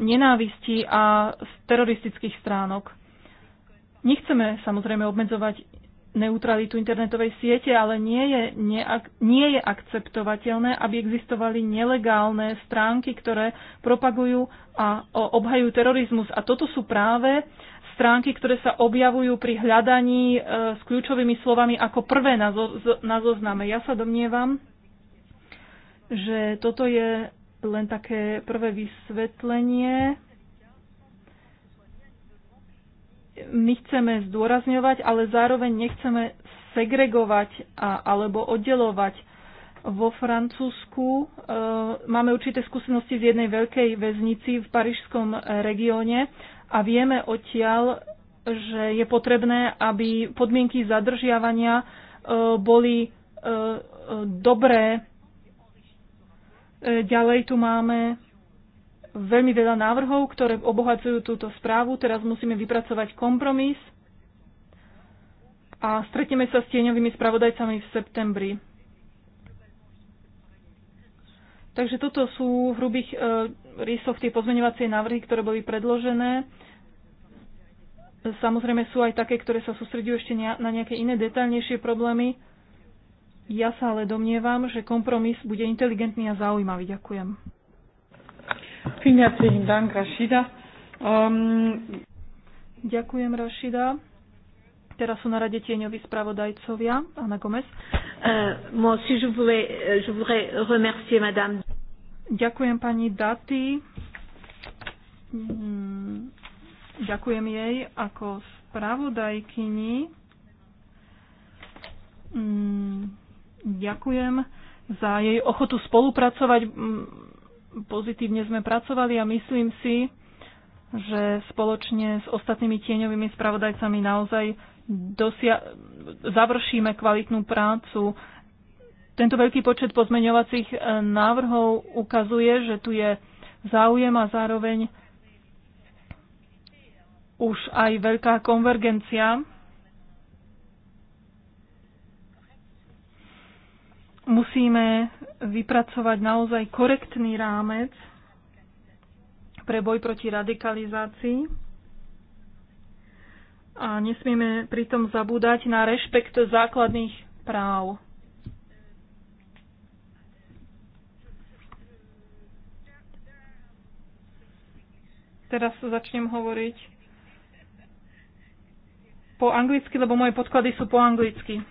nenávisti a z teroristických stránok. Nechceme samozrejme obmedzovať neutralitu internetovej siete, ale nie je, neak- nie je akceptovateľné, aby existovali nelegálne stránky, ktoré propagujú a obhajujú terorizmus. A toto sú práve stránky, ktoré sa objavujú pri hľadaní e, s kľúčovými slovami ako prvé na, zo, na zozname. Ja sa domnievam, že toto je len také prvé vysvetlenie. My chceme zdôrazňovať, ale zároveň nechceme segregovať a, alebo oddelovať. Vo Francúzsku e, máme určité skúsenosti z jednej veľkej väznici v parížskom regióne a vieme odtiaľ, že je potrebné, aby podmienky zadržiavania e, boli e, e dobré E, ďalej tu máme veľmi veľa návrhov, ktoré obohacujú túto správu. Teraz musíme vypracovať kompromis a stretneme sa s tieňovými spravodajcami v septembri. Takže toto sú v hrubých e, rysoch tie pozmeňovacie návrhy, ktoré boli predložené. Samozrejme sú aj také, ktoré sa sústredujú ešte na nejaké iné detaľnejšie problémy. Ja sa ale domnievam, že kompromis bude inteligentný a zaujímavý. Ďakujem. Ähm, ďakujem, Rašida. Teraz sú na rade tieňoví spravodajcovia. Anna Gomez. Äh, euh, ďakujem pani Daty. Mm, ďakujem jej ako spravodajkyni. Mm, ďakujem za jej ochotu spolupracovať. Pozitívne sme pracovali a myslím si, že spoločne s ostatnými tieňovými spravodajcami naozaj dosia- završíme kvalitnú prácu. Tento veľký počet pozmeňovacích e, návrhov ukazuje, že tu je záujem a zároveň už aj veľká konvergencia Musíme vypracovať naozaj korektný rámec pre boj proti radikalizácii a nesmieme pritom zabúdať na rešpekt základných práv. Teraz sa začnem hovoriť po anglicky, lebo moje podklady sú po anglicky.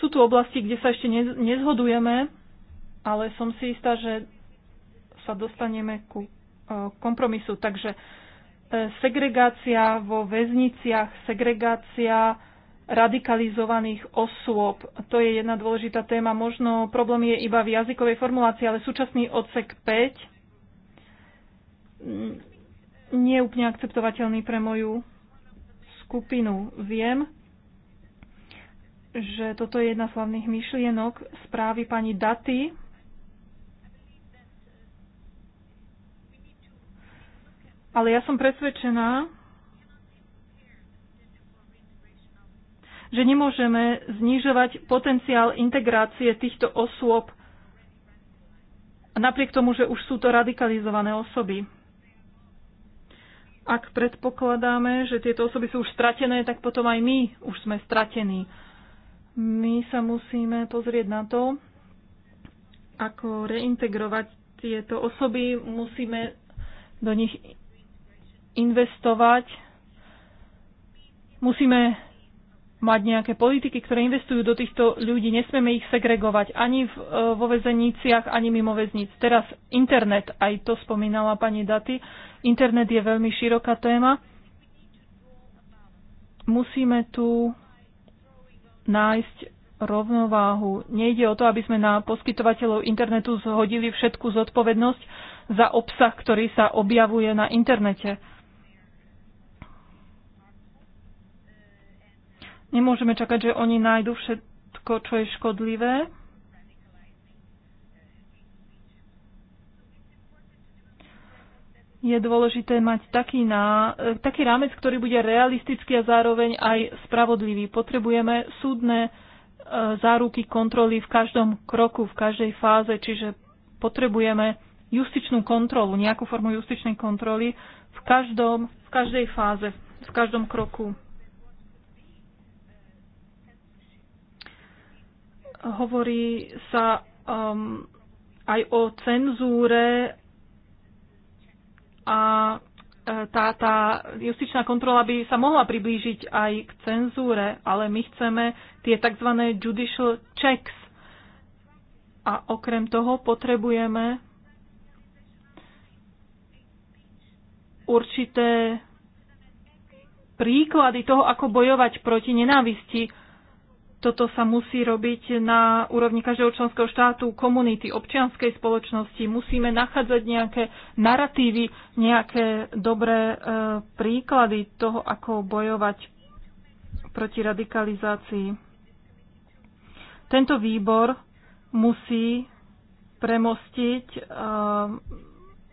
Sú tu oblasti, kde sa ešte nezhodujeme, ale som si istá, že sa dostaneme ku e, kompromisu. Takže e, segregácia vo väzniciach, segregácia radikalizovaných osôb. To je jedna dôležitá téma. Možno problém je iba v jazykovej formulácii, ale súčasný odsek 5 mm, nie je úplne akceptovateľný pre moju skupinu. Viem, že toto je jedna z hlavných myšlienok správy pani Daty. Ale ja som presvedčená, že nemôžeme znižovať potenciál integrácie týchto osôb napriek tomu, že už sú to radikalizované osoby. Ak predpokladáme, že tieto osoby sú už stratené, tak potom aj my už sme stratení. My sa musíme pozrieť na to, ako reintegrovať tieto osoby. Musíme do nich investovať. Musíme mať nejaké politiky, ktoré investujú do týchto ľudí. Nesmieme ich segregovať ani v, e, vo väzeniciach, ani mimo väzníc. Teraz internet, aj to spomínala pani Daty. Internet je veľmi široká téma. Musíme tu nájsť rovnováhu. Nejde o to, aby sme na poskytovateľov internetu zhodili všetku zodpovednosť za obsah, ktorý sa objavuje na internete. Nemôžeme čakať, že oni nájdu všetko, čo je škodlivé je dôležité mať taký, na, taký rámec, ktorý bude realistický a zároveň aj spravodlivý. Potrebujeme súdne e, záruky kontroly v každom kroku, v každej fáze, čiže potrebujeme justičnú kontrolu, nejakú formu justičnej kontroly v, každom, v každej fáze, v každom kroku. Hovorí sa um, aj o cenzúre a e, tá, tá justičná kontrola by sa mohla priblížiť aj k cenzúre, ale my chceme tie tzv. judicial checks. A okrem toho potrebujeme určité príklady toho, ako bojovať proti nenávisti toto sa musí robiť na úrovni každého členského štátu, komunity, občianskej spoločnosti. Musíme nachádzať nejaké narratívy, nejaké dobré e, príklady toho, ako bojovať proti radikalizácii. Tento výbor musí premostiť e,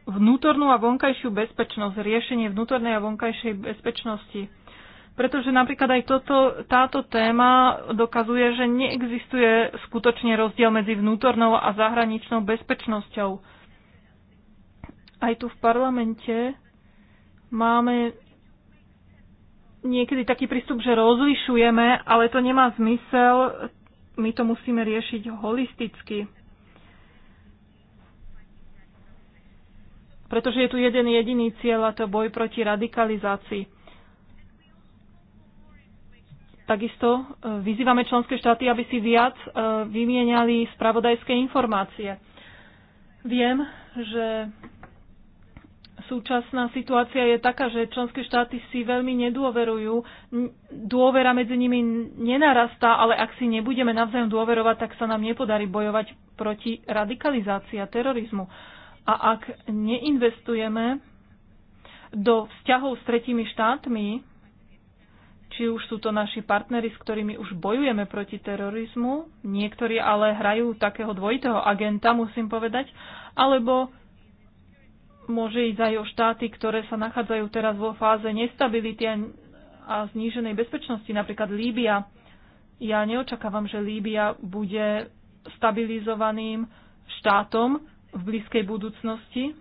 vnútornú a vonkajšiu bezpečnosť, riešenie vnútornej a vonkajšej bezpečnosti pretože napríklad aj toto, táto téma dokazuje, že neexistuje skutočne rozdiel medzi vnútornou a zahraničnou bezpečnosťou. Aj tu v parlamente máme niekedy taký prístup, že rozlišujeme, ale to nemá zmysel. My to musíme riešiť holisticky. Pretože je tu jeden jediný cieľ a to boj proti radikalizácii. Takisto e, vyzývame členské štáty, aby si viac e, vymieniali spravodajské informácie. Viem, že súčasná situácia je taká, že členské štáty si veľmi nedôverujú. Dôvera medzi nimi nenarastá, ale ak si nebudeme navzájom dôverovať, tak sa nám nepodarí bojovať proti radikalizácii a terorizmu. A ak neinvestujeme do vzťahov s tretími štátmi, či už sú to naši partnery, s ktorými už bojujeme proti terorizmu, niektorí ale hrajú takého dvojitého agenta, musím povedať, alebo môže ísť aj o štáty, ktoré sa nachádzajú teraz vo fáze nestability a zníženej bezpečnosti, napríklad Líbia. Ja neočakávam, že Líbia bude stabilizovaným štátom v blízkej budúcnosti.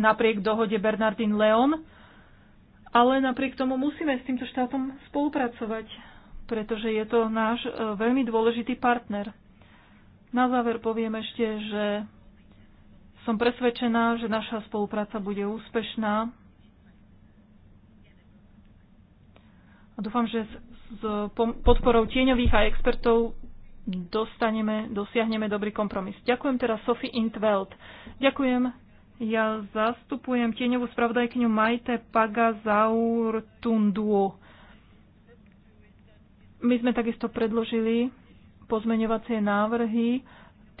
Napriek dohode Bernardin Leon, ale napriek tomu musíme s týmto štátom spolupracovať, pretože je to náš e, veľmi dôležitý partner. Na záver poviem ešte, že som presvedčená, že naša spolupráca bude úspešná. A dúfam, že s podporou tieňových a expertov dostaneme, dosiahneme dobrý kompromis. Ďakujem teraz Sophie Intveld. Ďakujem ja zastupujem tieňovú spravodajkyňu Majte Pagazaur Tunduo. My sme takisto predložili pozmeňovacie návrhy.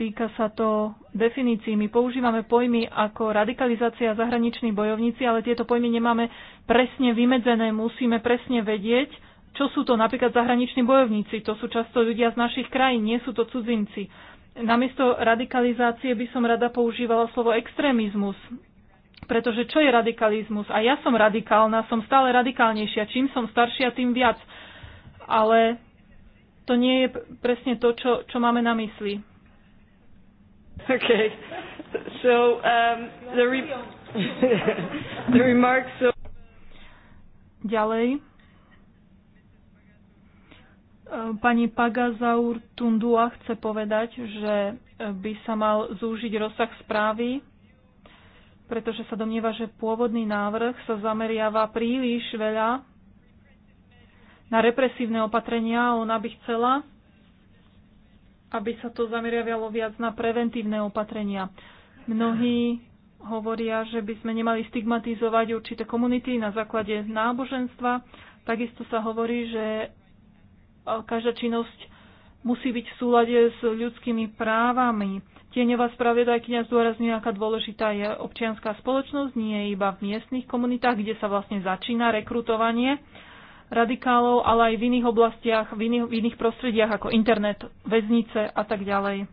Týka sa to definícií. My používame pojmy ako radikalizácia zahraničných zahraniční bojovníci, ale tieto pojmy nemáme presne vymedzené. Musíme presne vedieť, čo sú to napríklad zahraniční bojovníci. To sú často ľudia z našich krajín, nie sú to cudzinci. Namiesto radikalizácie by som rada používala slovo extrémizmus. Pretože čo je radikalizmus? A ja som radikálna, som stále radikálnejšia. Čím som staršia, tým viac. Ale to nie je presne to, čo, čo máme na mysli. OK. So, um, the, re- the remarks of... Ďalej. Pani Pagazaur Tundua chce povedať, že by sa mal zúžiť rozsah správy, pretože sa domnieva, že pôvodný návrh sa zameriava príliš veľa na represívne opatrenia. Ona by chcela, aby sa to zameriavalo viac na preventívne opatrenia. Mnohí hovoria, že by sme nemali stigmatizovať určité komunity na základe náboženstva. Takisto sa hovorí, že každá činnosť musí byť v súlade s ľudskými právami. Tieňová kniaz zdôrazňuje, aká dôležitá je občianská spoločnosť, nie iba v miestnych komunitách, kde sa vlastne začína rekrutovanie radikálov, ale aj v iných oblastiach, v iných, v iných prostrediach ako internet, väznice a tak ďalej.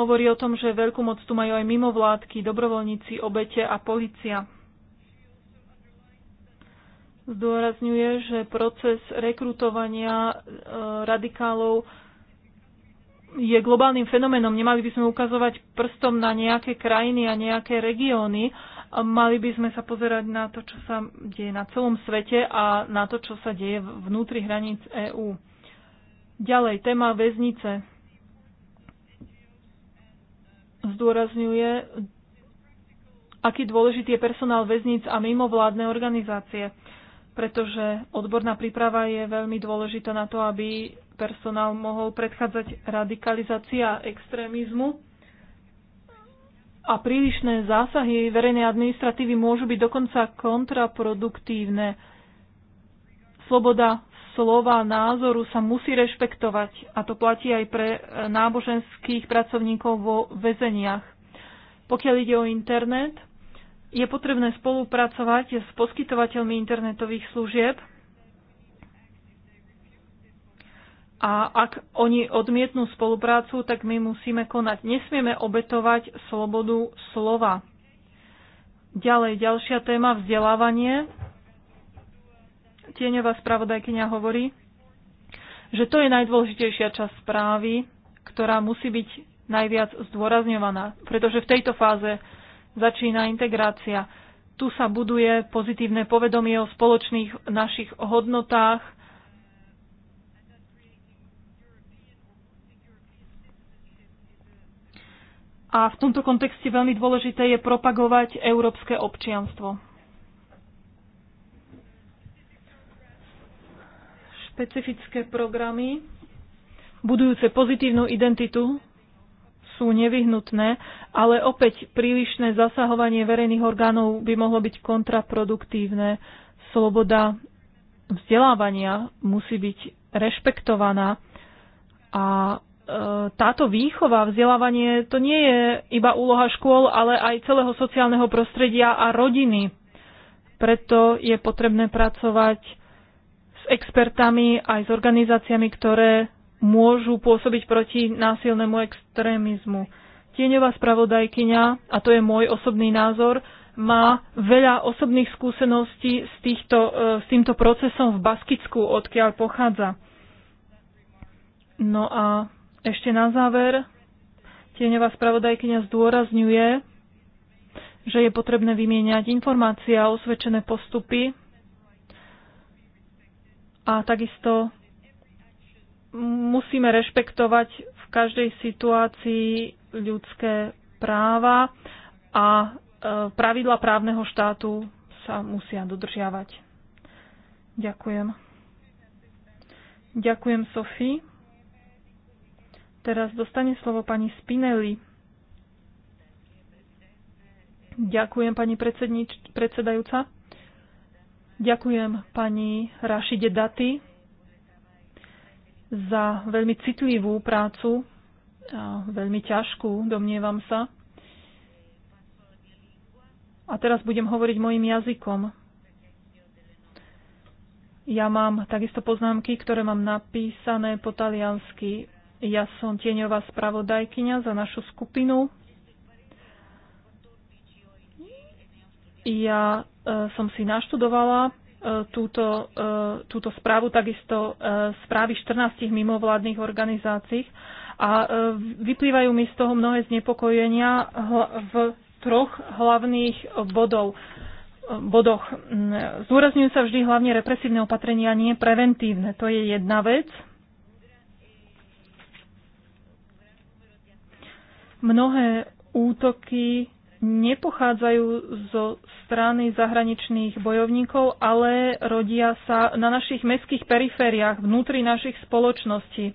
Hovorí o tom, že veľkú moc tu majú aj mimovládky, dobrovoľníci, obete a policia zdôrazňuje, že proces rekrutovania e, radikálov je globálnym fenoménom. Nemali by sme ukazovať prstom na nejaké krajiny a nejaké regióny. Mali by sme sa pozerať na to, čo sa deje na celom svete a na to, čo sa deje vnútri hraníc EÚ. Ďalej, téma väznice zdôrazňuje, aký dôležitý je personál väzníc a mimovládne organizácie pretože odborná príprava je veľmi dôležitá na to, aby personál mohol predchádzať radikalizácia extrémizmu. A prílišné zásahy verejnej administratívy môžu byť dokonca kontraproduktívne. Sloboda slova, názoru sa musí rešpektovať a to platí aj pre náboženských pracovníkov vo väzeniach. Pokiaľ ide o internet, je potrebné spolupracovať s poskytovateľmi internetových služieb a ak oni odmietnú spoluprácu, tak my musíme konať. Nesmieme obetovať slobodu slova. Ďalej, ďalšia téma vzdelávanie. Tieňová spravodajkynia hovorí, že to je najdôležitejšia časť správy, ktorá musí byť najviac zdôrazňovaná, pretože v tejto fáze začína integrácia. Tu sa buduje pozitívne povedomie o spoločných našich hodnotách. A v tomto kontexte veľmi dôležité je propagovať európske občianstvo. Špecifické programy budujúce pozitívnu identitu sú nevyhnutné, ale opäť prílišné zasahovanie verejných orgánov by mohlo byť kontraproduktívne. Sloboda vzdelávania musí byť rešpektovaná a e, táto výchova, vzdelávanie, to nie je iba úloha škôl, ale aj celého sociálneho prostredia a rodiny. Preto je potrebné pracovať s expertami aj s organizáciami, ktoré môžu pôsobiť proti násilnému extrémizmu. Tieňová spravodajkyňa, a to je môj osobný názor, má veľa osobných skúseností s, týchto, e, s týmto procesom v Baskicku, odkiaľ pochádza. No a ešte na záver, tieňová spravodajkyňa zdôrazňuje, že je potrebné vymieňať informácie a osvedčené postupy a takisto musíme rešpektovať v každej situácii ľudské práva a e, pravidla právneho štátu sa musia dodržiavať. Ďakujem. Ďakujem, Sofii. Teraz dostane slovo pani Spinelli. Ďakujem, pani predsedajúca. Ďakujem pani Rašide Daty za veľmi citlivú prácu, a veľmi ťažkú, domnievam sa. A teraz budem hovoriť mojim jazykom. Ja mám takisto poznámky, ktoré mám napísané po taliansky. Ja som tieňová spravodajkyňa za našu skupinu. Ja e, som si naštudovala túto, e, túto správu, takisto e, správy 14 mimovládnych organizácií. A e, vyplývajú mi z toho mnohé znepokojenia v troch hlavných bodov, bodoch. Mm, zúrazňujú sa vždy hlavne represívne opatrenia, nie preventívne. To je jedna vec. Mnohé útoky nepochádzajú zo strany zahraničných bojovníkov, ale rodia sa na našich mestských perifériách, vnútri našich spoločností.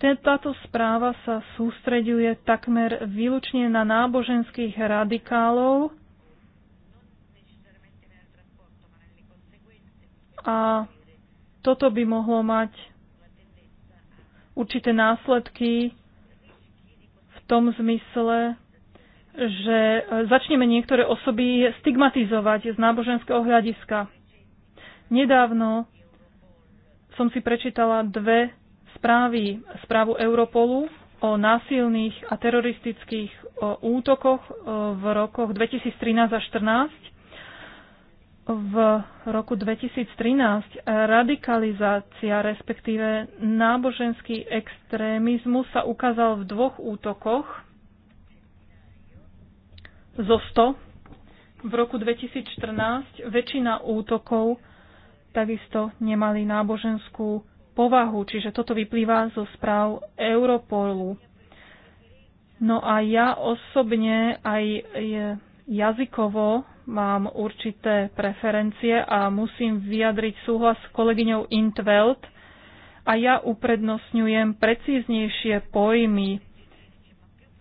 Táto správa sa sústreďuje takmer výlučne na náboženských radikálov a toto by mohlo mať určité následky v tom zmysle, že e, začneme niektoré osoby stigmatizovať z náboženského hľadiska. Nedávno som si prečítala dve správy. Správu Europolu o násilných a teroristických e, útokoch e, v rokoch 2013 a 2014 v roku 2013 radikalizácia, respektíve náboženský extrémizmus sa ukázal v dvoch útokoch zo 100. V roku 2014 väčšina útokov takisto nemali náboženskú povahu, čiže toto vyplýva zo správ Europolu. No a ja osobne aj jazykovo mám určité preferencie a musím vyjadriť súhlas s kolegyňou Intveld a ja uprednostňujem precíznejšie pojmy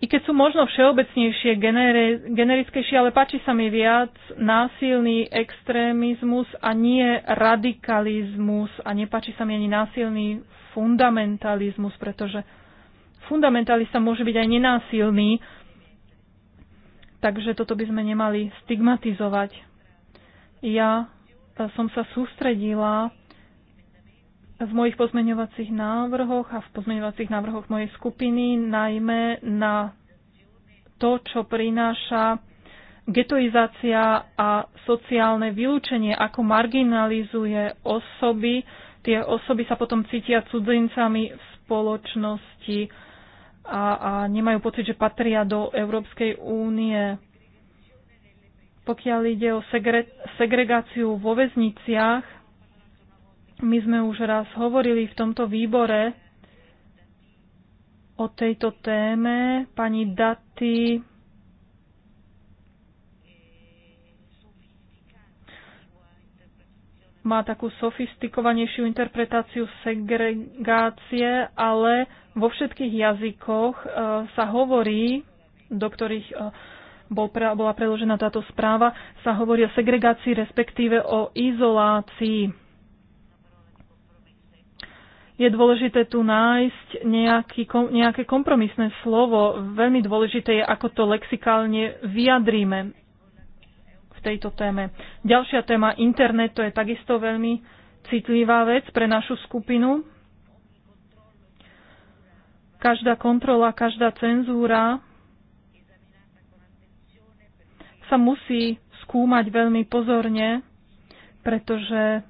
i keď sú možno všeobecnejšie, genere, generickejšie, ale páči sa mi viac násilný extrémizmus a nie radikalizmus a nepáči sa mi ani násilný fundamentalizmus, pretože fundamentalista môže byť aj nenásilný, takže toto by sme nemali stigmatizovať. Ja e, som sa sústredila v mojich pozmeňovacích návrhoch a v pozmeňovacích návrhoch mojej skupiny, najmä na to, čo prináša getoizácia a sociálne vylúčenie, ako marginalizuje osoby. Tie osoby sa potom cítia cudzincami v spoločnosti a, a nemajú pocit, že patria do Európskej únie. Pokiaľ ide o segre, segregáciu vo väzniciach, my sme už raz hovorili v tomto výbore o tejto téme. Pani Daty má takú sofistikovanejšiu interpretáciu segregácie, ale vo všetkých jazykoch e, sa hovorí, do ktorých e, bol pre, bola preložená táto správa, sa hovorí o segregácii, respektíve o izolácii je dôležité tu nájsť nejaký, nejaké kompromisné slovo. Veľmi dôležité je, ako to lexikálne vyjadríme v tejto téme. Ďalšia téma, internet, to je takisto veľmi citlivá vec pre našu skupinu. Každá kontrola, každá cenzúra sa musí skúmať veľmi pozorne, pretože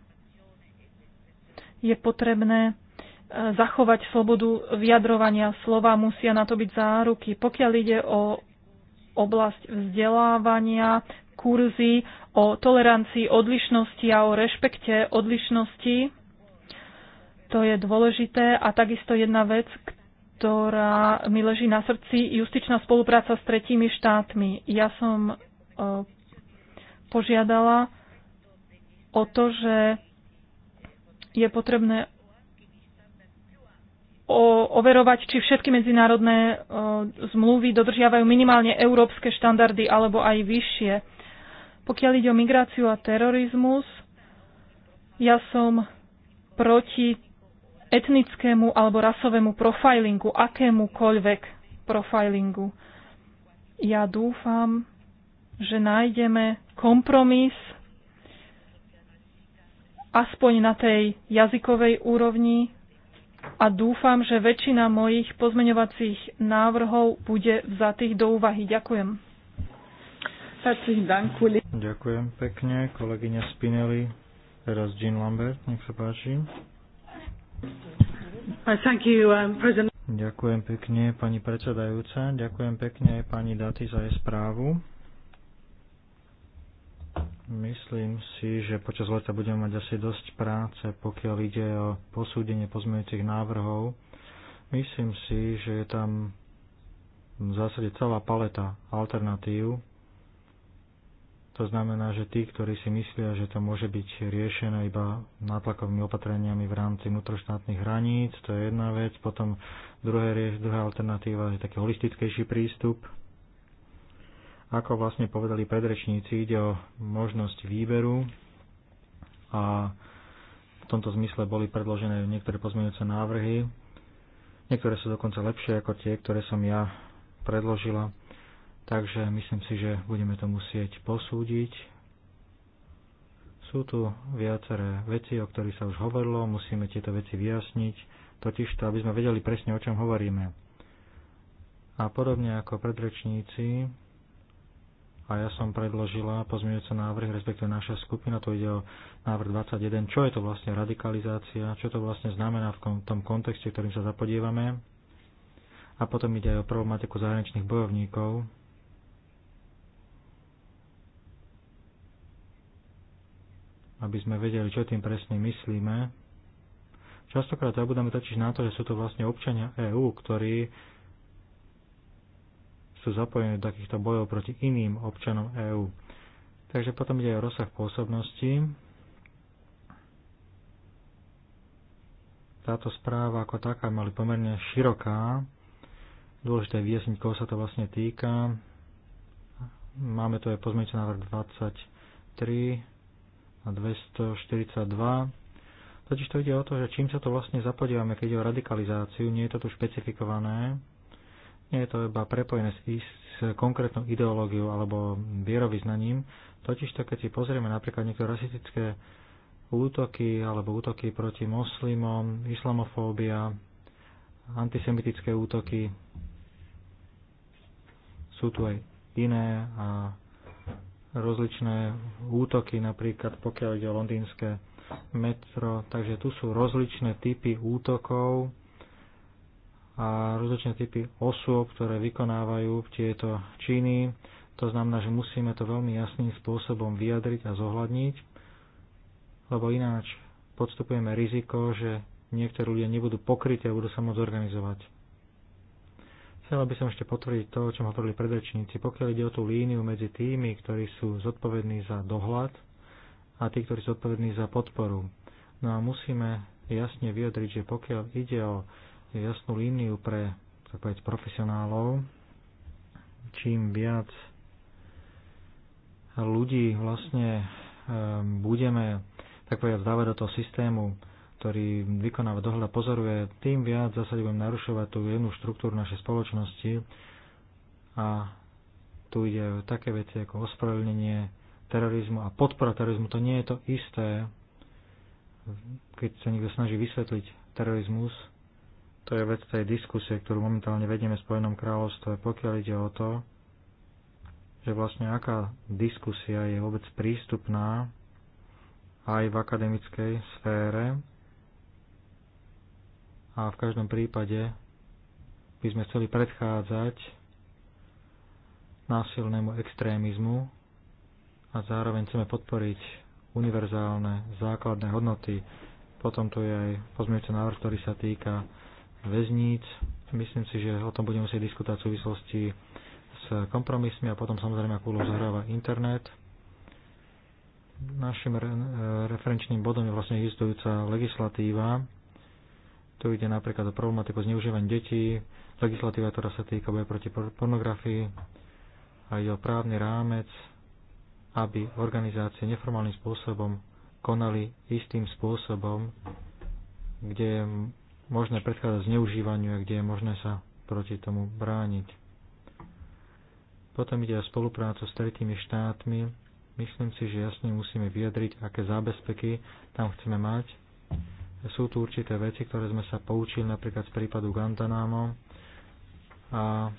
je potrebné zachovať slobodu vyjadrovania slova, musia na to byť záruky. Pokiaľ ide o oblasť vzdelávania, kurzy o tolerancii odlišnosti a o rešpekte odlišnosti, to je dôležité. A takisto jedna vec, ktorá mi leží na srdci, justičná spolupráca s tretími štátmi. Ja som e, požiadala o to, že je potrebné o, overovať, či všetky medzinárodné o, e, zmluvy dodržiavajú minimálne európske štandardy alebo aj vyššie. Pokiaľ ide o migráciu a terorizmus, ja som proti etnickému alebo rasovému profilingu, akémukoľvek profilingu. Ja dúfam, že nájdeme kompromis aspoň na tej jazykovej úrovni a dúfam, že väčšina mojich pozmeňovacích návrhov bude vzatých do úvahy. Ďakujem. Ďakujem pekne, kolegyňa Spinelli. Teraz Jean Lambert, nech sa páči. Um, Ďakujem pekne, pani predsedajúca. Ďakujem pekne pani Daty za jej správu. Myslím si, že počas leta budeme mať asi dosť práce, pokiaľ ide o posúdenie pozmeňujúcich návrhov. Myslím si, že je tam v zásade celá paleta alternatív. To znamená, že tí, ktorí si myslia, že to môže byť riešené iba nátlakovými opatreniami v rámci vnútroštátnych hraníc, to je jedna vec. Potom druhé, druhá alternatíva je taký holistickejší prístup, ako vlastne povedali predrečníci, ide o možnosť výberu a v tomto zmysle boli predložené niektoré pozmeňujúce návrhy. Niektoré sú dokonca lepšie ako tie, ktoré som ja predložila. Takže myslím si, že budeme to musieť posúdiť. Sú tu viaceré veci, o ktorých sa už hovorilo, musíme tieto veci vyjasniť, totiž to, aby sme vedeli presne, o čom hovoríme. A podobne ako predrečníci, a ja som predložila pozmeňujúce návrhy, respektíve naša skupina, to ide o návrh 21, čo je to vlastne radikalizácia, čo to vlastne znamená v tom kontexte, ktorým sa zapodívame, A potom ide aj o problematiku zahraničných bojovníkov. Aby sme vedeli, čo tým presne myslíme. Častokrát zabudáme totiž na to, že sú to vlastne občania EÚ, ktorí sú zapojení do takýchto bojov proti iným občanom EÚ. Takže potom ide aj o rozsah pôsobnosti. Táto správa ako taká mali pomerne široká. Dôležité je vyjasniť, koho sa to vlastne týka. Máme tu aj pozmeňujúci návrh 23 a 242. Totiž to ide o to, že čím sa to vlastne zapodívame, keď ide o radikalizáciu, nie je to tu špecifikované, nie je to iba prepojené s, s konkrétnou ideológiou alebo vierovýznaním. Totižto, keď si pozrieme napríklad niektoré rasistické útoky alebo útoky proti moslimom, islamofóbia, antisemitické útoky, sú tu aj iné a rozličné útoky, napríklad pokiaľ ide o londýnske metro, takže tu sú rozličné typy útokov a rozličné typy osôb, ktoré vykonávajú tieto činy. To znamená, že musíme to veľmi jasným spôsobom vyjadriť a zohľadniť, lebo ináč podstupujeme riziko, že niektorí ľudia nebudú pokrytí a budú sa môcť organizovať. Chcela by som ešte potvrdiť to, o čom hovorili predrečníci. Pokiaľ ide o tú líniu medzi tými, ktorí sú zodpovední za dohľad a tí, ktorí sú zodpovední za podporu. No a musíme jasne vyjadriť, že pokiaľ ide o jasnú líniu pre tak povedať, profesionálov. Čím viac ľudí vlastne ehm, budeme tak povedať dávať do toho systému, ktorý vykonáva dohľad pozoruje, tým viac zase budeme narušovať tú jednu štruktúru našej spoločnosti a tu ide o také veci ako ospravedlnenie terorizmu a podpora terorizmu. To nie je to isté, keď sa niekto snaží vysvetliť terorizmus, to je vec tej diskusie, ktorú momentálne vedieme v Spojenom kráľovstve, pokiaľ ide o to, že vlastne aká diskusia je vôbec prístupná aj v akademickej sfére. A v každom prípade by sme chceli predchádzať násilnému extrémizmu a zároveň chceme podporiť univerzálne základné hodnoty. Potom tu je aj pozmeňujúci návrh, ktorý sa týka väzníc. Myslím si, že o tom budeme musieť diskutovať v súvislosti s kompromismi a potom samozrejme, akú úlohu zahráva internet. Našim re- referenčným bodom je vlastne existujúca legislatíva. Tu ide napríklad o problematiku zneužívania detí, legislatíva, ktorá sa týka boja proti pornografii a ide o právny rámec, aby organizácie neformálnym spôsobom konali istým spôsobom, kde možné predchádzať zneužívaniu a kde je možné sa proti tomu brániť. Potom ide o spoluprácu s tretími štátmi. Myslím si, že jasne musíme vyjadriť, aké zábezpeky tam chceme mať. Sú tu určité veci, ktoré sme sa poučili napríklad z prípadu Guantanamo. A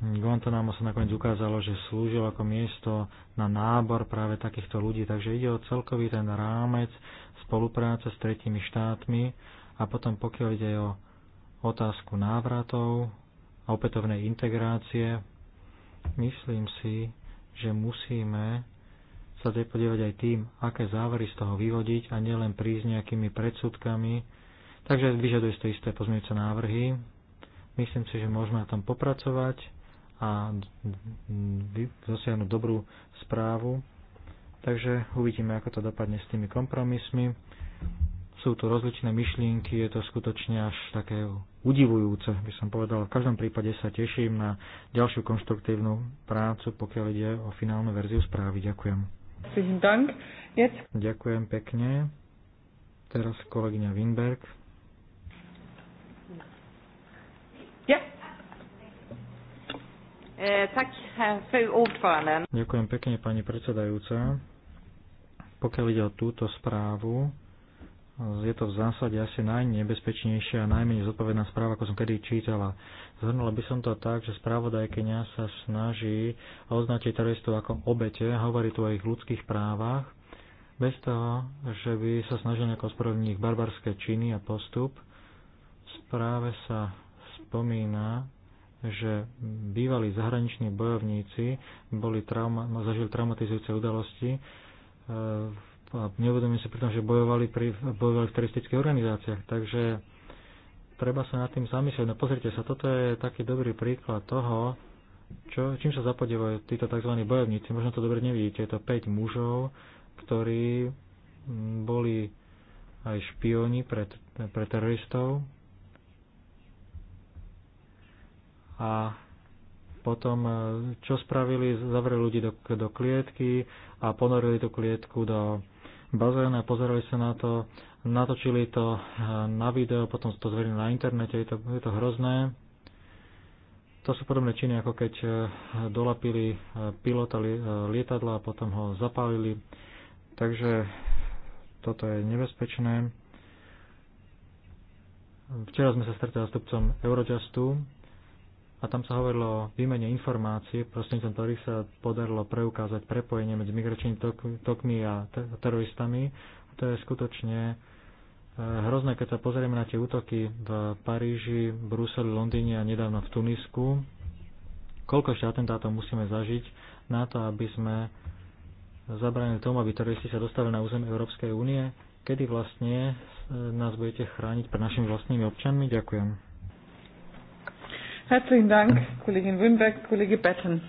Guantanamo sa nakoniec ukázalo, že slúžil ako miesto na nábor práve takýchto ľudí. Takže ide o celkový ten rámec spolupráce s tretími štátmi a potom pokiaľ ide o otázku návratov a opätovnej integrácie, myslím si, že musíme sa podívať aj tým, aké závery z toho vyvodiť a nielen prísť nejakými predsudkami. Takže vyžaduje to isté pozmeňujúce návrhy. Myslím si, že môžeme na tom popracovať a dosiahnuť dobrú správu. Takže uvidíme, ako to dopadne s tými kompromismi sú tu rozličné myšlienky, je to skutočne až také udivujúce, by som povedal. V každom prípade sa teším na ďalšiu konštruktívnu prácu, pokiaľ ide o finálnu verziu správy. Ďakujem. Ďakujem pekne. Teraz kolegyňa Winberg. Eh, eh, Ďakujem pekne, pani predsedajúca. Pokiaľ ide o túto správu, je to v zásade asi najnebezpečnejšia a najmenej zodpovedná správa, ako som kedy čítala. Zhrnula by som to tak, že správodajkynia sa snaží označiť teroristov ako obete, hovorí tu o ich ľudských právach, bez toho, že by sa snažili nejako ospravedlniť ich barbarské činy a postup. V správe sa spomína, že bývalí zahraniční bojovníci boli trauma, zažili traumatizujúce udalosti e, a si pritom, že bojovali, pri, bojovali v teroristických organizáciách. Takže treba sa nad tým zamyslieť. No pozrite sa, toto je taký dobrý príklad toho, čo, čím sa zapodievajú títo tzv. bojovníci. Možno to dobre nevidíte. Je to 5 mužov, ktorí boli aj špioni pre, pre teroristov. A potom, e, čo spravili, zavreli ľudí do, do klietky a ponorili tú klietku do, bazén a pozerali sa na to, natočili to eh, na video, potom to zverili na internete, je to, je to hrozné. To sú podobné činy, ako keď eh, dolapili eh, pilota lietadla a potom ho zapálili. Takže toto je nebezpečné. Včera sme sa stretli s zástupcom Eurojustu, a tam sa hovorilo o výmene informácií, prostredníctvom ktorých sa podarilo preukázať prepojenie medzi migračnými tokmi a teroristami. To je skutočne e, hrozné, keď sa pozrieme na tie útoky v Paríži, Bruseli, Londýne a nedávno v Tunisku. Koľko ešte atentátov musíme zažiť na to, aby sme zabranili tomu, aby teroristi sa dostali na územie Európskej únie? Kedy vlastne e, nás budete chrániť pred našimi vlastnými občanmi? Ďakujem. Herzlichen Dank, Kollegin Kollege Betten.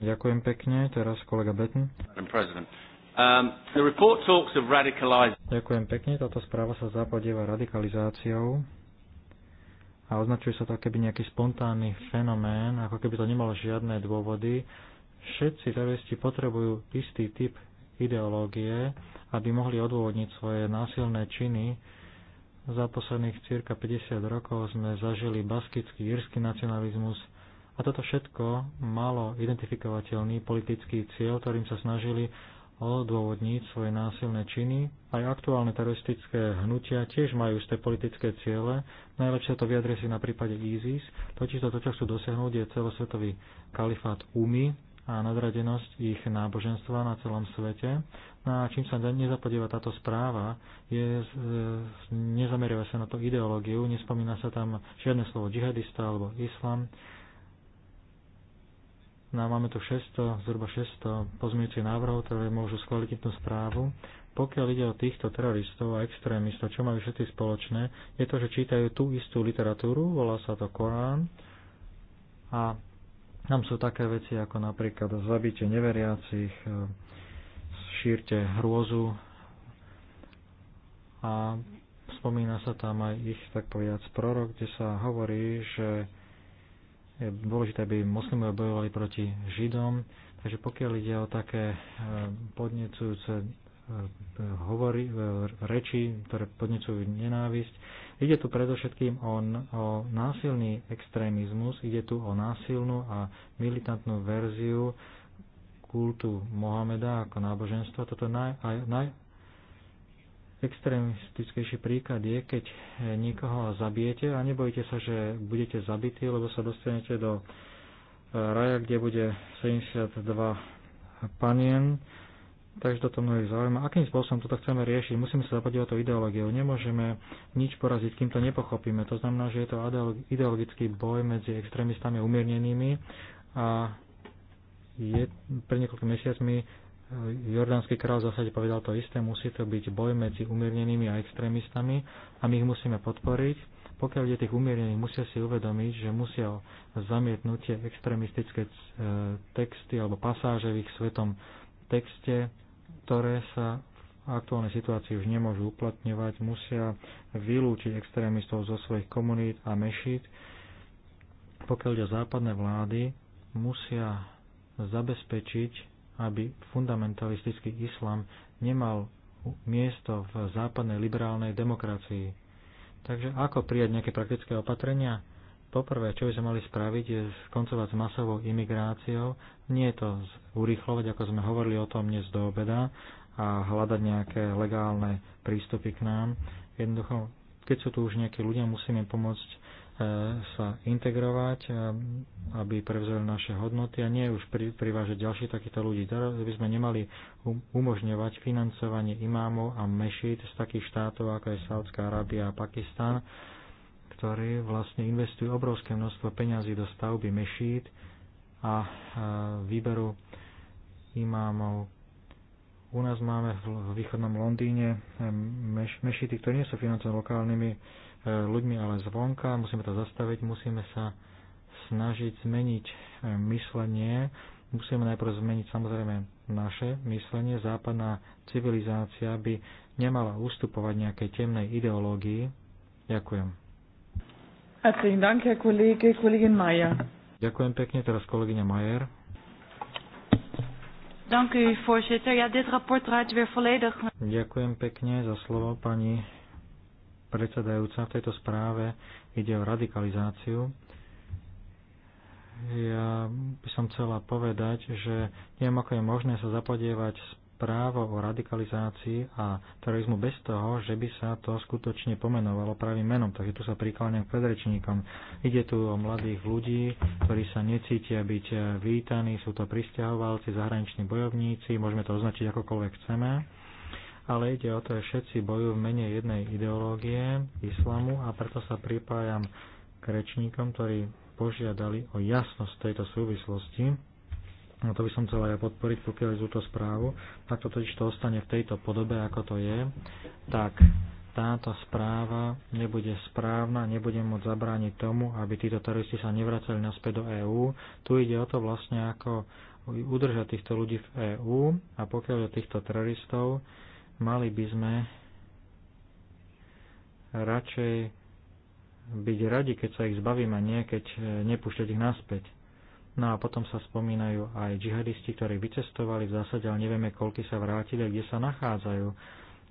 Ďakujem pekne, teraz kolega Betten. Um, the report talks of Ďakujem pekne, táto správa sa zapodieva radikalizáciou a označuje sa to keby nejaký spontánny fenomén, ako keby to nemalo žiadne dôvody. Všetci teroristi potrebujú istý typ ideológie, aby mohli odôvodniť svoje násilné činy, za posledných cirka 50 rokov sme zažili baskický írsky nacionalizmus a toto všetko malo identifikovateľný politický cieľ, ktorým sa snažili odôvodniť svoje násilné činy. Aj aktuálne teroristické hnutia tiež majú isté politické ciele. Najlepšie to vyjadrie si na prípade ISIS. Totiž to, čo chcú dosiahnuť, je celosvetový kalifát UMI a nadradenosť ich náboženstva na celom svete a čím sa nezapodieva táto správa, je, e, nezameriava sa na to ideológiu, nespomína sa tam žiadne slovo džihadista alebo islam. No a máme tu 600, zhruba 600 pozmeňujúcich návrhov, ktoré môžu skvalitniť tú správu. Pokiaľ ide o týchto teroristov a extrémistov, čo majú všetci spoločné, je to, že čítajú tú istú literatúru, volá sa to Korán, a tam sú také veci ako napríklad zabitie neveriacich, e, šírte hrôzu a spomína sa tam aj ich, tak povedať, prorok, kde sa hovorí, že je dôležité, aby moslimovia bojovali proti Židom, takže pokiaľ ide o také e, podnecujúce e, hovory, e, reči, ktoré podnecujú nenávisť. Ide tu predovšetkým o, o násilný extrémizmus, ide tu o násilnú a militantnú verziu kultu Mohameda ako náboženstva. Toto naj, aj, naj, extrémistickejší príklad je, keď niekoho zabijete a nebojte sa, že budete zabití, lebo sa dostanete do e, raja, kde bude 72 panien. Takže toto mnohých zaujíma. Akým spôsobom toto chceme riešiť? Musíme sa zapadiť o to ideológiu. Nemôžeme nič poraziť, kým to nepochopíme. To znamená, že je to ideologický boj medzi extrémistami umiernenými a je, pre niekoľkými mesiacmi e, jordánsky kráľ v zásade povedal to isté, musí to byť boj medzi umiernenými a extrémistami a my ich musíme podporiť. Pokiaľ je tých umiernených, musia si uvedomiť, že musia zamietnúť tie extrémistické e, texty alebo pasáže v ich svetom texte, ktoré sa v aktuálnej situácii už nemôžu uplatňovať, musia vylúčiť extrémistov zo svojich komunít a mešít. Pokiaľ ide západné vlády, musia zabezpečiť, aby fundamentalistický islám nemal miesto v západnej liberálnej demokracii. Takže ako prijať nejaké praktické opatrenia? Poprvé, čo by sme mali spraviť, je skoncovať s masovou imigráciou. Nie je to urýchlovať, ako sme hovorili o tom dnes do obeda, a hľadať nejaké legálne prístupy k nám. Jednoducho, keď sú tu už nejakí ľudia, musíme pomôcť sa integrovať, aby prevzali naše hodnoty a nie už privážať ďalších takýchto ľudí. Teraz by sme nemali um, umožňovať financovanie imámov a mešít z takých štátov, ako je Saudská Arábia a Pakistan, ktorí vlastne investujú obrovské množstvo peňazí do stavby mešít a výberu imámov. U nás máme v východnom Londýne mešity, ktoré nie sú financované lokálnymi E, ľuďmi, ale zvonka. Musíme to zastaviť, musíme sa snažiť zmeniť e, myslenie. Musíme najprv zmeniť samozrejme naše myslenie. Západná civilizácia by nemala ustupovať nejakej temnej ideológii. Ďakujem. Herzlichen Dank, Herr Kollege, Kollegin Mayer. Ďakujem pekne, teraz kolegyňa Mayer. Dank u, voorzitter. Ja, dit rapport draait weer volledig. Ďakujem pekne za slovo, pani predsedajúca. V tejto správe ide o radikalizáciu. Ja by som chcela povedať, že neviem, ako je možné sa zapodievať právo o radikalizácii a terorizmu bez toho, že by sa to skutočne pomenovalo pravým menom. Takže tu sa prikláňam k predrečníkom. Ide tu o mladých ľudí, ktorí sa necítia byť vítaní, sú to pristahovalci, zahraniční bojovníci, môžeme to označiť akokoľvek chceme ale ide o to, že všetci bojujú v mene jednej ideológie, islamu a preto sa pripájam k rečníkom, ktorí požiadali o jasnosť tejto súvislosti. No to by som chcel aj podporiť, pokiaľ je túto správu. Ak to totiž to ostane v tejto podobe, ako to je, tak táto správa nebude správna, nebude môcť zabrániť tomu, aby títo teroristi sa nevracali naspäť do EÚ. Tu ide o to vlastne, ako udržať týchto ľudí v EÚ a pokiaľ je týchto teroristov, Mali by sme radšej byť radi, keď sa ich zbavíme, nie keď e, nepúšťať ich naspäť. No a potom sa spomínajú aj džihadisti, ktorí vycestovali v zásade, ale nevieme, koľky sa vrátili a kde sa nachádzajú.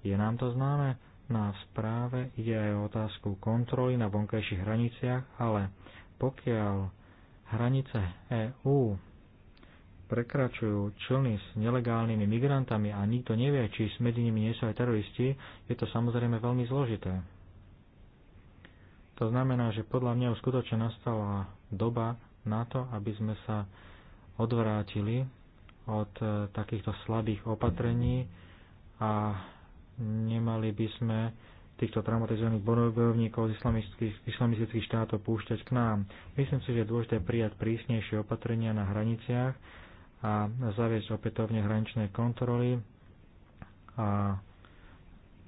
Je nám to známe? Na no správe ide aj o otázku kontroly na vonkajších hraniciach, ale pokiaľ hranice EÚ prekračujú člny s nelegálnymi migrantami a nikto nevie, či medzi nimi nie sú aj teroristi, je to samozrejme veľmi zložité. To znamená, že podľa mňa už skutočne nastala doba na to, aby sme sa odvrátili od e, takýchto slabých opatrení a nemali by sme týchto traumatizovaných bojovníkov z islamistických, islamistických štátov púšťať k nám. Myslím si, že je dôležité prijať prísnejšie opatrenia na hraniciach, a zaviesť opätovne hraničné kontroly. A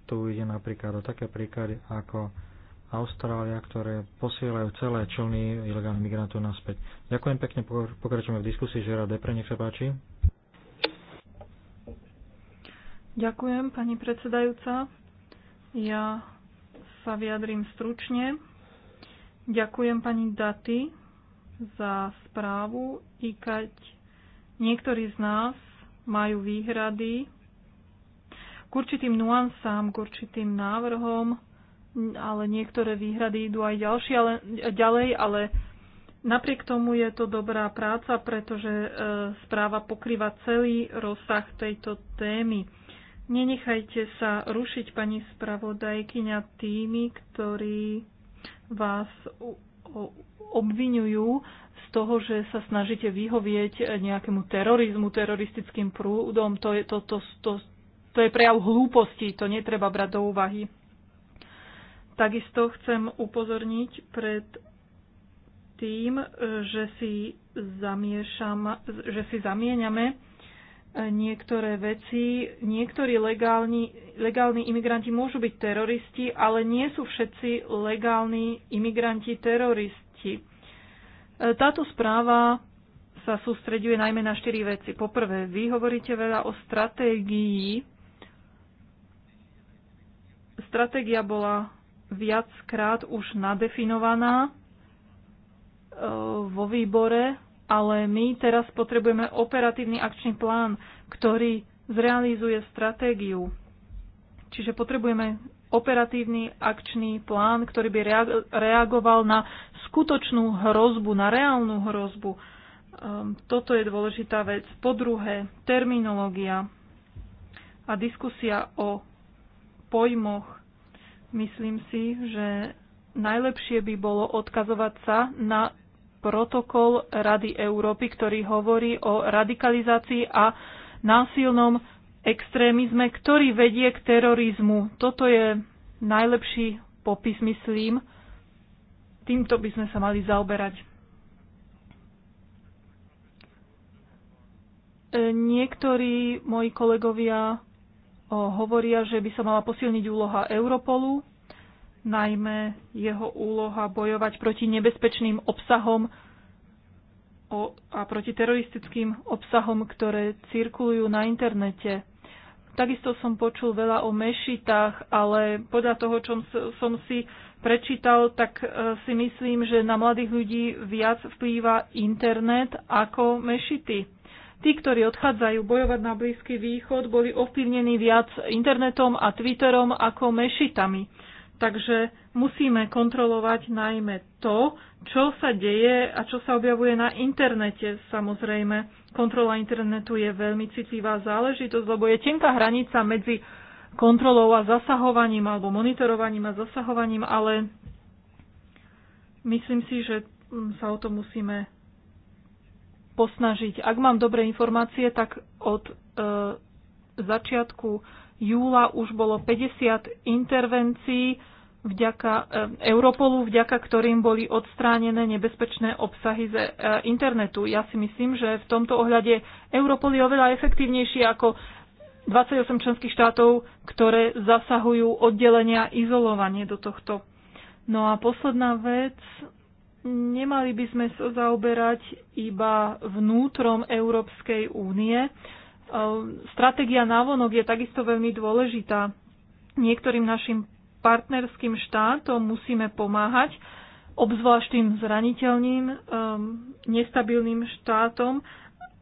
tu ide napríklad o také príklady ako Austrália, ktoré posielajú celé člny ilegálnych migrantov naspäť. Ďakujem pekne, pokračujeme v diskusii. Žera Depre, nech sa páči. Ďakujem, pani predsedajúca. Ja sa vyjadrím stručne. Ďakujem pani Daty za správu, i keď Niektorí z nás majú výhrady k určitým nuansám, k určitým návrhom, ale niektoré výhrady idú aj ďalšie, ale, ďalej, ale napriek tomu je to dobrá práca, pretože e, správa pokrýva celý rozsah tejto témy. Nenechajte sa rušiť, pani spravodajkyňa, tými, ktorí vás obvinujú z toho, že sa snažíte vyhovieť nejakému terorizmu, teroristickým prúdom. To je, to, to, to, to je prejav hlúposti, to netreba brať do úvahy. Takisto chcem upozorniť pred tým, že si, zamiešam, že si zamieňame niektoré veci. Niektorí legálni, legálni imigranti môžu byť teroristi, ale nie sú všetci legálni imigranti teroristi. E, táto správa sa sústreďuje najmä na štyri veci. Poprvé, vy hovoríte veľa o stratégii. Stratégia bola viackrát už nadefinovaná e, vo výbore, ale my teraz potrebujeme operatívny akčný plán, ktorý zrealizuje stratégiu. Čiže potrebujeme operatívny akčný plán, ktorý by reagoval na skutočnú hrozbu, na reálnu hrozbu. Ehm, toto je dôležitá vec. Po druhé, terminológia a diskusia o pojmoch. Myslím si, že najlepšie by bolo odkazovať sa na protokol Rady Európy, ktorý hovorí o radikalizácii a násilnom extrémizme, ktorý vedie k terorizmu. Toto je najlepší popis, myslím. Týmto by sme sa mali zaoberať. E, niektorí moji kolegovia hovoria, že by sa mala posilniť úloha Europolu, najmä jeho úloha bojovať proti nebezpečným obsahom a proti teroristickým obsahom, ktoré cirkulujú na internete. Takisto som počul veľa o mešitách, ale podľa toho, čo som si prečítal, tak e, si myslím, že na mladých ľudí viac vplýva internet ako mešity. Tí, ktorí odchádzajú bojovať na Blízky východ, boli ovplyvnení viac internetom a Twitterom ako mešitami. Takže musíme kontrolovať najmä to, čo sa deje a čo sa objavuje na internete. Samozrejme, kontrola internetu je veľmi citlivá záležitosť, lebo je tenká hranica medzi kontrolou a zasahovaním alebo monitorovaním a zasahovaním, ale myslím si, že mm, sa o to musíme posnažiť. Ak mám dobré informácie, tak od e, začiatku júla už bolo 50 intervencií vďaka eh, Europolu, vďaka ktorým boli odstránené nebezpečné obsahy z eh, internetu. Ja si myslím, že v tomto ohľade Europol je oveľa efektívnejší ako 28 členských štátov, ktoré zasahujú oddelenia izolovanie do tohto. No a posledná vec, nemali by sme sa zaoberať iba vnútrom Európskej únie, Ehm, stratégia návonok je takisto veľmi dôležitá. Niektorým našim partnerským štátom musíme pomáhať, obzvlášť tým zraniteľným, ehm, nestabilným štátom,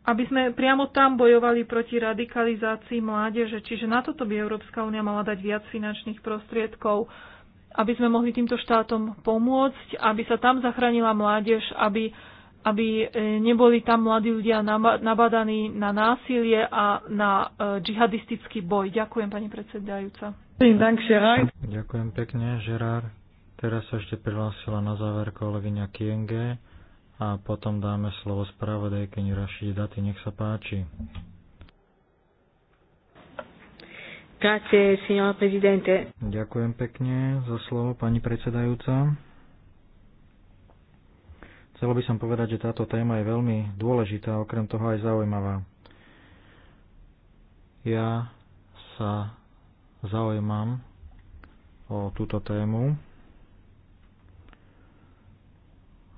aby sme priamo tam bojovali proti radikalizácii mládeže. Čiže na toto by Európska únia mala dať viac finančných prostriedkov, aby sme mohli týmto štátom pomôcť, aby sa tam zachránila mládež, aby aby e, neboli tam mladí ľudia nabadaní na násilie a na e, džihadistický boj. Ďakujem, pani predsedajúca. Ďakujem pekne, Žerár. Teraz sa ešte prihlásila na záver kolegyňa Kienge a potom dáme slovo spravodajkyni Rašide Daty. Nech sa páči. Grazie, signor Presidente. Ďakujem pekne za slovo, pani predsedajúca. Chcelo by som povedať, že táto téma je veľmi dôležitá, okrem toho aj zaujímavá. Ja sa zaujímam o túto tému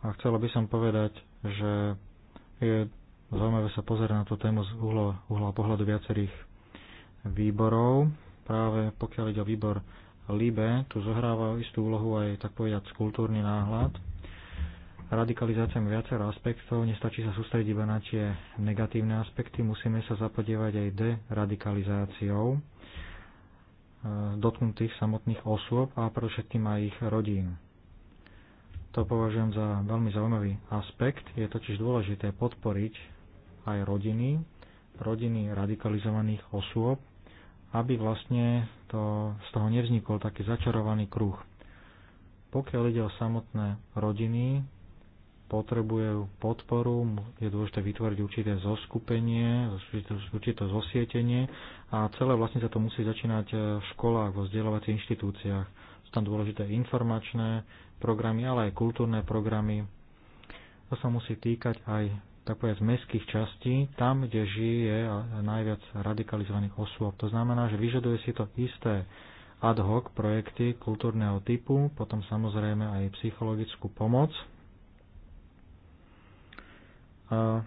a chcela by som povedať, že je zaujímavé sa pozerať na tú tému z uhla, uhla pohľadu viacerých výborov. Práve pokiaľ ide o výbor LIBE, tu zohráva istú úlohu aj tak povedať kultúrny náhľad, radikalizáciami viacero aspektov, nestačí sa sústrediť iba na tie negatívne aspekty, musíme sa zapodievať aj deradikalizáciou e, dotknutých samotných osôb a pre všetkým aj ich rodín. To považujem za veľmi zaujímavý aspekt. Je totiž dôležité podporiť aj rodiny, rodiny radikalizovaných osôb, aby vlastne to, z toho nevznikol taký začarovaný kruh. Pokiaľ ide o samotné rodiny, potrebujú podporu, je dôležité vytvoriť určité zoskupenie, určité zosietenie a celé vlastne sa to musí začínať e, v školách, vo vzdelávacích inštitúciách. Sú tam dôležité informačné programy, ale aj kultúrne programy. To sa musí týkať aj takové z mestských častí, tam, kde žije najviac radikalizovaných osôb. To znamená, že vyžaduje si to isté ad hoc projekty kultúrneho typu, potom samozrejme aj psychologickú pomoc a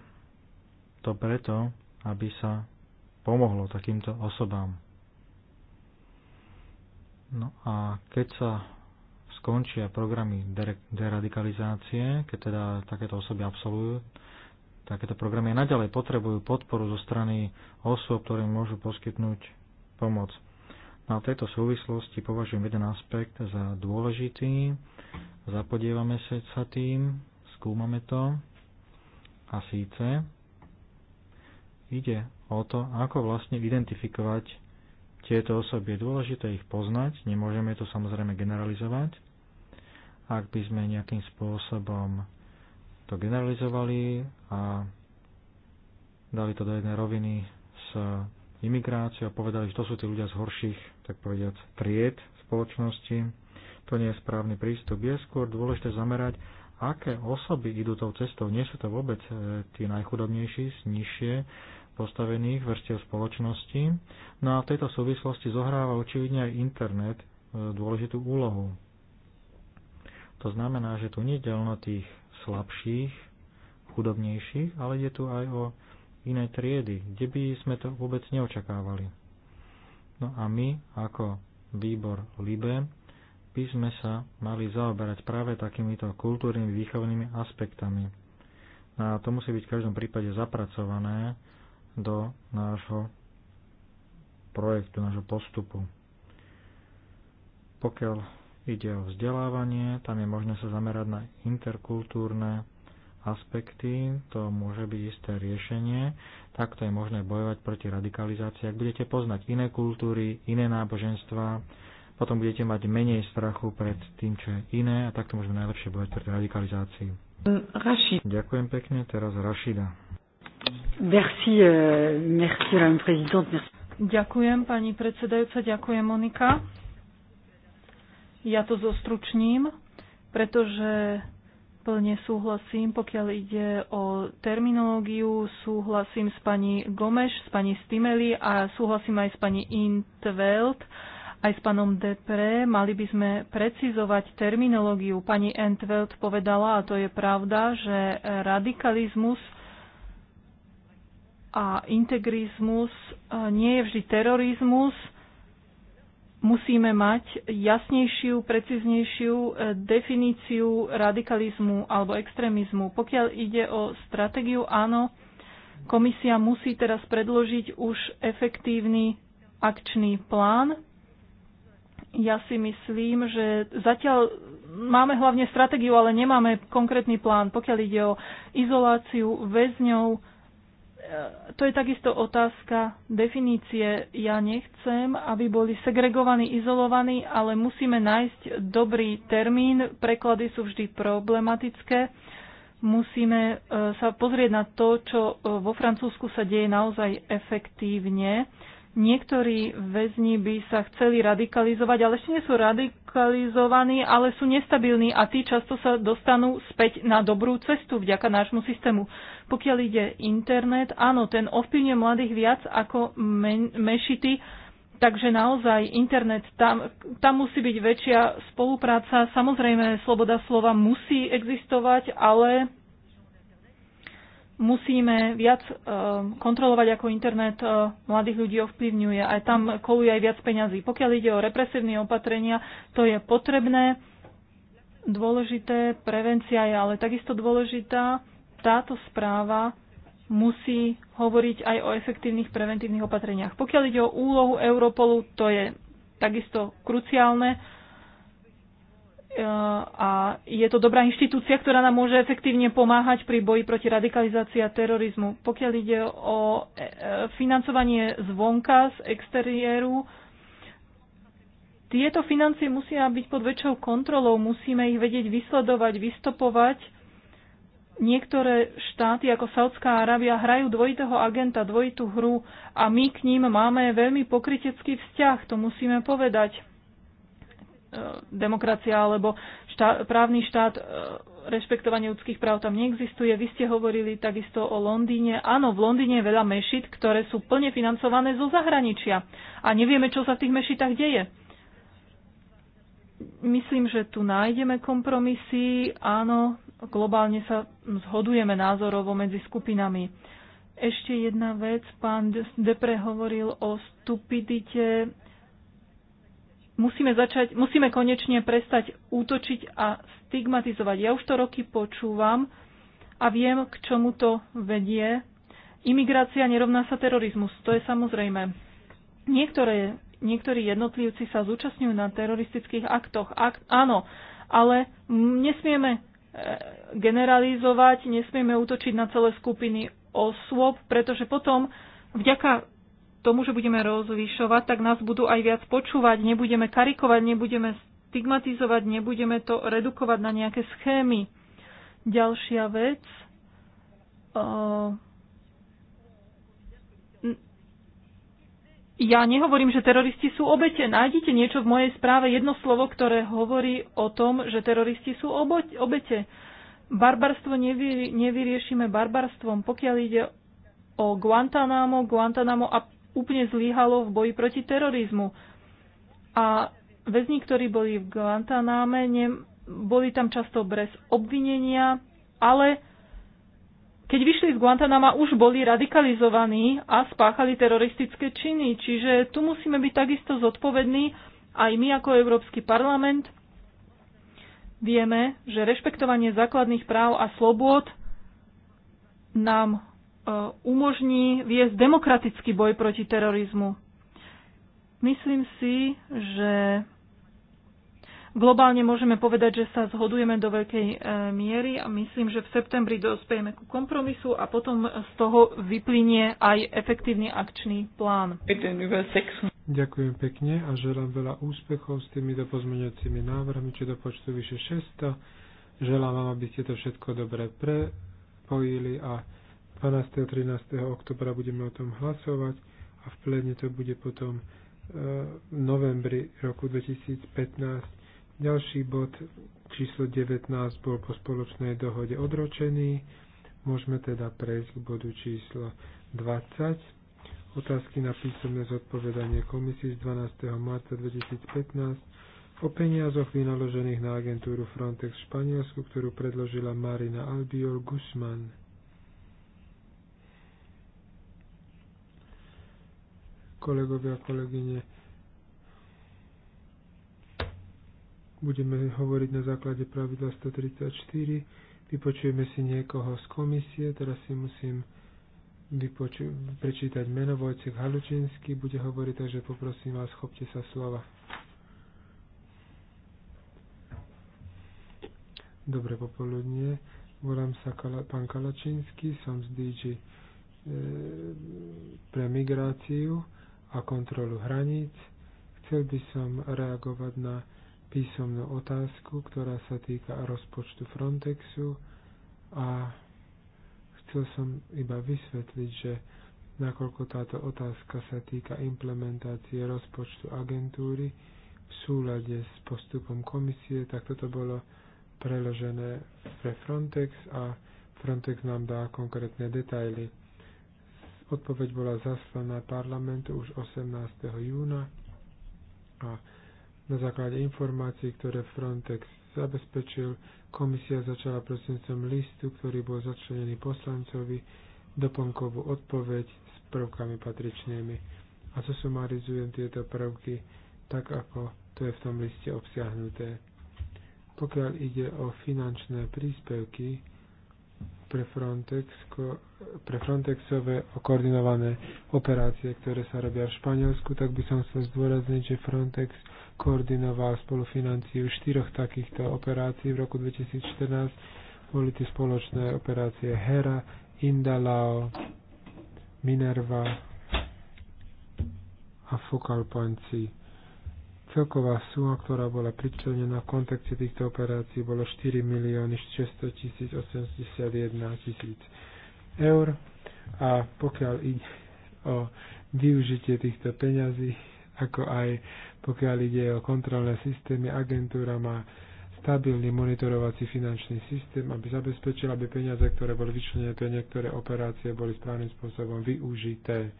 to preto, aby sa pomohlo takýmto osobám. No a keď sa skončia programy deradikalizácie, keď teda takéto osoby absolvujú, takéto programy a naďalej potrebujú podporu zo strany osôb, ktoré môžu poskytnúť pomoc. Na no tejto súvislosti považujem jeden aspekt za dôležitý, zapodievame sa tým, skúmame to a síce ide o to, ako vlastne identifikovať tieto osoby. Je dôležité ich poznať, nemôžeme to samozrejme generalizovať. Ak by sme nejakým spôsobom to generalizovali a dali to do jednej roviny s imigráciou a povedali, že to sú tí ľudia z horších, tak povediať, tried spoločnosti, to nie je správny prístup. Je skôr dôležité zamerať aké osoby idú tou cestou. Nie sú to vôbec e, tí najchudobnejší, nižšie postavených vrstiev spoločnosti. No a v tejto súvislosti zohráva očividne aj internet e, dôležitú úlohu. To znamená, že tu nie je len tých slabších, chudobnejších, ale je tu aj o iné triedy, kde by sme to vôbec neočakávali. No a my, ako výbor LIBE, by sme sa mali zaoberať práve takýmito kultúrnymi výchovnými aspektami. No a to musí byť v každom prípade zapracované do nášho projektu, nášho postupu. Pokiaľ ide o vzdelávanie, tam je možné sa zamerať na interkultúrne aspekty, to môže byť isté riešenie, takto je možné bojovať proti radikalizácii. Ak budete poznať iné kultúry, iné náboženstva, potom budete mať menej strachu pred tým, čo je iné a takto môžeme najlepšie bojať pred radikalizáciou. Rašid. Ďakujem pekne, teraz Rašida. Merci, euh, merci, prezident. Merci. Ďakujem, pani predsedajúca, ďakujem, Monika. Ja to zostručním, pretože plne súhlasím, pokiaľ ide o terminológiu, súhlasím s pani Gomeš, s pani Stimeli a súhlasím aj s pani Intveld aj s pánom Depre. Mali by sme precizovať terminológiu. Pani Entveld povedala, a to je pravda, že radikalizmus a integrizmus e, nie je vždy terorizmus. Musíme mať jasnejšiu, preciznejšiu e, definíciu radikalizmu alebo extrémizmu. Pokiaľ ide o stratégiu, áno, komisia musí teraz predložiť už efektívny akčný plán ja si myslím, že zatiaľ máme hlavne stratégiu, ale nemáme konkrétny plán, pokiaľ ide o izoláciu väzňov. E, to je takisto otázka definície. Ja nechcem, aby boli segregovaní, izolovaní, ale musíme nájsť dobrý termín. Preklady sú vždy problematické. Musíme e, sa pozrieť na to, čo e, vo Francúzsku sa deje naozaj efektívne Niektorí väzni by sa chceli radikalizovať, ale ešte nie sú radikalizovaní, ale sú nestabilní a tí často sa dostanú späť na dobrú cestu vďaka nášmu systému. Pokiaľ ide internet, áno, ten ovplyvňuje mladých viac ako men- mešity, takže naozaj internet, tam, tam musí byť väčšia spolupráca. Samozrejme, sloboda slova musí existovať, ale musíme viac eh, kontrolovať, ako internet eh, mladých ľudí ovplyvňuje. Aj tam koluje aj viac peňazí. Pokiaľ ide o represívne opatrenia, to je potrebné, dôležité, prevencia je ale takisto dôležitá. Táto správa musí hovoriť aj o efektívnych preventívnych opatreniach. Pokiaľ ide o úlohu Europolu, to je takisto kruciálne E, a je to dobrá inštitúcia, ktorá nám môže efektívne pomáhať pri boji proti radikalizácii a terorizmu. Pokiaľ ide o e, e, financovanie zvonka, z exteriéru, tieto financie musia byť pod väčšou kontrolou, musíme ich vedieť vysledovať, vystopovať. Niektoré štáty ako Saudská Arábia hrajú dvojitého agenta, dvojitú hru a my k ním máme veľmi pokrytecký vzťah, to musíme povedať E, demokracia alebo štá, právny štát, e, rešpektovanie ľudských práv tam neexistuje. Vy ste hovorili takisto o Londýne. Áno, v Londýne je veľa mešit, ktoré sú plne financované zo zahraničia. A nevieme, čo sa v tých mešitách deje. Myslím, že tu nájdeme kompromisy. Áno, globálne sa zhodujeme názorovo medzi skupinami. Ešte jedna vec, pán Depre hovoril o stupidite musíme, začať, musíme konečne prestať útočiť a stigmatizovať. Ja už to roky počúvam a viem, k čomu to vedie. Imigrácia nerovná sa terorizmus, to je samozrejme. Niektoré, niektorí jednotlivci sa zúčastňujú na teroristických aktoch, ak, áno, ale nesmieme e, generalizovať, nesmieme útočiť na celé skupiny osôb, pretože potom vďaka tomu, že budeme rozlišovať, tak nás budú aj viac počúvať, nebudeme karikovať, nebudeme stigmatizovať, nebudeme to redukovať na nejaké schémy. Ďalšia vec. E, ja nehovorím, že teroristi sú obete. Nájdite niečo v mojej správe, jedno slovo, ktoré hovorí o tom, že teroristi sú obete. Barbarstvo nevyriešime barbarstvom. Pokiaľ ide o Guantanamo, Guantanamo a úplne zlyhalo v boji proti terorizmu. A väzni, ktorí boli v Guantaname, boli tam často bez obvinenia, ale keď vyšli z Guantanama, už boli radikalizovaní a spáchali teroristické činy. Čiže tu musíme byť takisto zodpovední aj my ako Európsky parlament. Vieme, že rešpektovanie základných práv a slobôd nám E, umožní viesť demokratický boj proti terorizmu. Myslím si, že globálne môžeme povedať, že sa zhodujeme do veľkej e, miery a myslím, že v septembri dospejeme ku kompromisu a potom z toho vyplynie aj efektívny akčný plán. Ďakujem pekne a želám veľa úspechov s tými dopozmeňujúcimi návrhmi, či do počtu vyše 600. Želám vám, aby ste to všetko dobre prepojili a 12. a 13. oktobra budeme o tom hlasovať a v pléne to bude potom e, v novembri roku 2015. Ďalší bod číslo 19 bol po spoločnej dohode odročený. Môžeme teda prejsť k bodu číslo 20. Otázky na písomné zodpovedanie komisii z 12. marca 2015 o peniazoch vynaložených na agentúru Frontex v Španielsku, ktorú predložila Marina Albiol Guzman. kolegovia a kolegyne. Budeme hovoriť na základe pravidla 134. Vypočujeme si niekoho z komisie. Teraz si musím vypoču- prečítať meno Vojcek Halučinský. Bude hovoriť, takže poprosím vás, chopte sa slova. Dobre popoludnie. Volám sa Kala- pán Kalačinský, som z DG e, eh, pre migráciu a kontrolu hraníc. Chcel by som reagovať na písomnú otázku, ktorá sa týka rozpočtu Frontexu a chcel som iba vysvetliť, že nakoľko táto otázka sa týka implementácie rozpočtu agentúry v súlade s postupom komisie, tak toto bolo preložené pre Frontex a Frontex nám dá konkrétne detaily. Odpoveď bola zaslaná parlamentu už 18. júna a na základe informácií, ktoré Frontex zabezpečil, komisia začala prostredníctvom listu, ktorý bol začlenený poslancovi, doplnkovú odpoveď s prvkami patričnými. A zosumarizujem tieto prvky tak, ako to je v tom liste obsiahnuté. Pokiaľ ide o finančné príspevky, pre, Frontex, pre Frontexové koordinované operácie, ktoré sa robia v Španielsku, tak by som chcel zdôrazniť, že Frontex koordinoval spolufinanciu štyroch takýchto operácií v roku 2014. Boli tie spoločné operácie Hera, Indalao, Minerva a Focal Point C. Celková suma, ktorá bola pričlenená v kontexte týchto operácií, bolo 4 milióny 600 tisíc 81 tisíc eur. A pokiaľ ide o využitie týchto peňazí, ako aj pokiaľ ide o kontrolné systémy, agentúra má stabilný monitorovací finančný systém, aby zabezpečil, aby peniaze, ktoré boli vyčlenené pre niektoré operácie, boli správnym spôsobom využité.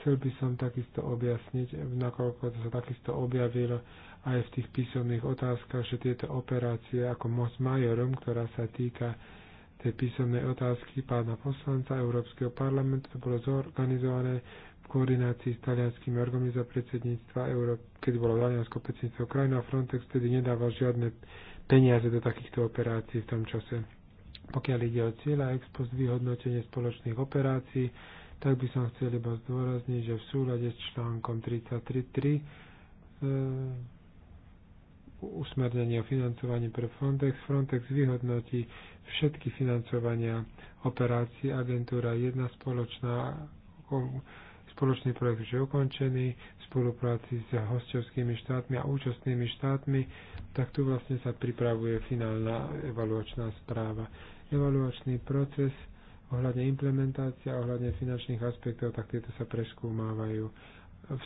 Chcel by som takisto objasniť, nakoľko to sa takisto objavilo aj v tých písomných otázkach, že tieto operácie ako most majorom, ktorá sa týka tej písomnej otázky pána poslanca Európskeho parlamentu, to bolo zorganizované v koordinácii s talianskými orgánmi predsedníctva Európy, keď bolo taliansko predsedníctvo krajina a Frontex vtedy nedával žiadne peniaze do takýchto operácií v tom čase. Pokiaľ ide o cieľa, ex post vyhodnotenie spoločných operácií, tak by som chcel iba zdôrazniť, že v súlade s článkom 33.3 e, usmernenie o financovaní pre Frontex. Frontex vyhodnotí všetky financovania operácií. Agentúra jedna spoločná, spoločný projekt už je ukončený v spolupráci s hostovskými štátmi a účastnými štátmi, tak tu vlastne sa pripravuje finálna evaluačná správa. Evaluačný proces ohľadne implementácia, ohľadne finančných aspektov, tak tieto sa preskúmávajú. V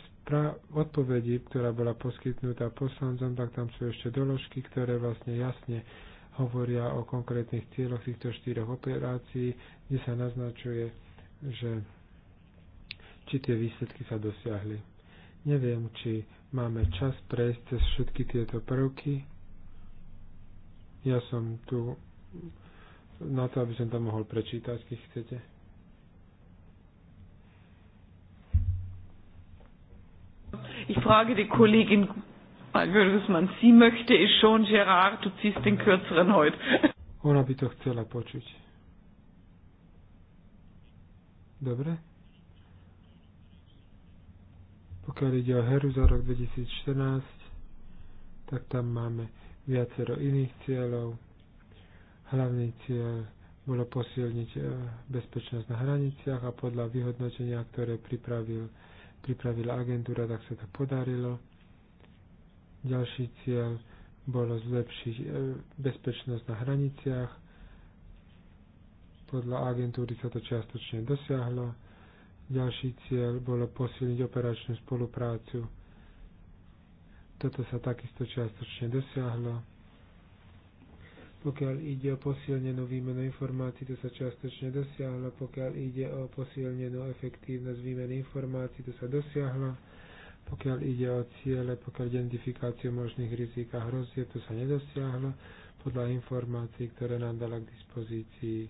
odpovedi, ktorá bola poskytnutá poslancom, tak tam sú ešte doložky, ktoré vlastne jasne hovoria o konkrétnych cieľoch týchto štyroch operácií, kde sa naznačuje, že či tie výsledky sa dosiahli. Neviem, či máme čas prejsť cez všetky tieto prvky. Ja som tu na to, aby som tam mohol prečítať, keď chcete. Ich frage die Kollegin Gülsmann, sie möchte ich schon, Gerard, du ziehst den kürzeren heute. Ona by to chcela počuť. Dobre? Pokiaľ ide o heru za rok 2014, tak tam máme viacero iných cieľov Hlavný cieľ bolo posilniť e, bezpečnosť na hraniciach a podľa vyhodnotenia, ktoré pripravil, pripravila agentúra, tak sa to podarilo. Ďalší cieľ bolo zlepšiť e, bezpečnosť na hraniciach. Podľa agentúry sa to čiastočne dosiahlo. Ďalší cieľ bolo posilniť operačnú spoluprácu. Toto sa takisto čiastočne dosiahlo pokiaľ ide o posilnenú výmenu informácií, to sa čiastočne dosiahlo. Pokiaľ ide o posilnenú efektívnosť výmeny informácií, to sa dosiahlo. Pokiaľ ide o ciele, pokiaľ identifikáciu možných rizik a hrozie, to sa nedosiahlo podľa informácií, ktoré nám dala k dispozícii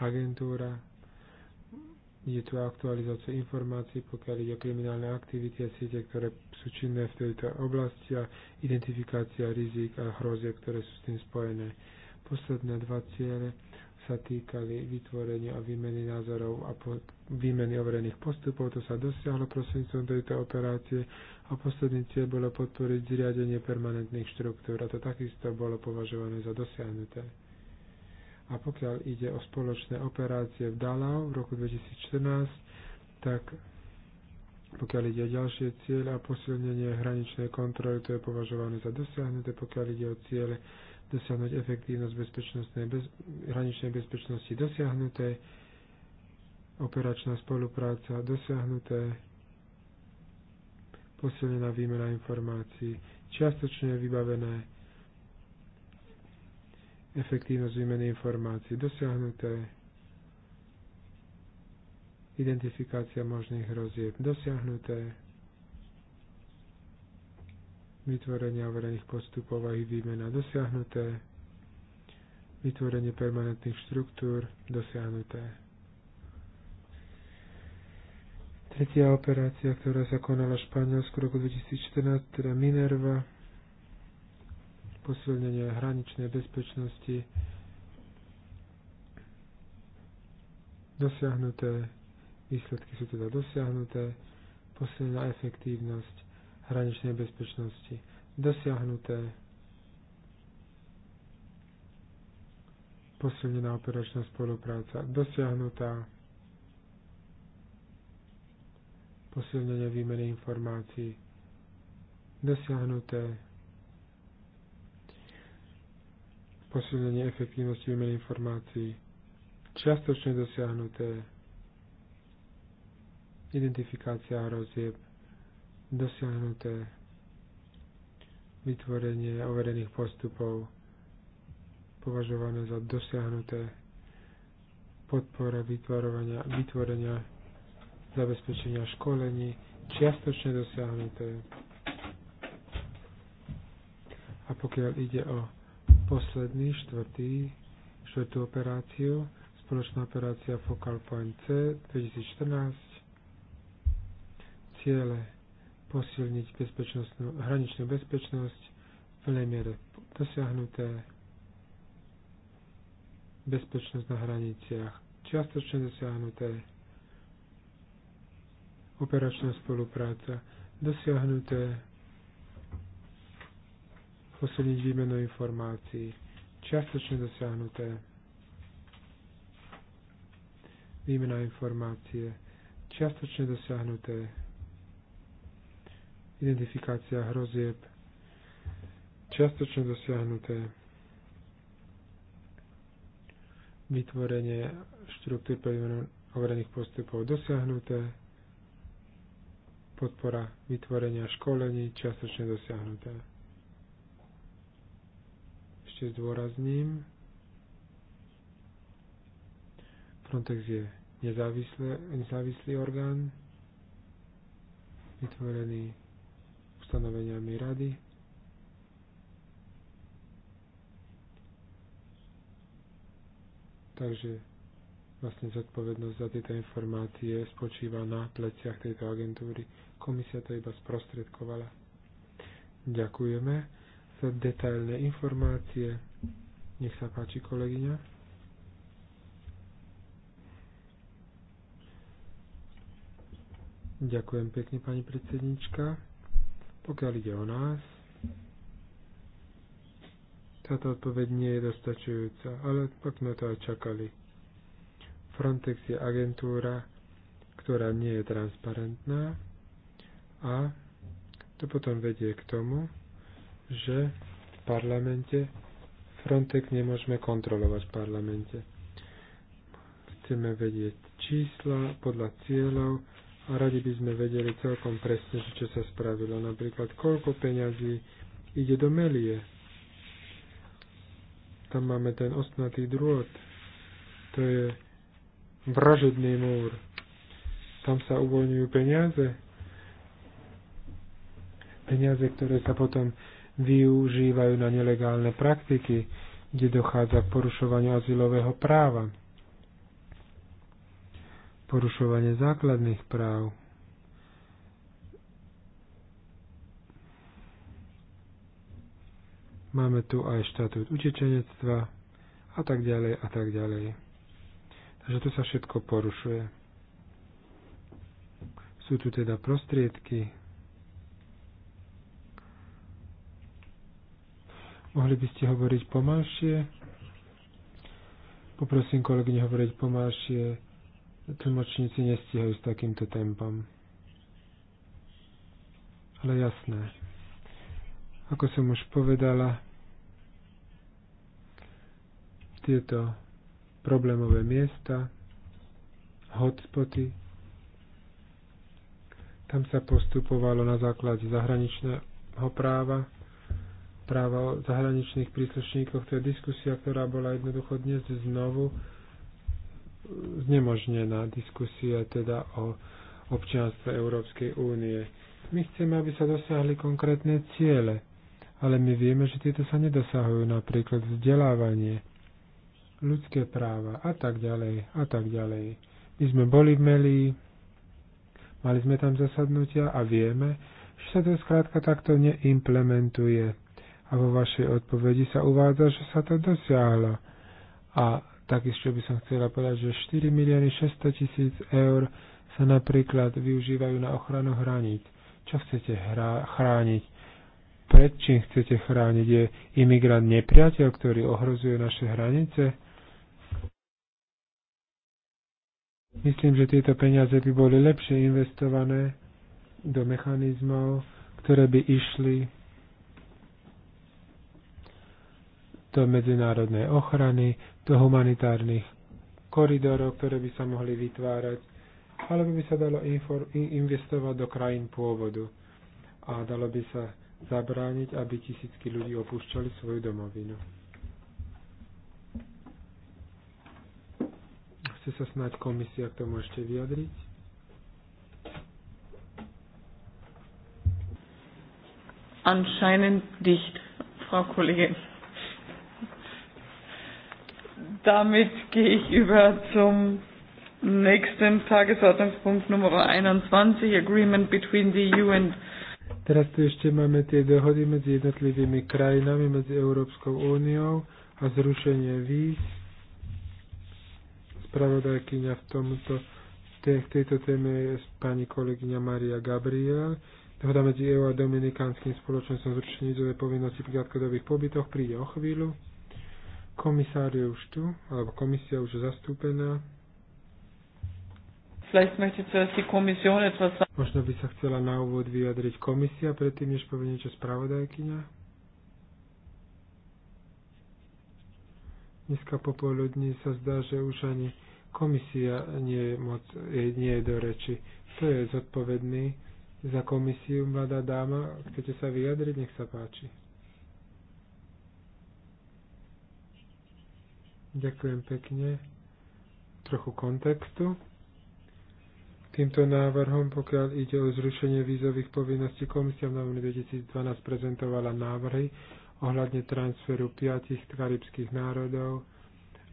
agentúra je tu aktualizácia informácií, pokiaľ ide o kriminálne aktivity a siete, ktoré sú činné v tejto oblasti a identifikácia rizik a hrozie, ktoré sú s tým spojené. Posledné dva ciele sa týkali vytvorenia a výmeny názorov a po, výmeny overených postupov. To sa dosiahlo prostredníctvom tejto operácie a posledný cieľ bolo podporiť zriadenie permanentných štruktúr a to takisto bolo považované za dosiahnuté. A pokiaľ ide o spoločné operácie v Dalau v roku 2014, tak pokiaľ ide o ďalšie cieľ a posilnenie hraničnej kontroly, to je považované za dosiahnuté, pokiaľ ide o cieľ dosiahnuť efektívnosť bezpečnostnej bez, hraničnej bezpečnosti dosiahnuté, operačná spolupráca dosiahnuté, posilnená výmena informácií čiastočne vybavené efektívnosť výmeny informácií, dosiahnuté identifikácia možných hrozieb, dosiahnuté vytvorenie overených postupov a ich výmena, dosiahnuté vytvorenie permanentných štruktúr, dosiahnuté. Tretia operácia, ktorá sa konala v Španielsku roku 2014, teda Minerva, posilnenia hraničnej bezpečnosti dosiahnuté, výsledky sú teda dosiahnuté, posilnená efektívnosť hraničnej bezpečnosti dosiahnuté, posilnená operačná spolupráca dosiahnutá, posilnenie výmeny informácií dosiahnuté, posilnenie efektívnosti výmeny informácií čiastočne dosiahnuté identifikácia hrozieb dosiahnuté vytvorenie overených postupov považované za dosiahnuté podpora vytvorenia, vytvorenia zabezpečenia školení čiastočne dosiahnuté a pokiaľ ide o posledný, štvrtý, štvrtú operáciu, spoločná operácia Focal Point C 2014. Ciele posilniť bezpečnostnú, hraničnú bezpečnosť v plnej miere dosiahnuté bezpečnosť na hraniciach čiastočne dosiahnuté operačná spolupráca dosiahnuté posilniť výmenu informácií, čiastočne dosiahnuté výmena informácie, čiastočne dosiahnuté identifikácia hrozieb, čiastočne dosiahnuté vytvorenie štruktúr pre overených postupov dosiahnuté, podpora vytvorenia školení čiastočne dosiahnuté ešte zdôrazním. Frontex je nezávislý orgán, vytvorený ustanoveniami rady. Takže vlastne zodpovednosť za tieto informácie spočíva na pleciach tejto agentúry. Komisia to iba sprostredkovala. Ďakujeme za detailné informácie. Nech sa páči, kolegyňa. Ďakujem pekne, pani predsednička. Pokiaľ ide o nás, táto odpoveď nie je dostačujúca, ale pak sme to aj čakali. Frontex je agentúra, ktorá nie je transparentná a to potom vedie k tomu, že v parlamente Frontex nemôžeme kontrolovať v parlamente. Chceme vedieť čísla podľa cieľov a radi by sme vedeli celkom presne, čo sa spravilo. Napríklad, koľko peňazí ide do Melie. Tam máme ten ostnatý drôt. To je vražedný múr. Tam sa uvoľňujú peniaze. Peniaze, ktoré sa potom využívajú na nelegálne praktiky, kde dochádza k porušovaniu azylového práva, porušovanie základných práv. Máme tu aj štatút utečenectva a tak ďalej a tak ďalej. Takže tu sa všetko porušuje. Sú tu teda prostriedky, Mohli by ste hovoriť pomalšie? Poprosím kolegyne hovoriť pomalšie. Tlmočníci nestihajú s takýmto tempom. Ale jasné. Ako som už povedala, tieto problémové miesta, hotspoty, tam sa postupovalo na základe zahraničného práva, práva o zahraničných príslušníkoch. To je diskusia, ktorá bola jednoducho dnes znovu e, znemožnená diskusia teda o občianstve Európskej únie. My chceme, aby sa dosiahli konkrétne ciele, ale my vieme, že tieto sa nedosahujú, napríklad vzdelávanie, ľudské práva a tak ďalej a tak ďalej. My sme boli v Melí, mali sme tam zasadnutia a vieme, že sa to skrátka takto neimplementuje a vo vašej odpovedi sa uvádza, že sa to dosiahlo. A takisto by som chcela povedať, že 4 milióny 600 tisíc eur sa napríklad využívajú na ochranu hraníc. Čo chcete hra- chrániť? Pred čím chcete chrániť? Je imigrant nepriateľ, ktorý ohrozuje naše hranice? Myslím, že tieto peniaze by boli lepšie investované do mechanizmov, ktoré by išli miesto medzinárodnej ochrany, do humanitárnych koridorov, ktoré by sa mohli vytvárať, alebo by sa dalo investovať do krajín pôvodu a dalo by sa zabrániť, aby tisícky ľudí opúšťali svoju domovinu. Chce sa snáď komisia k tomu ešte vyjadriť? Anscheinend nicht, Frau Kollegin. Damit gehe ich über zum nächsten Tagesordnungspunkt Nummer 21, Agreement between the EU and Teraz tu ešte máme tie dohody medzi jednotlivými krajinami, medzi Európskou úniou a zrušenie víz. Spravodajkyňa v tomto, te, v tejto téme je pani kolegyňa Maria Gabriel. Dohoda medzi EU a Dominikánskym spoločenstvom zrušenie vízovej povinnosti pri krátkodobých pobytoch príde o chvíľu. Komisár je už tu, alebo komisia už je zastúpená. Možno by sa chcela na úvod vyjadriť komisia, predtým než povie niečo spravodajkyňa. Dneska popoludní sa zdá, že už ani komisia nie je, moc, nie je do reči. To je zodpovedný za komisiu, mladá dáma. Chcete sa vyjadriť? Nech sa páči. Ďakujem pekne. Trochu kontextu. Týmto návrhom, pokiaľ ide o zrušenie vízových povinností, komisia v novembri 2012 prezentovala návrhy ohľadne transferu piatich karibských národov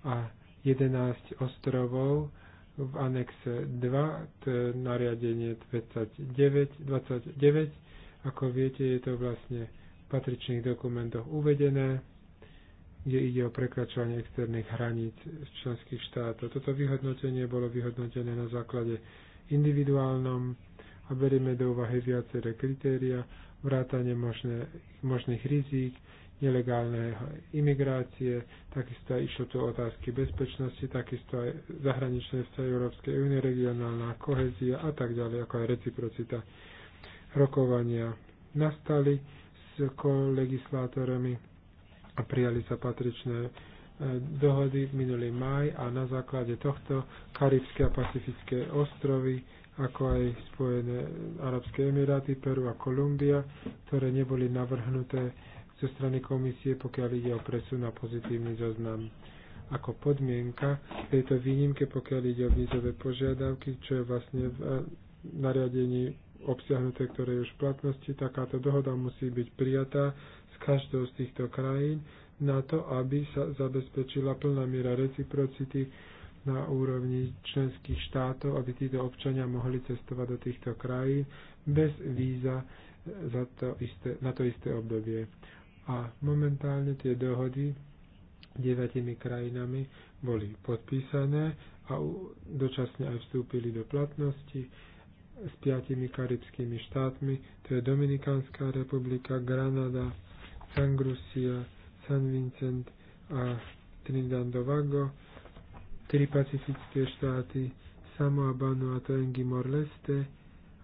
a 11 ostrovov v anexe 2, to je nariadenie 29, 29. Ako viete, je to vlastne v patričných dokumentoch uvedené kde ide o prekračovanie externých hraníc členských štátov. Toto vyhodnotenie bolo vyhodnotené na základe individuálnom a berieme do úvahy viaceré kritéria, vrátanie možné, možných rizík, nelegálnej imigrácie, takisto aj išlo tu otázky bezpečnosti, takisto aj zahraničné vzťahy Európskej únie, regionálna kohezia a tak ďalej, ako aj reciprocita rokovania. Nastali s kolegislátorami a prijali sa patričné e, dohody minulý maj a na základe tohto Karibské a Pacifické ostrovy, ako aj Spojené Arabské Emiráty, Peru a Kolumbia, ktoré neboli navrhnuté zo strany komisie, pokiaľ ide o presun na pozitívny zoznam. Ako podmienka tejto výnimke, pokiaľ ide o vízové požiadavky, čo je vlastne v e, nariadení obsiahnuté, ktoré je už v platnosti, takáto dohoda musí byť prijatá každou z týchto krajín na to, aby sa zabezpečila plná miera reciprocity na úrovni členských štátov, aby títo občania mohli cestovať do týchto krajín bez víza za to isté, na to isté obdobie. A momentálne tie dohody deviatimi krajinami boli podpísané a dočasne aj vstúpili do platnosti s piatimi karibskými štátmi, to je Dominikánska republika, Granada, San Grusia, San Vincent a Trinidad tri pacifické štáty, Samoa, a Tengi Morleste,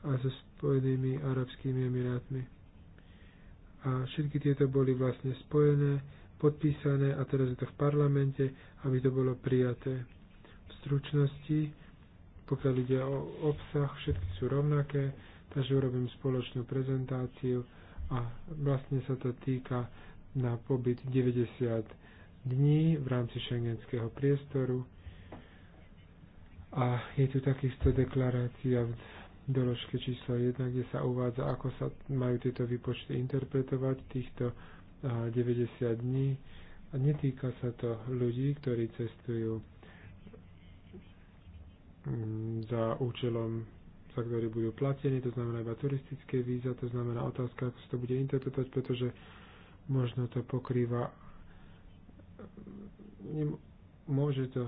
a so Spojenými Arabskými Emirátmi. A všetky tieto boli vlastne spojené, podpísané a teraz je to v parlamente, aby to bolo prijaté. V stručnosti, pokiaľ ide o obsah, všetky sú rovnaké, takže urobím spoločnú prezentáciu a vlastne sa to týka na pobyt 90 dní v rámci šengenského priestoru. A je tu takisto deklarácia v doložke číslo 1, kde sa uvádza, ako sa majú tieto výpočty interpretovať týchto 90 dní. A netýka sa to ľudí, ktorí cestujú za účelom za ktoré budú platení, to znamená iba turistické víza, to znamená otázka, ako sa to bude interpretovať, pretože možno to pokrýva môže to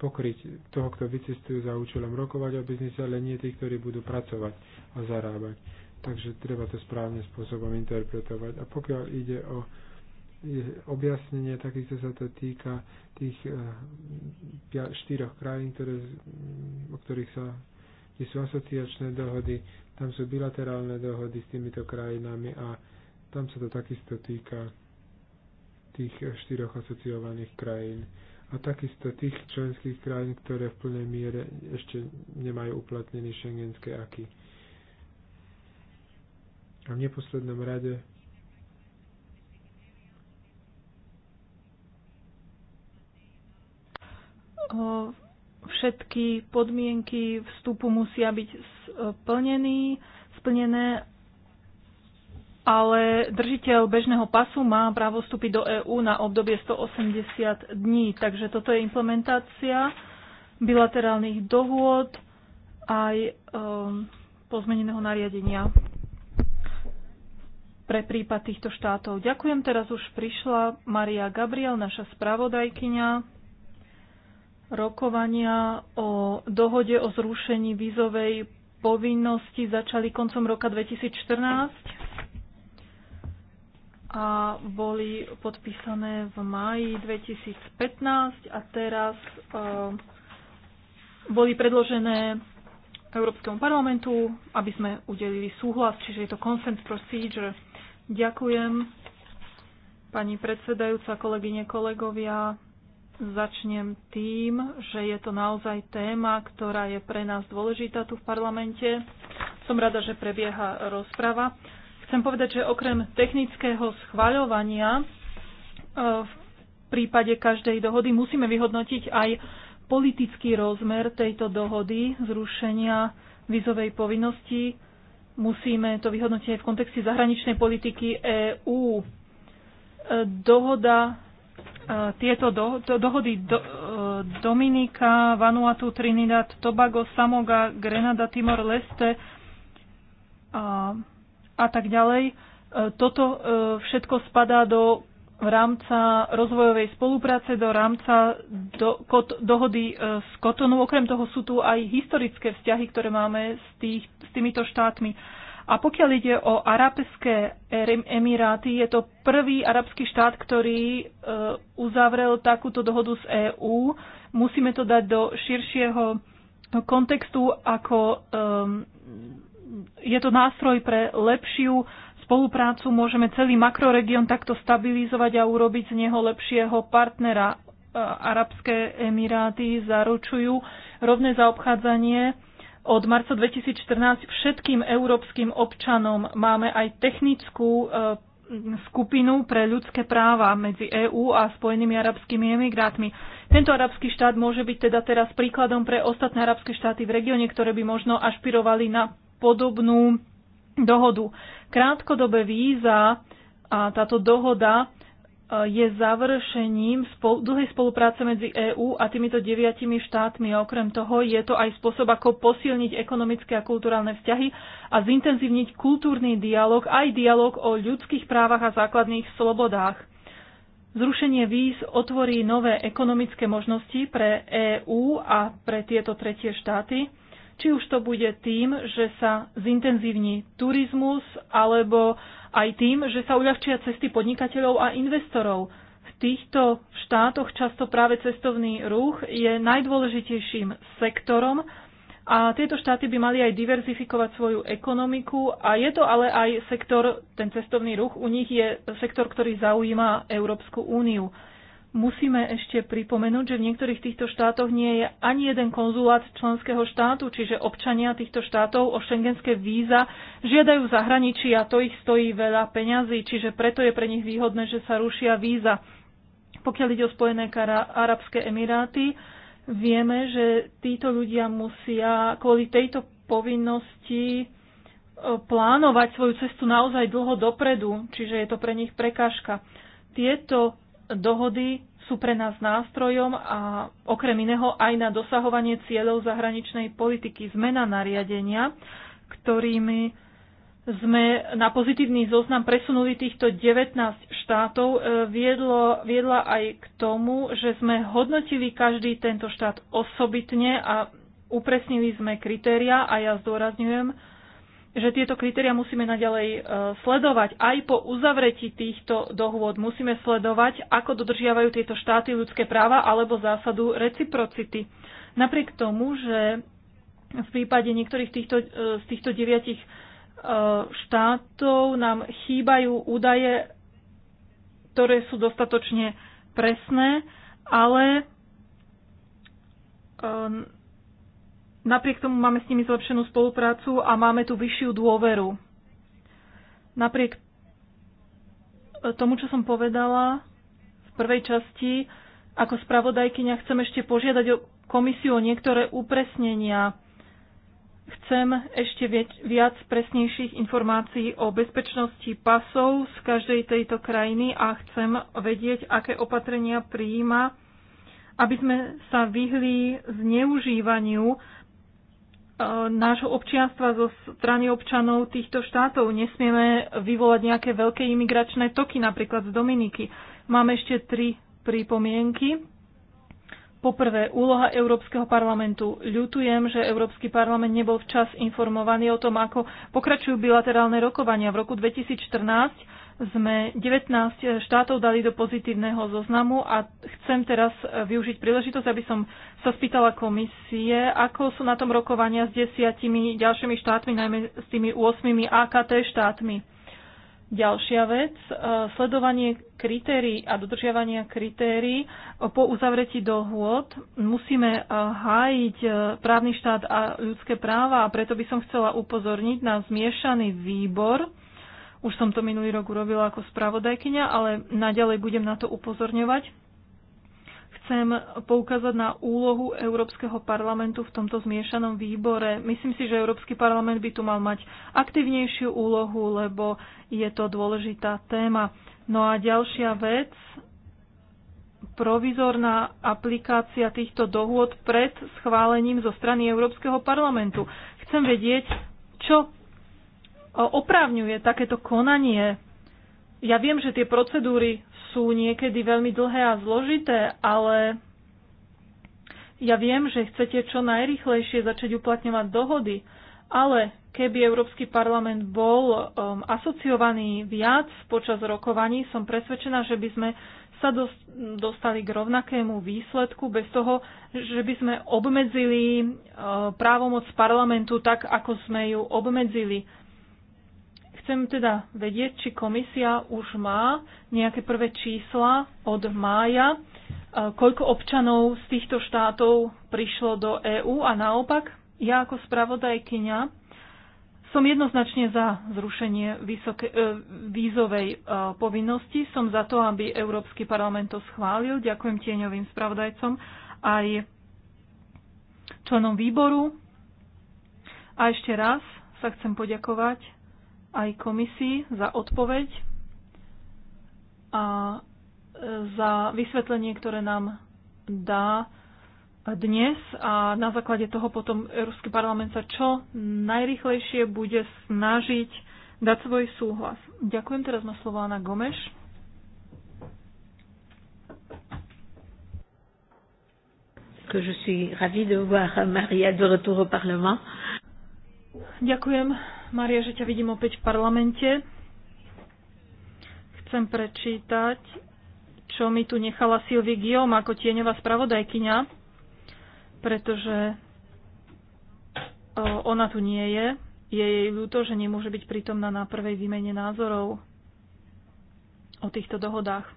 pokryť toho, kto vycestuje za účelom rokovať o biznise, ale nie tých, ktorí budú pracovať a zarábať. Takže treba to správne spôsobom interpretovať. A pokiaľ ide o objasnenie, takisto sa to týka tých eh, štyroch krajín, ktoré, o ktorých sa, kde sú asociačné dohody, tam sú bilaterálne dohody s týmito krajinami a tam sa to takisto týka tých eh, štyroch asociovaných krajín a takisto tých členských krajín, ktoré v plnej miere ešte nemajú uplatnený šengenské aky. A v neposlednom rade všetky podmienky vstupu musia byť splnený, e, splnené, ale držiteľ bežného pasu má právo vstúpiť do EÚ na obdobie 180 dní. Takže toto je implementácia bilaterálnych dohôd aj um, pozmeneného nariadenia pre prípad týchto štátov. Ďakujem, teraz už prišla Maria Gabriel, naša spravodajkyňa. Rokovania o dohode o zrušení vízovej povinnosti začali koncom roka 2014 a boli podpísané v máji 2015 a teraz eh, boli predložené Európskemu parlamentu, aby sme udelili súhlas, čiže je to consent procedure. Ďakujem, pani predsedajúca, kolegyne, kolegovia. Začnem tým, že je to naozaj téma, ktorá je pre nás dôležitá tu v parlamente. Som rada, že prebieha rozprava. Chcem povedať, že okrem technického schvaľovania e, v prípade každej dohody musíme vyhodnotiť aj politický rozmer tejto dohody, zrušenia vizovej povinnosti. Musíme to vyhodnotiť aj v kontexte zahraničnej politiky EÚ. E, dohoda E, tieto do, do, dohody do, e, Dominika, Vanuatu, Trinidad, Tobago, Samoga, Grenada, Timor, Leste a, a tak ďalej. E, toto všetko spadá do rámca rozvojovej spolupráce, do rámca do, kot, dohody z Kotonu. Okrem toho sú tu aj historické vzťahy, ktoré máme s, tých, s týmito štátmi. A pokiaľ ide o Arabské Emiráty, je to prvý arabský štát, ktorý e, uzavrel takúto dohodu z EÚ. Musíme to dať do širšieho kontextu, ako je to nástroj pre lepšiu spoluprácu, môžeme celý makroregión takto stabilizovať a urobiť z neho lepšieho partnera. E, Arabské Emiráty zaručujú rovné zaobchádzanie od marca 2014 všetkým európskym občanom máme aj technickú eh, skupinu pre ľudské práva medzi EÚ a Spojenými arabskými emigrátmi. Tento arabský štát môže byť teda teraz príkladom pre ostatné arabské štáty v regióne, ktoré by možno ašpirovali na podobnú dohodu. Krátkodobé víza a táto dohoda je završením spol- dlhej spolupráce medzi EÚ a týmito deviatimi štátmi. A okrem toho je to aj spôsob, ako posilniť ekonomické a kulturálne vzťahy a zintenzívniť kultúrny dialog, aj dialog o ľudských právach a základných slobodách. Zrušenie víz otvorí nové ekonomické možnosti pre EÚ a pre tieto tretie štáty či už to bude tým, že sa zintenzívni turizmus, alebo aj tým, že sa uľahčia cesty podnikateľov a investorov. V týchto štátoch často práve cestovný ruch je najdôležitejším sektorom a tieto štáty by mali aj diverzifikovať svoju ekonomiku a je to ale aj sektor, ten cestovný ruch u nich je sektor, ktorý zaujíma Európsku úniu. Musíme ešte pripomenúť, že v niektorých týchto štátoch nie je ani jeden konzulát členského štátu, čiže občania týchto štátov o šengenské víza žiadajú v zahraničí a to ich stojí veľa peňazí, čiže preto je pre nich výhodné, že sa rušia víza. Pokiaľ ide o Spojené Arabské Emiráty, vieme, že títo ľudia musia kvôli tejto povinnosti e, plánovať svoju cestu naozaj dlho dopredu, čiže je to pre nich prekážka. Tieto dohody sú pre nás nástrojom a okrem iného aj na dosahovanie cieľov zahraničnej politiky. Zmena nariadenia, ktorými sme na pozitívny zoznam presunuli týchto 19 štátov, e, viedlo, viedla aj k tomu, že sme hodnotili každý tento štát osobitne a upresnili sme kritéria a ja zdôrazňujem, že tieto kritéria musíme naďalej e, sledovať. Aj po uzavretí týchto dohôd musíme sledovať, ako dodržiavajú tieto štáty ľudské práva alebo zásadu reciprocity. Napriek tomu, že v prípade niektorých týchto, e, z týchto deviatich e, štátov nám chýbajú údaje, ktoré sú dostatočne presné, ale Napriek tomu máme s nimi zlepšenú spoluprácu a máme tu vyššiu dôveru. Napriek tomu, čo som povedala v prvej časti, ako spravodajkyňa chcem ešte požiadať o komisiu o niektoré upresnenia. Chcem ešte viac presnejších informácií o bezpečnosti pasov z každej tejto krajiny a chcem vedieť, aké opatrenia prijíma, aby sme sa vyhli zneužívaniu E, nášho občianstva zo strany občanov týchto štátov. Nesmieme vyvolať nejaké veľké imigračné toky, napríklad z Dominiky. Máme ešte tri pripomienky. Poprvé, úloha Európskeho parlamentu. Ľutujem, že Európsky parlament nebol včas informovaný o tom, ako pokračujú bilaterálne rokovania. V roku 2014 sme 19 štátov dali do pozitívneho zoznamu a chcem teraz e, využiť príležitosť, aby som sa spýtala komisie, ako sú na tom rokovania s desiatimi ďalšími štátmi, najmä s tými 8 AKT štátmi. Ďalšia vec, e, sledovanie kritérií a dodržiavania kritérií po uzavretí dohôd. Musíme e, hájiť právny štát a ľudské práva a preto by som chcela upozorniť na zmiešaný výbor, už som to minulý rok urobila ako spravodajkyňa, ale naďalej budem na to upozorňovať. Chcem poukázať na úlohu Európskeho parlamentu v tomto zmiešanom výbore. Myslím si, že Európsky parlament by tu mal mať aktívnejšiu úlohu, lebo je to dôležitá téma. No a ďalšia vec, provizorná aplikácia týchto dohôd pred schválením zo strany Európskeho parlamentu. Chcem vedieť, čo oprávňuje takéto konanie. Ja viem, že tie procedúry sú niekedy veľmi dlhé a zložité, ale ja viem, že chcete čo najrychlejšie začať uplatňovať dohody, ale keby Európsky parlament bol um, asociovaný viac počas rokovaní, som presvedčená, že by sme sa dostali k rovnakému výsledku bez toho, že by sme obmedzili uh, právomoc parlamentu tak, ako sme ju obmedzili. Chcem teda vedieť, či komisia už má nejaké prvé čísla od mája, e, koľko občanov z týchto štátov prišlo do EÚ a naopak, ja ako spravodajkyňa som jednoznačne za zrušenie vysoké, e, vízovej e, povinnosti, som za to, aby Európsky parlament to schválil. Ďakujem tieňovým spravodajcom aj členom výboru. A ešte raz sa chcem poďakovať aj komisii za odpoveď a e, za vysvetlenie, ktoré nám dá dnes a na základe toho potom Európsky parlament sa čo najrychlejšie bude snažiť dať svoj súhlas. Ďakujem teraz na slovo Ana Gomeš. que je suis ravie de voir Maria de retour au Parlement. Ďakujem. Maria, že ťa vidím opäť v parlamente. Chcem prečítať, čo mi tu nechala Silvi Giom ako tieňová spravodajkyňa, pretože e, ona tu nie je. Je jej ľúto, že nemôže byť prítomná na prvej výmene názorov o týchto dohodách.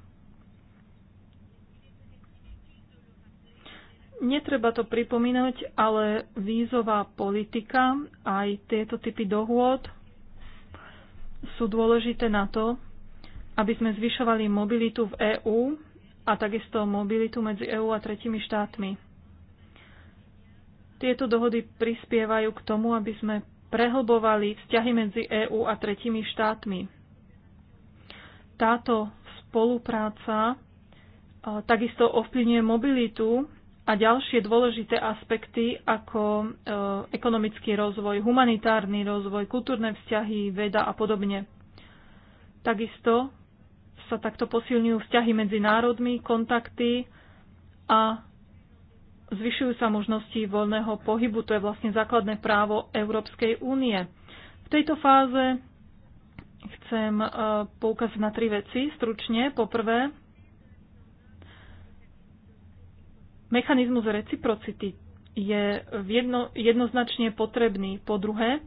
Netreba to pripomínať, ale vízová politika, aj tieto typy dohôd sú dôležité na to, aby sme zvyšovali mobilitu v EÚ a takisto mobilitu medzi EÚ a tretimi štátmi. Tieto dohody prispievajú k tomu, aby sme prehlbovali vzťahy medzi EÚ a tretimi štátmi. Táto spolupráca takisto ovplyvňuje mobilitu a ďalšie dôležité aspekty ako e, ekonomický rozvoj, humanitárny rozvoj, kultúrne vzťahy, veda a podobne. Takisto sa takto posilňujú vzťahy medzi národmi, kontakty a zvyšujú sa možnosti voľného pohybu. To je vlastne základné právo Európskej únie. V tejto fáze chcem e, poukázať na tri veci stručne. Poprvé, mechanizmus reciprocity je jedno, jednoznačne potrebný. Po druhé,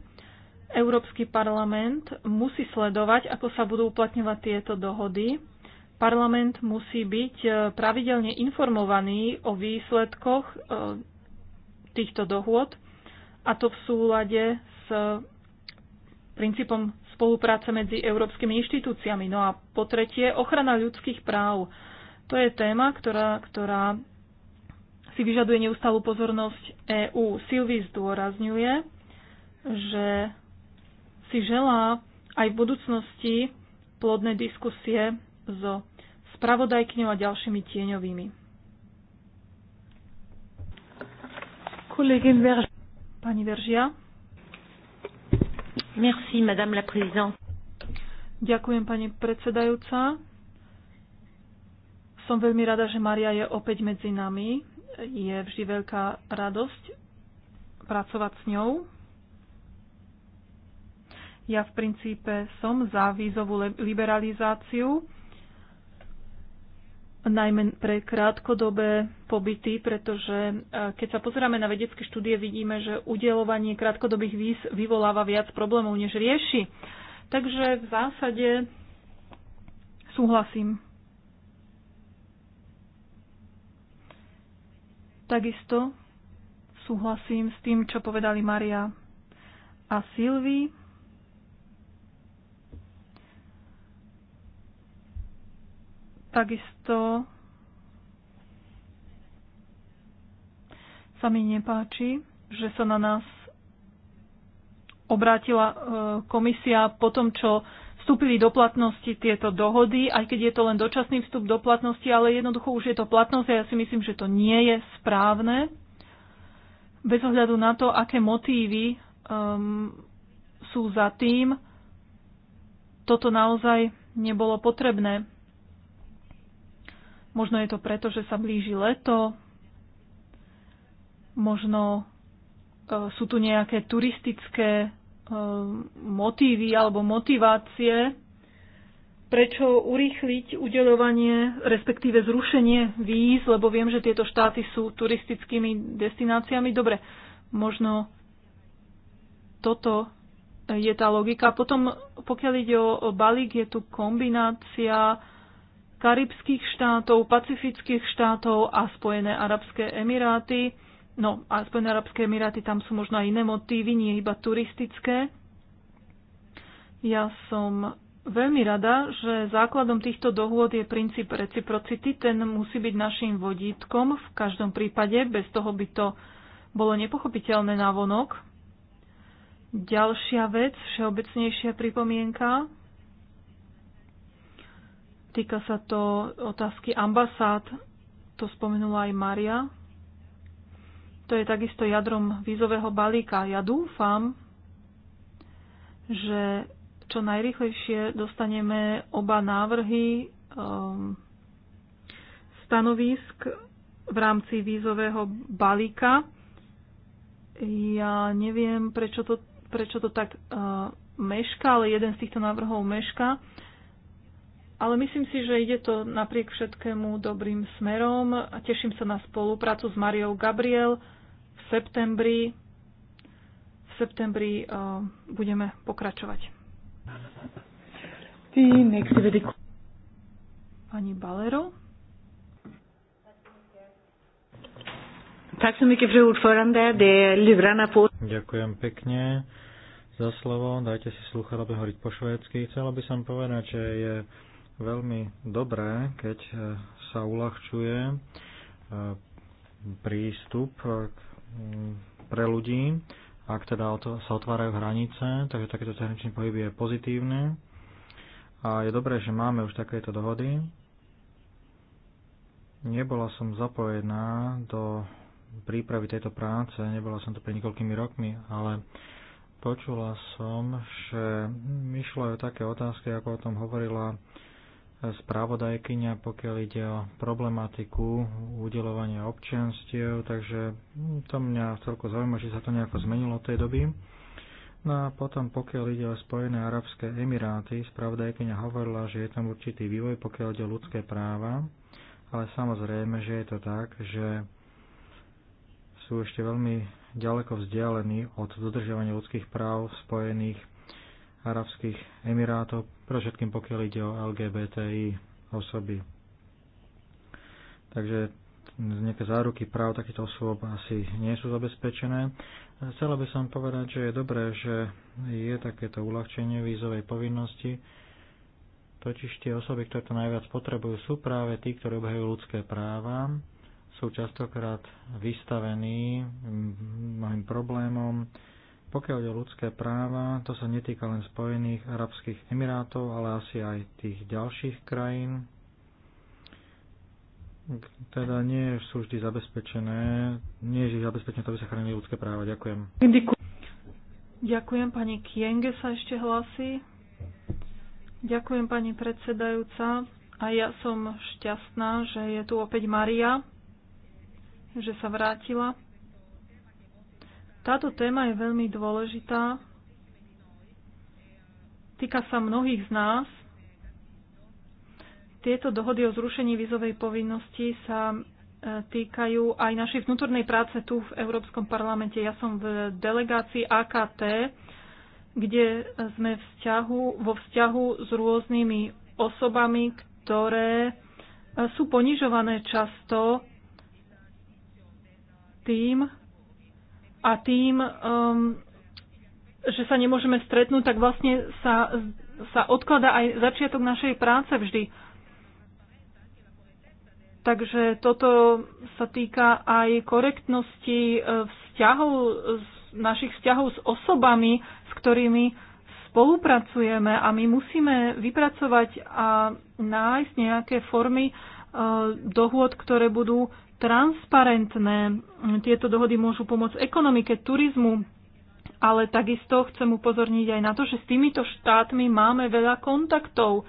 Európsky parlament musí sledovať, ako sa budú uplatňovať tieto dohody. Parlament musí byť e, pravidelne informovaný o výsledkoch e, týchto dohôd a to v súlade s princípom spolupráce medzi európskymi inštitúciami. No a po tretie, ochrana ľudských práv. To je téma, ktorá, ktorá si vyžaduje neustálu pozornosť EÚ. Silvi zdôrazňuje, že si želá aj v budúcnosti plodné diskusie so spravodajkňou a ďalšími tieňovými. Pani Veržia. Merci, madame la présidente. Ďakujem, pani predsedajúca. Som veľmi rada, že Maria je opäť medzi nami je vždy veľká radosť pracovať s ňou. Ja v princípe som za vízovú liberalizáciu, najmä pre krátkodobé pobyty, pretože e, keď sa pozeráme na vedecké štúdie, vidíme, že udelovanie krátkodobých víz vyvoláva viac problémov, než rieši. Takže v zásade súhlasím Takisto súhlasím s tým, čo povedali Maria a Silvi. Takisto sa mi nepáči, že sa na nás obrátila e, komisia po tom, čo vstúpili do platnosti tieto dohody, aj keď je to len dočasný vstup do platnosti, ale jednoducho už je to platnosť a ja si myslím, že to nie je správne. Bez ohľadu na to, aké motívy um, sú za tým, toto naozaj nebolo potrebné. Možno je to preto, že sa blíži leto, možno uh, sú tu nejaké turistické Ehm, motívy alebo motivácie, prečo urýchliť udeľovanie, respektíve zrušenie víz, lebo viem, že tieto štáty sú turistickými destináciami. Dobre, možno toto je tá logika. Potom, pokiaľ ide o, o balík, je tu kombinácia karibských štátov, pacifických štátov a Spojené arabské emiráty. No, a Spojené arabské emiráty, tam sú možno aj iné motívy, nie iba turistické. Ja som veľmi rada, že základom týchto dohôd je princíp reciprocity. Ten musí byť našim vodítkom v každom prípade, bez toho by to bolo nepochopiteľné na vonok. Ďalšia vec, všeobecnejšia pripomienka, týka sa to otázky ambasád, to spomenula aj Maria. To je takisto jadrom vízového balíka. Ja dúfam, že čo najrychlejšie dostaneme oba návrhy um, stanovisk v rámci vízového balíka. Ja neviem, prečo to, prečo to tak uh, eh, meška, ale jeden z týchto návrhov meška. Ale myslím si, že ide to napriek všetkému dobrým smerom. Teším sa na spoluprácu s Mariou Gabriel septembri. V septembri eh, budeme pokračovať. Pani Balero. Ďakujem pekne za slovo. Dajte si sluchadlo, aby hovoriť po švédsky. Chcela by som povedať, že je veľmi dobré, keď eh, sa uľahčuje eh, prístup k Mm, pre ľudí, ak teda sa otvárajú hranice, takže takéto zahraničné pohyby je pozitívne. a je dobré, že máme už takéto dohody. Nebola som zapojená do prípravy tejto práce, nebola som to pred niekoľkými rokmi, ale počula som, že myšlo o také otázky, ako o tom hovorila správodajkyňa, pokiaľ ide o problematiku udelovania občianstiev, takže hm, to mňa celko zaujíma, či sa to nejako zmenilo od tej doby. No a potom, pokiaľ ide o Spojené arabské emiráty, spravodajkyňa hovorila, že je tam určitý vývoj, pokiaľ ide o ľudské práva, ale samozrejme, že je to tak, že sú ešte veľmi ďaleko vzdialení od dodržiavania ľudských práv v Spojených Arabských Emirátov, pre všetkým pokiaľ ide o LGBTI osoby. Takže nejaké záruky práv takýchto osôb asi nie sú zabezpečené. Chcela by som povedať, že je dobré, že je takéto uľahčenie vízovej povinnosti. Totiž tie osoby, ktoré to najviac potrebujú, sú práve tí, ktorí obhajujú ľudské práva, sú častokrát vystavení mnohým problémom, pokiaľ ide o ľudské práva, to sa netýka len Spojených Arabských Emirátov, ale asi aj tých ďalších krajín. Teda nie sú vždy zabezpečené, nie je vždy zabezpečené to, by sa chránili ľudské práva. Ďakujem. Ďakujem, pani Kienge sa ešte hlasí. Ďakujem, pani predsedajúca. A ja som šťastná, že je tu opäť Maria, že sa vrátila. Táto téma je veľmi dôležitá. Týka sa mnohých z nás. Tieto dohody o zrušení vizovej povinnosti sa e, týkajú aj našej vnútornej práce tu v Európskom parlamente. Ja som v delegácii AKT, kde sme vzťahu, vo vzťahu s rôznymi osobami, ktoré e, sú ponižované často tým, a tým, um, že sa nemôžeme stretnúť, tak vlastne sa, sa odklada aj začiatok našej práce vždy. Takže toto sa týka aj korektnosti e, vzťahov, našich vzťahov s osobami, s ktorými spolupracujeme a my musíme vypracovať a nájsť nejaké formy Eh, dohôd, ktoré budú transparentné. Tieto dohody môžu pomôcť ekonomike, turizmu, ale takisto chcem upozorniť aj na to, že s týmito štátmi máme veľa kontaktov.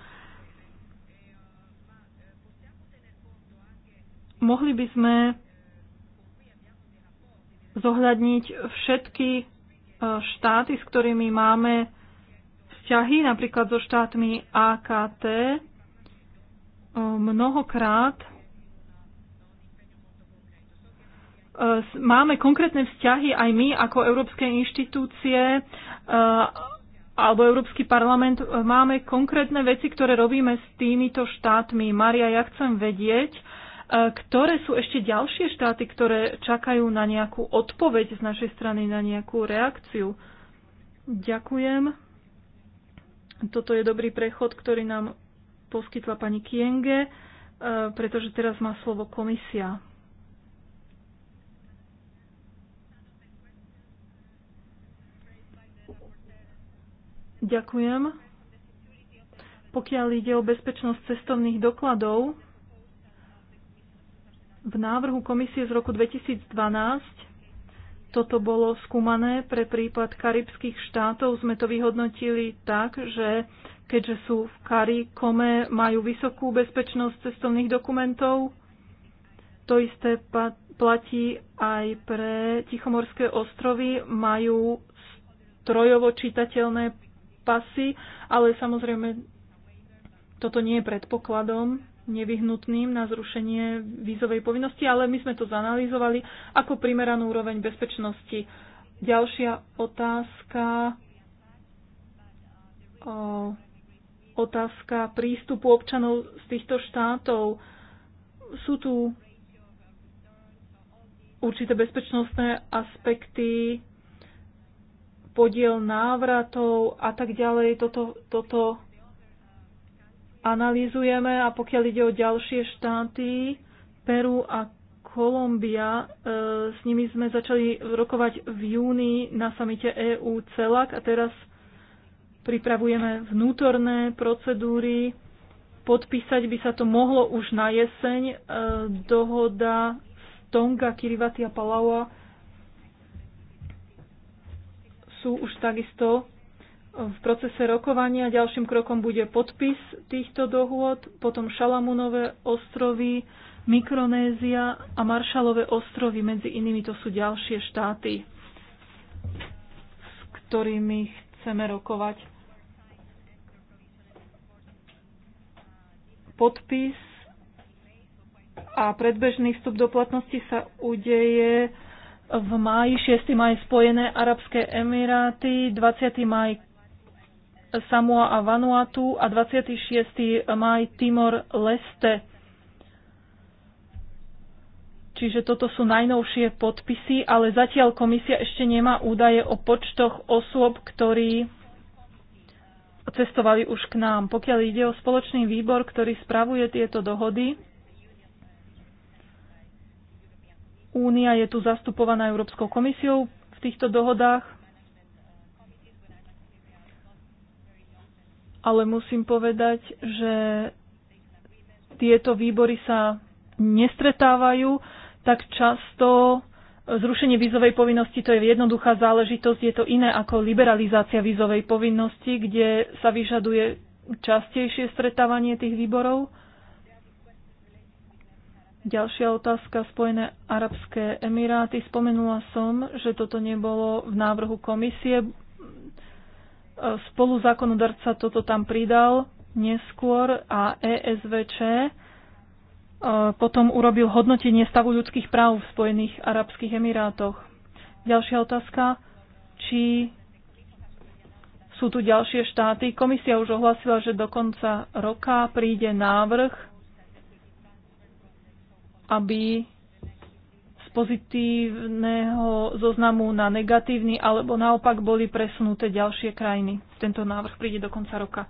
Mohli by sme zohľadniť všetky eh, štáty, s ktorými máme vzťahy, napríklad so štátmi AKT, mnohokrát eh, máme konkrétne vzťahy aj my ako európske inštitúcie eh, alebo Európsky parlament, eh, máme konkrétne veci, ktoré robíme s týmito štátmi. Maria, ja chcem vedieť, ktoré sú ešte ďalšie štáty, ktoré čakajú na nejakú odpoveď z našej strany, na nejakú reakciu. Ďakujem. Toto je dobrý prechod, ktorý nám poskytla pani Kienge, e, pretože teraz má slovo komisia. Ďakujem. Pokiaľ ide o bezpečnosť cestovných dokladov, v návrhu komisie z roku 2012 toto bolo skúmané pre prípad karibských štátov. Sme to vyhodnotili tak, že keďže sú v Kome, majú vysokú bezpečnosť cestovných dokumentov. To isté platí aj pre Tichomorské ostrovy, majú strojovo čitateľné pasy, ale samozrejme toto nie je predpokladom nevyhnutným na zrušenie vízovej povinnosti, ale my sme to zanalizovali ako primeranú úroveň bezpečnosti. Ďalšia otázka otázka prístupu občanov z týchto štátov. Sú tu určité bezpečnostné aspekty, podiel návratov a tak ďalej. Toto, toto analýzujeme a pokiaľ ide o ďalšie štáty, Peru a Kolumbia, e, s nimi sme začali rokovať v júni na samite EU CELAC a teraz pripravujeme vnútorné procedúry. Podpísať by sa to mohlo už na jeseň. E, dohoda z Tonga, Kiribati a Palaua sú už takisto v procese rokovania. Ďalším krokom bude podpis týchto dohôd, potom Šalamunové ostrovy, Mikronézia a Maršalové ostrovy, medzi inými to sú ďalšie štáty, s ktorými chceme rokovať. podpis a predbežný vstup do platnosti sa udeje v máji, 6. maj Spojené Arabské Emiráty, 20. maj Samoa a Vanuatu a 26. maj Timor Leste. Čiže toto sú najnovšie podpisy, ale zatiaľ komisia ešte nemá údaje o počtoch osôb, ktorí cestovali už k nám. Pokiaľ ide o spoločný výbor, ktorý spravuje tieto dohody, Únia je tu zastupovaná Európskou komisiou v týchto dohodách, ale musím povedať, že tieto výbory sa nestretávajú tak často Zrušenie vízovej povinnosti to je jednoduchá záležitosť, je to iné ako liberalizácia vízovej povinnosti, kde sa vyžaduje častejšie stretávanie tých výborov. Ďalšia otázka, Spojené arabské emiráty. Spomenula som, že toto nebolo v návrhu komisie. Spolu zákonodarca toto tam pridal neskôr a ESVČ E, potom urobil hodnotenie stavu ľudských práv v Spojených Arabských Emirátoch. Ďalšia otázka, či sú tu ďalšie štáty. Komisia už ohlasila, že do konca roka príde návrh, aby z pozitívneho zoznamu na negatívny alebo naopak boli presunuté ďalšie krajiny. Tento návrh príde do konca roka.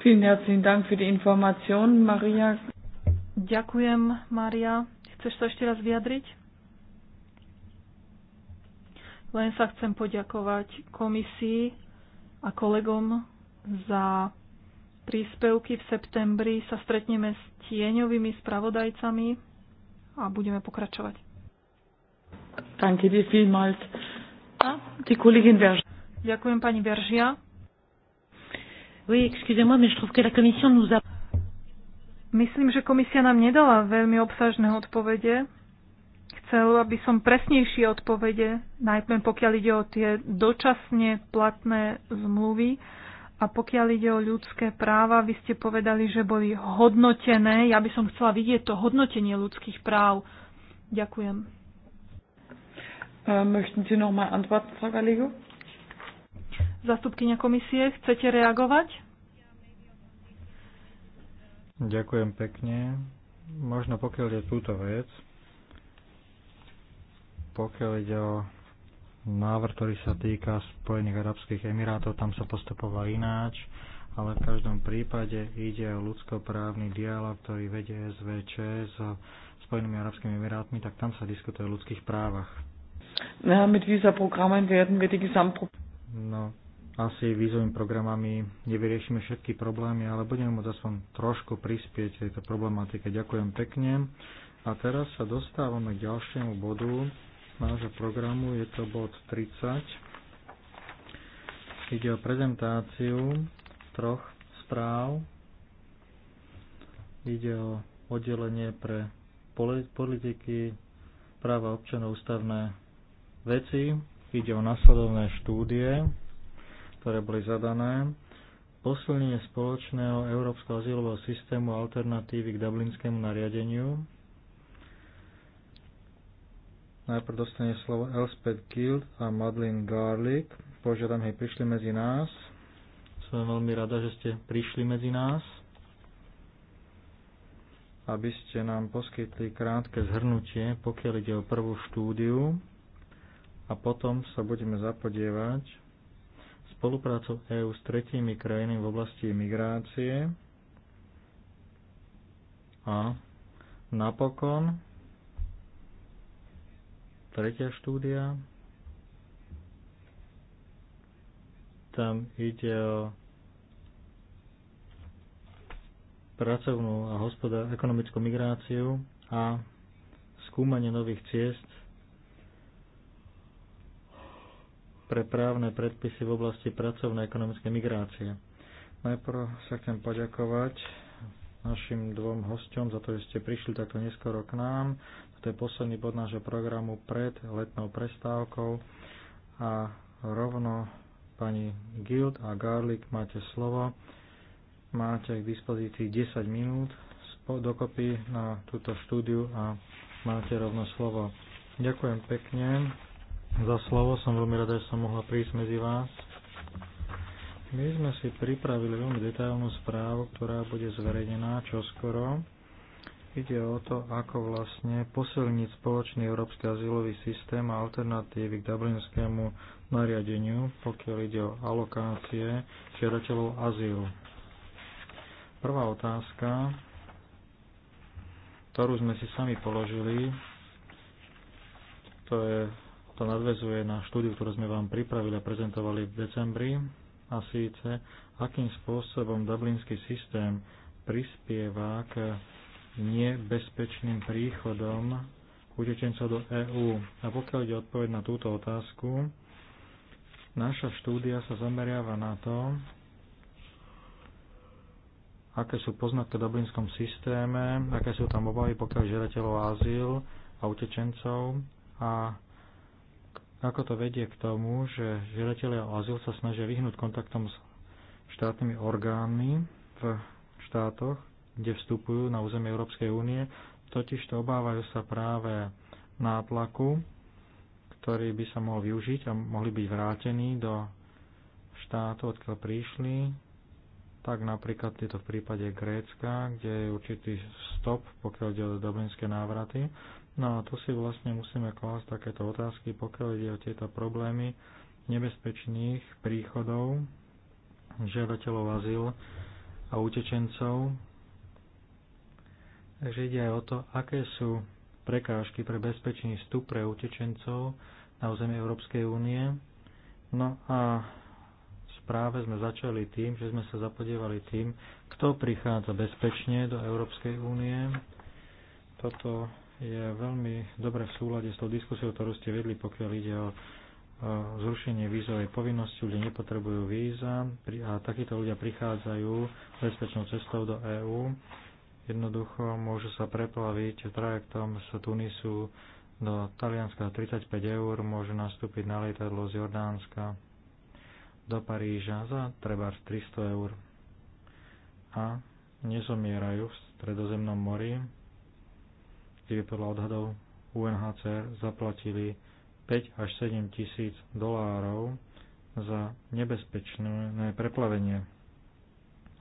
Vielen herzlichen Dank für die Information, Maria. Ďakujem, Maria. Chceš sa ešte raz vyjadriť? Len sa chcem poďakovať komisii a kolegom za príspevky. V septembri sa stretneme s tieňovými spravodajcami a budeme pokračovať. Danke vielmals. Ah, Ďakujem pani Veržia. Oui, excusez-moi, mais je trouve que la commission nous a... Myslím, že komisia nám nedala veľmi obsažné odpovede. Chcela aby som presnejšie odpovede, najmä pokiaľ ide o tie dočasne platné zmluvy a pokiaľ ide o ľudské práva, vy ste povedali, že boli hodnotené. Ja by som chcela vidieť to hodnotenie ľudských práv. Ďakujem. Äh, möchten Sie mal antworten, Frau Gallego? Zastupkynia komisie, chcete reagovať? Ďakujem pekne. Možno pokiaľ je túto vec, pokiaľ ide o návrh, ktorý sa týka Spojených Arabských Emirátov, tam sa postupovalo ináč, ale v každom prípade ide o ľudskoprávny dialog, ktorý vedie SVČ s Spojenými Arabskými Emirátmi, tak tam sa diskutuje o ľudských právach. No, asi vízovými programami nevyriešime všetky problémy, ale budeme môcť aspoň trošku prispieť tejto problematike. Ďakujem pekne. A teraz sa dostávame k ďalšiemu bodu nášho programu, je to bod 30. Ide o prezentáciu troch správ. Ide o oddelenie pre politiky, práva občanov, ústavné veci. Ide o nasledovné štúdie, ktoré boli zadané, posilnenie spoločného európskeho azylového systému alternatívy k dublinskému nariadeniu. Najprv dostane slovo Elspeth Guild a Madeline Garlick. Požiadam, hej, prišli medzi nás. Som veľmi rada, že ste prišli medzi nás aby ste nám poskytli krátke zhrnutie, pokiaľ ide o prvú štúdiu a potom sa budeme zapodievať spoluprácou EÚ s tretími krajinami v oblasti migrácie a napokon tretia štúdia tam ide o pracovnú a hospodár, ekonomickú migráciu a skúmanie nových ciest pre právne predpisy v oblasti pracovnej ekonomickej migrácie. Najprv sa chcem poďakovať našim dvom hosťom za to, že ste prišli takto neskoro k nám. To je posledný bod nášho programu pred letnou prestávkou. A rovno pani Guild a Garlic máte slovo. Máte k dispozícii 10 minút dokopy na túto štúdiu a máte rovno slovo. Ďakujem pekne za slovo. Som veľmi rada, že som mohla prísť medzi vás. My sme si pripravili veľmi detailnú správu, ktorá bude zverejnená čoskoro. Ide o to, ako vlastne posilniť spoločný európsky azylový systém a alternatívy k dublinskému nariadeniu, pokiaľ ide o alokácie žiadateľov azylu. Prvá otázka, ktorú sme si sami položili, to je to nadvezuje na štúdiu, ktorú sme vám pripravili a prezentovali v decembri a síce, akým spôsobom dublinský systém prispieva k nebezpečným príchodom utečencov do EÚ. A pokiaľ ide odpoveď na túto otázku, naša štúdia sa zameriava na to, aké sú poznatky v dublinskom systéme, aké sú tam obavy, pokiaľ žiadateľov azyl a utečencov a ako to vedie k tomu, že žiadatelia o azyl sa snažia vyhnúť kontaktom s štátnymi orgánmi v štátoch, kde vstupujú na územie Európskej únie, to obávajú sa práve nátlaku, ktorý by sa mohol využiť a mohli byť vrátení do štátu, odkiaľ prišli. Tak napríklad je to v prípade Grécka, kde je určitý stop, pokiaľ ide o dublinské návraty. No a tu si vlastne musíme klásť takéto otázky, pokiaľ ide o tieto problémy nebezpečných príchodov žiadateľov azyl a utečencov. Takže ide aj o to, aké sú prekážky pre bezpečný vstup pre utečencov na území Európskej únie. No a práve správe sme začali tým, že sme sa zapodievali tým, kto prichádza bezpečne do Európskej únie. Toto je veľmi dobre v súlade s tou diskusiou, ktorú ste vedli, pokiaľ ide o e, zrušenie vízovej povinnosti, ľudia nepotrebujú víza a takíto ľudia prichádzajú bezpečnou cestou do EÚ. Jednoducho môžu sa preplaviť trajektom z Tunisu do Talianska 35 eur, môžu nastúpiť na lietadlo z Jordánska do Paríža za treba 300 eur. A nezomierajú v Stredozemnom mori, respektíve podľa odhadov UNHCR zaplatili 5 až 7 tisíc dolárov za nebezpečné preplavenie.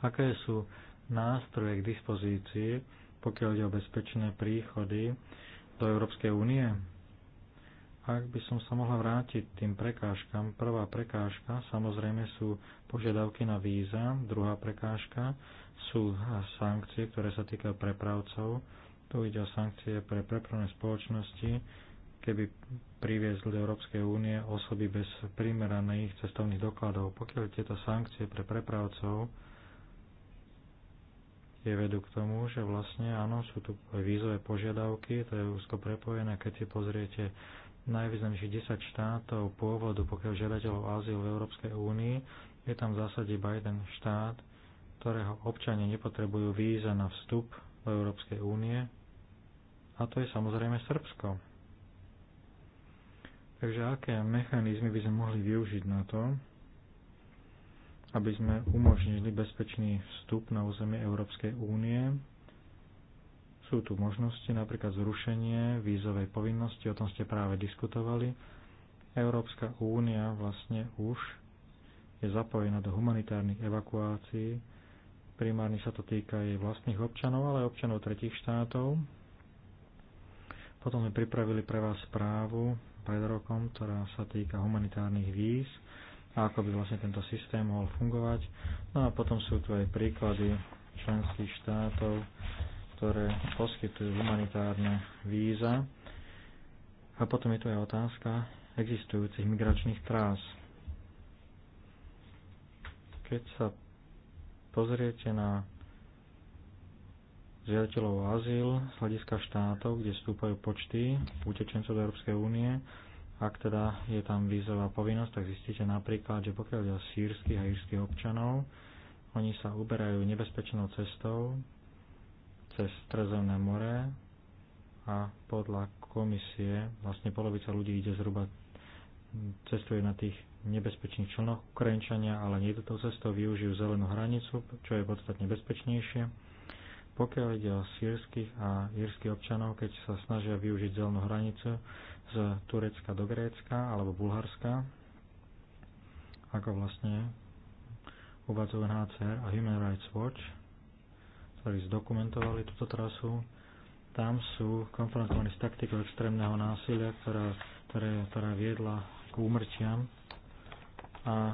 Aké sú nástroje k dispozícii, pokiaľ ide o bezpečné príchody do Európskej únie? Ak by som sa mohla vrátiť tým prekážkam, prvá prekážka samozrejme sú požiadavky na víza, druhá prekážka sú sankcie, ktoré sa týkajú prepravcov, tu ide o sankcie pre prepravné spoločnosti, keby priviezli do Európskej únie osoby bez primeraných cestovných dokladov. Pokiaľ tieto sankcie pre prepravcov je vedú k tomu, že vlastne áno, sú tu aj vízové požiadavky, to je úzko prepojené, keď si pozriete najvýznamnejších 10 štátov pôvodu, pokiaľ žiadateľov azyl v Európskej únii, je tam v zásade iba jeden štát, ktorého občania nepotrebujú víza na vstup do Európskej únie, a to je samozrejme Srbsko. Takže aké mechanizmy by sme mohli využiť na to, aby sme umožnili bezpečný vstup na územie Európskej únie. Sú tu možnosti, napríklad zrušenie vízovej povinnosti, o tom ste práve diskutovali. Európska únia vlastne už je zapojená do humanitárnych evakuácií. Primárne sa to týka jej vlastných občanov, ale aj občanov tretich štátov, potom sme pripravili pre vás správu pred rokom, ktorá sa týka humanitárnych víz a ako by vlastne tento systém mohol fungovať. No a potom sú tu aj príklady členských štátov, ktoré poskytujú humanitárne víza. A potom je tu aj otázka existujúcich migračných trás. Keď sa pozriete na žiadateľov o azyl z hľadiska štátov, kde stúpajú počty utečencov do Európskej únie. Ak teda je tam vízová povinnosť, tak zistíte napríklad, že pokiaľ ide o sírskych a írskych občanov, oni sa uberajú nebezpečnou cestou cez Trezovné more a podľa komisie vlastne polovica ľudí ide zhruba cestuje na tých nebezpečných člnoch Ukrajinčania, ale nie toho cestou využijú zelenú hranicu, čo je podstatne bezpečnejšie pokiaľ ide o sírskych a írskych občanov, keď sa snažia využiť zelenú hranicu z Turecka do Grécka alebo Bulharska, ako vlastne uvádzajú NHCR a Human Rights Watch, ktorí zdokumentovali túto trasu, tam sú konfrontovaní s taktikou extrémneho násilia, ktorá, ktoré, ktorá viedla k úmrtiam a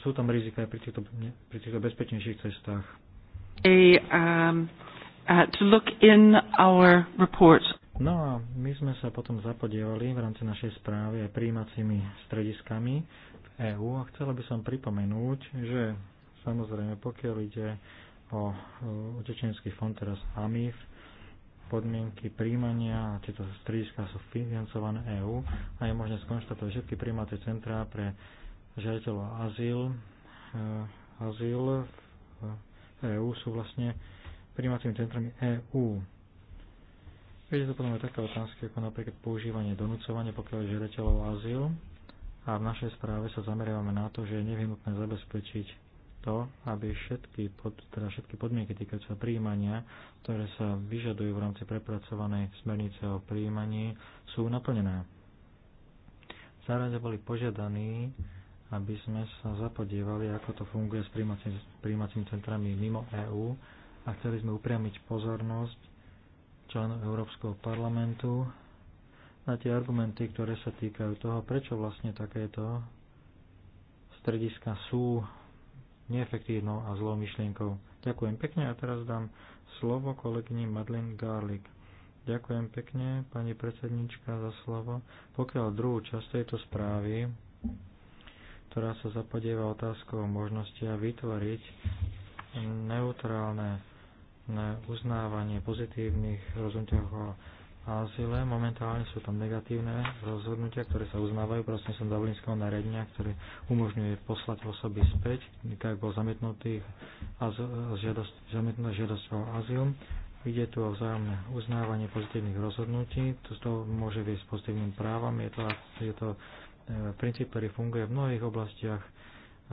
sú tam rizika aj pri týchto, pri týchto bezpečnejších cestách a, um, uh, to look in our report. No a my sme sa potom zapodievali v rámci našej správy aj príjímacími strediskami v EÚ a chcela by som pripomenúť, že samozrejme pokiaľ ide o utečenský fond teraz AMIF, podmienky príjmania a tieto strediska sú financované EÚ a je možné skonštatovať všetky príjmacie centrá pre žiadateľov azyl, e, azyl v EÚ sú vlastne príjmacími centrami EÚ. Viete, to potom je také otázky, ako napríklad používanie donúcovania, pokiaľ žiadateľov o azyl. A v našej správe sa zameriavame na to, že je nevyhnutné zabezpečiť to, aby všetky, pod, teda všetky podmienky týkajúce príjmania, ktoré sa vyžadujú v rámci prepracovanej smernice o príjmaní, sú naplnené. Zároveň boli požiadaní aby sme sa zapodievali, ako to funguje s príjmacími centrami mimo EÚ a chceli sme upriamiť pozornosť členov Európskeho parlamentu na tie argumenty, ktoré sa týkajú toho, prečo vlastne takéto strediska sú neefektívnou a zlou myšlienkou. Ďakujem pekne a teraz dám slovo kolegyni Madeleine Garlick. Ďakujem pekne, pani predsednička, za slovo. Pokiaľ druhú časť tejto správy ktorá sa zapodieva otázkou možnosti a vytvoriť neutrálne uznávanie pozitívnych rozhodnutiach o azyle. Momentálne sú tam negatívne rozhodnutia, ktoré sa uznávajú prosím som Dublinského nariadenia, ktoré umožňuje poslať osoby späť, tak bol zamietnutý žiadosť, žiadosť o azyl. Ide tu o vzájomné uznávanie pozitívnych rozhodnutí, to z toho môže viesť pozitívnym právom. je to, je to E, princíp, ktorý funguje v mnohých oblastiach e,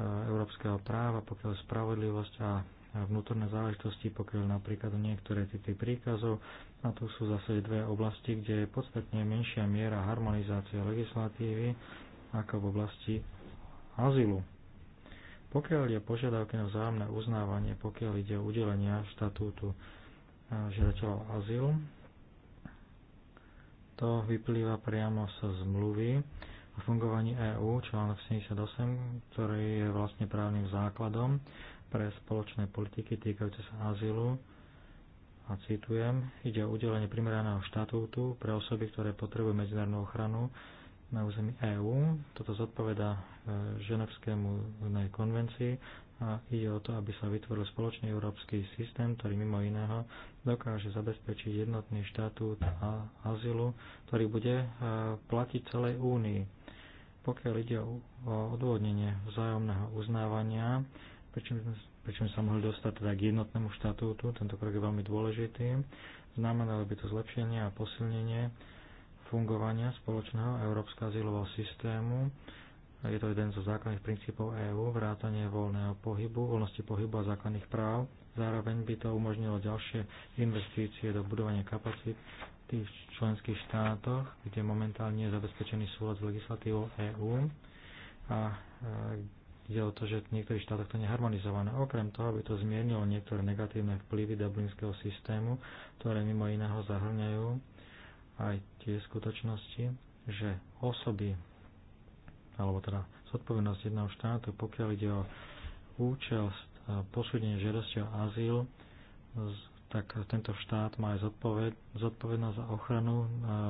európskeho práva, pokiaľ spravodlivosť a vnútorné záležitosti, pokiaľ napríklad niektoré typy príkazov. A tu sú zase dve oblasti, kde je podstatne menšia miera harmonizácie legislatívy ako v oblasti azylu. Pokiaľ je požiadavky na vzájomné uznávanie, pokiaľ ide o udelenia štatútu e, žiadateľov azylu, to vyplýva priamo sa zmluvy o fungovaní EÚ, článok 78, ktorý je vlastne právnym základom pre spoločné politiky týkajúce sa azylu. A citujem, ide o udelenie primeraného štatútu pre osoby, ktoré potrebujú medzinárodnú ochranu na území EÚ. Toto zodpoveda e, Ženevskému konvencii a ide o to, aby sa vytvoril spoločný európsky systém, ktorý mimo iného dokáže zabezpečiť jednotný štatút a azylu, ktorý bude e, platiť celej únii. Pokiaľ ide o odvodnenie vzájomného uznávania, pričom, pričom sa mohli dostať teda k jednotnému štatútu, tento krok je veľmi dôležitý, znamenalo by to zlepšenie a posilnenie fungovania spoločného európskeho azylového systému. Je to jeden zo základných princípov EÚ, vrátanie voľného pohybu, voľnosti pohybu a základných práv. Zároveň by to umožnilo ďalšie investície do budovania kapacít tých členských štátoch, kde momentálne je zabezpečený súlad s legislatívou EÚ a e, ide o to, že v niektorých štátoch to neharmonizované. Okrem toho, aby to zmiernilo niektoré negatívne vplyvy dublinského systému, ktoré mimo iného zahrňajú aj tie skutočnosti, že osoby, alebo teda zodpovednosť jedného štátu, pokiaľ ide o účasť e, posúdenie žiadosti o azyl, tak tento štát má aj zodpoved, zodpovednosť za ochranu e,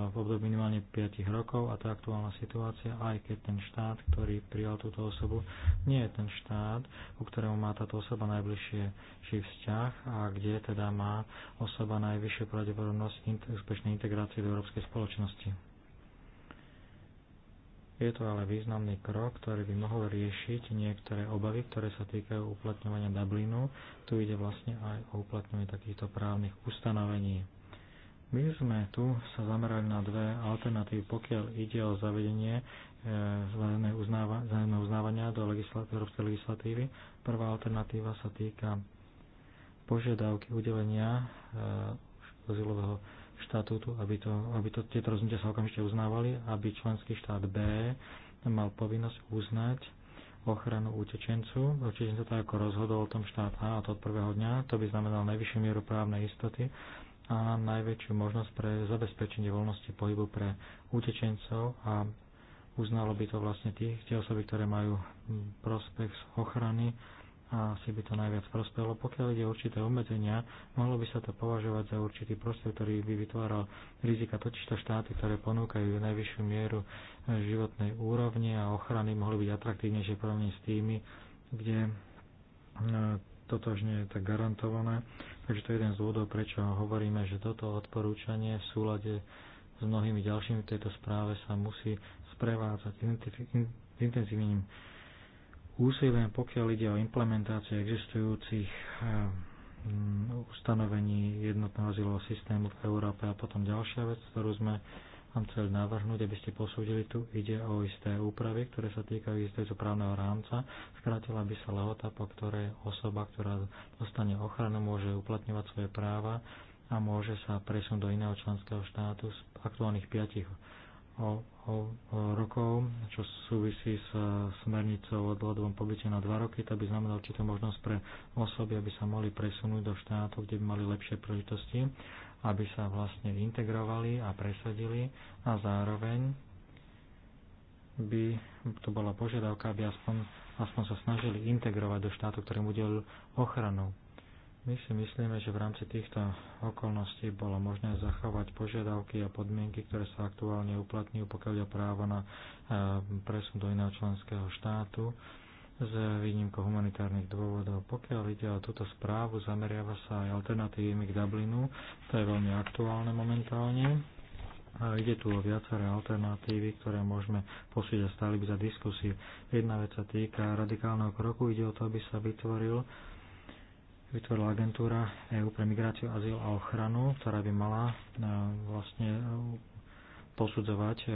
v období minimálne 5 rokov a to je aktuálna situácia, aj keď ten štát, ktorý prijal túto osobu, nie je ten štát, ku ktorému má táto osoba najbližší vzťah a kde teda má osoba najvyššiu pravdepodobnosť úspešnej integrácie do európskej spoločnosti. Je to ale významný krok, ktorý by mohol riešiť niektoré obavy, ktoré sa týkajú uplatňovania Dublinu. Tu ide vlastne aj o uplatňovanie takýchto právnych ustanovení. My sme tu sa zamerali na dve alternatívy, pokiaľ ide o zavedenie e, vzájomného uznávania do legislat- európskej legislatívy. Prvá alternatíva sa týka požiadavky udelenia e, štatútu, aby, to, aby to, tieto rozhodnutia sa okamžite uznávali, aby členský štát B mal povinnosť uznať ochranu utečencu. Utečenca to ako rozhodol o tom štát A od prvého dňa. To by znamenalo najvyššiu mieru právnej istoty a najväčšiu možnosť pre zabezpečenie voľnosti pohybu pre utečencov a uznalo by to vlastne tých, tie osoby, ktoré majú prospech z ochrany a asi by to najviac prospelo. Pokiaľ ide o určité obmedzenia, mohlo by sa to považovať za určitý prostred, ktorý by vytváral rizika. Totižto štáty, ktoré ponúkajú najvyššiu mieru životnej úrovne a ochrany, mohli byť atraktívnejšie porovnaní s tými, kde e, toto už nie je tak garantované. Takže to je jeden z dôvodov, prečo hovoríme, že toto odporúčanie v súlade s mnohými ďalšími v tejto správe sa musí sprevádzať intenzívnym úsilím, pokiaľ ide o implementáciu existujúcich eh, ustanovení jednotného azylového systému v Európe a potom ďalšia vec, ktorú sme vám chceli navrhnúť, aby ste posúdili tu, ide o isté úpravy, ktoré sa týkajú istého právneho rámca. Skrátila by sa lehota, po ktorej osoba, ktorá dostane ochranu, môže uplatňovať svoje práva a môže sa presunúť do iného členského štátu z aktuálnych piatich o, o, o rokov, čo súvisí s e, smernicou o dlhodobom pobyte na 2 roky. To by znamenalo určitú možnosť pre osoby, aby sa mohli presunúť do štátov, kde by mali lepšie príležitosti, aby sa vlastne integrovali a presadili a zároveň by to bola požiadavka, aby aspoň, aspoň sa snažili integrovať do štátu, ktorým udelil ochranu my si myslíme, že v rámci týchto okolností bolo možné zachovať požiadavky a podmienky, ktoré sa aktuálne uplatňujú, pokiaľ je právo na e, presun do iného členského štátu s výnimkou humanitárnych dôvodov. Pokiaľ ide o túto správu, zameriava sa aj alternatívy k Dublinu, to je veľmi aktuálne momentálne. A ide tu o viaceré alternatívy, ktoré môžeme posúdiť a stáli by za diskusiu. Jedna vec sa týka radikálneho kroku, ide o to, aby sa vytvoril vytvorila agentúra EU pre migráciu, azyl a ochranu, ktorá by mala e, vlastne e, posudzovať e,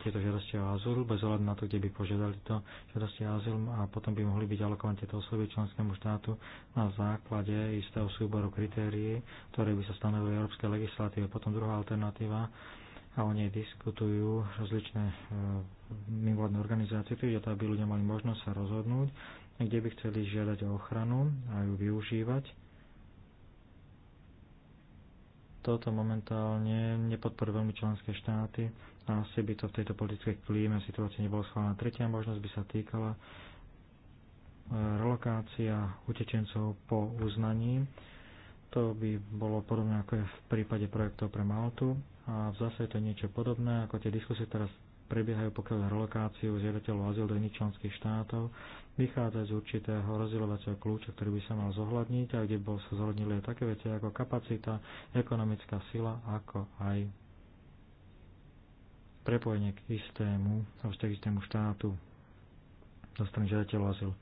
tieto žiadosti o azyl bez ohľadu na to, kde by požiadali to žiadosti o azyl a potom by mohli byť alokované tieto osoby členskému štátu na základe istého súboru kritérií, ktoré by sa stanovili v európskej legislatíve. Potom druhá alternatíva a o nej diskutujú rozličné mimovládne organizácie, čiže to, aby ľudia mali možnosť sa rozhodnúť kde by chceli žiadať o ochranu a ju využívať. Toto momentálne nepodporuje veľmi členské štáty a asi by to v tejto politickej klíme situácie nebolo schválená. Tretia možnosť by sa týkala e, relokácia utečencov po uznaní. To by bolo podobné ako je v prípade projektov pre Maltu a v zase je to niečo podobné ako tie diskusie teraz prebiehajú pokiaľ relokáciu žiadateľov azyl do iných členských štátov, vychádza z určitého rozdielovacieho kľúča, ktorý by sa mal zohľadniť a kde bol sa zohľadnili aj také veci ako kapacita, ekonomická sila, ako aj prepojenie k istému, k istému štátu zo strany žiadateľov azyl.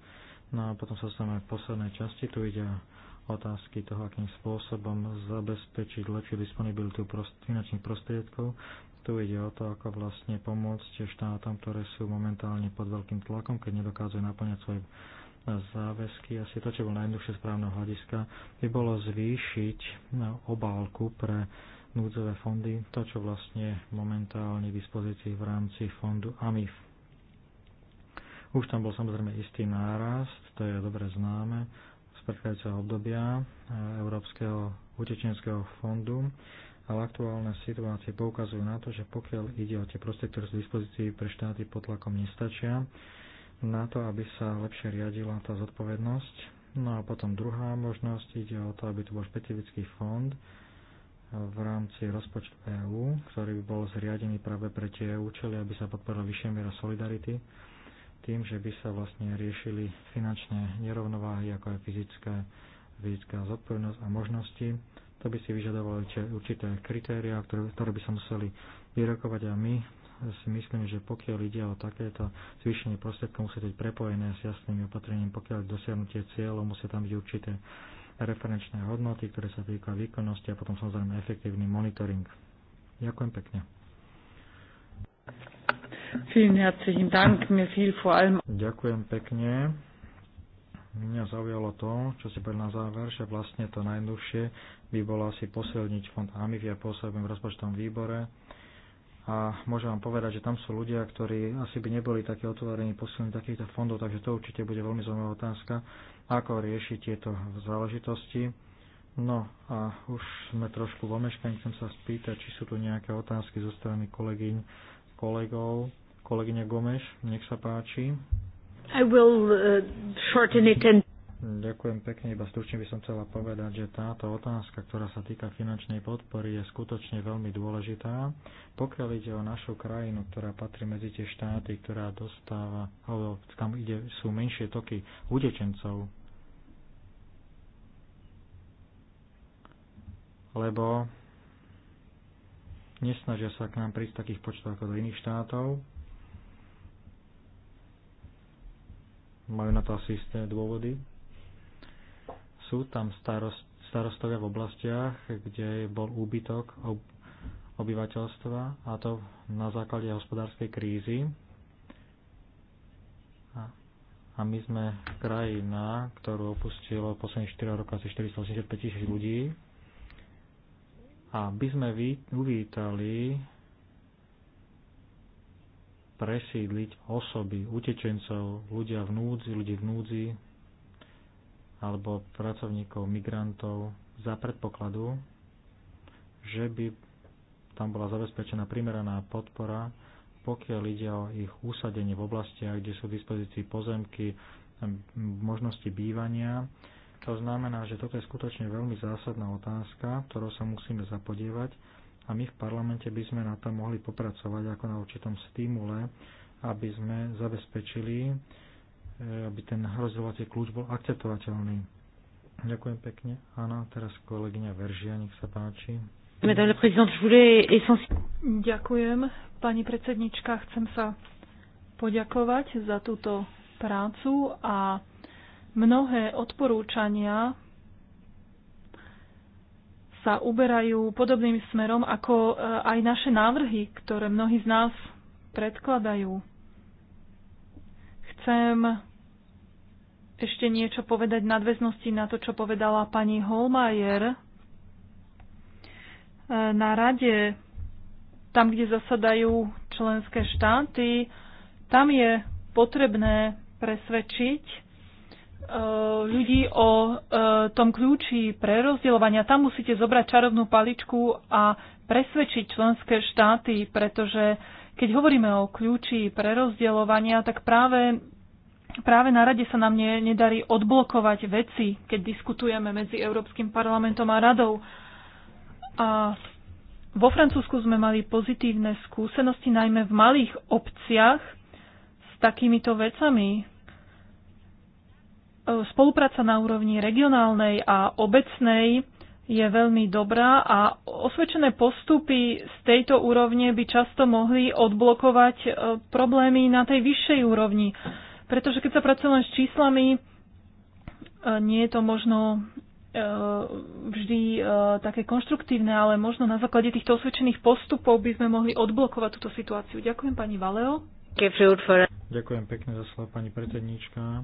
No a potom sa dostávame v poslednej časti, tu ide otázky toho, akým spôsobom zabezpečiť lepšiu disponibilitu finančných prostriedkov. Tu ide o to, ako vlastne pomôcť štátom, ktoré sú momentálne pod veľkým tlakom, keď nedokážu naplňať svoje záväzky. Asi to, čo bolo najjednoduchšie správneho hľadiska, by bolo zvýšiť no, obálku pre núdzové fondy, to, čo vlastne momentálne v dispozícii v rámci fondu AMIF. Už tam bol samozrejme istý nárast, to je dobre známe, predchádzajúceho obdobia e, Európskeho utečenského fondu, ale aktuálne situácie poukazujú na to, že pokiaľ ide o tie prostriedky, ktoré sú dispozícii pre štáty pod tlakom nestačia, na to, aby sa lepšie riadila tá zodpovednosť. No a potom druhá možnosť ide o to, aby tu bol špecifický fond e, v rámci rozpočtu EÚ, ktorý by bol zriadený práve pre tie účely, aby sa podporila vyššia miera solidarity tým, že by sa vlastne riešili finančné nerovnováhy, ako aj fyzické, fyzická zodpovednosť a možnosti. To by si vyžadovalo určité kritéria, ktoré, ktoré by sa museli vyrokovať a my si myslím, že pokiaľ ide o takéto zvýšenie prostriedkov, musí byť prepojené s jasnými opatrením, pokiaľ dosiahnutie cieľov, musia tam byť určité referenčné hodnoty, ktoré sa týka výkonnosti a potom samozrejme efektívny monitoring. Ďakujem pekne. Ďakujem pekne. Mňa zaujalo to, čo si povedal na záver, že vlastne to najjednoduchšie by bolo asi posilniť fond AMIF. Ja pôsobím v rozpočtom výbore a môžem vám povedať, že tam sú ľudia, ktorí asi by neboli také otvorení posilniť takýchto fondov, takže to určite bude veľmi zaujímavá otázka, ako riešiť tieto záležitosti. No a už sme trošku v omeškaní, chcem sa spýtať, či sú tu nejaké otázky zo strany kolegyň kolegov. Kolegyňa Gomeš, nech sa páči. I will uh, shorten it and... Ďakujem pekne, iba stručne by som chcela povedať, že táto otázka, ktorá sa týka finančnej podpory, je skutočne veľmi dôležitá. Pokiaľ ide o našu krajinu, ktorá patrí medzi tie štáty, ktorá dostáva, alebo kam ide, sú menšie toky utečencov, lebo Nesnažia sa k nám prísť takých počtov ako do iných štátov. Majú na to asi isté dôvody. Sú tam starost, starostovia v oblastiach, kde bol úbytok ob, obyvateľstva a to na základe hospodárskej krízy. A, a my sme krajina, ktorú opustilo posledných 4 rokov asi 485 tisíc ľudí a by sme uvítali presídliť osoby, utečencov, ľudia v núdzi, ľudí v núdzi, alebo pracovníkov, migrantov za predpokladu, že by tam bola zabezpečená primeraná podpora, pokiaľ ide o ich usadenie v oblastiach, kde sú v dispozícii pozemky, možnosti bývania to znamená, že toto je skutočne veľmi zásadná otázka, ktorou sa musíme zapodievať a my v parlamente by sme na to mohli popracovať ako na určitom stimule, aby sme zabezpečili, e, aby ten hrozovací kľúč bol akceptovateľný. Ďakujem pekne. Áno, teraz kolegyňa Veržia, nech sa páči. Ďakujem, pani predsednička. Chcem sa poďakovať za túto prácu a Mnohé odporúčania sa uberajú podobným smerom ako e, aj naše návrhy, ktoré mnohí z nás predkladajú. Chcem ešte niečo povedať nadväznosti na to, čo povedala pani Holmajer. E, na rade, tam, kde zasadajú členské štáty, tam je potrebné presvedčiť E, ľudí o e, tom kľúči prerozdeľovania. Tam musíte zobrať čarovnú paličku a presvedčiť členské štáty, pretože keď hovoríme o kľúči prerozdeľovania, tak práve, práve na rade sa nám ne, nedarí odblokovať veci, keď diskutujeme medzi Európskym parlamentom a radou. A vo Francúzsku sme mali pozitívne skúsenosti, najmä v malých obciach, s takýmito vecami spolupráca na úrovni regionálnej a obecnej je veľmi dobrá a osvedčené postupy z tejto úrovne by často mohli odblokovať e, problémy na tej vyššej úrovni. Pretože keď sa pracuje len s číslami, e, nie je to možno e, vždy také konštruktívne, ale možno na základe týchto osvedčených postupov by sme mohli odblokovať túto situáciu. Ďakujem pani Valeo. Ďakujem pekne za slovo pani predsedníčka.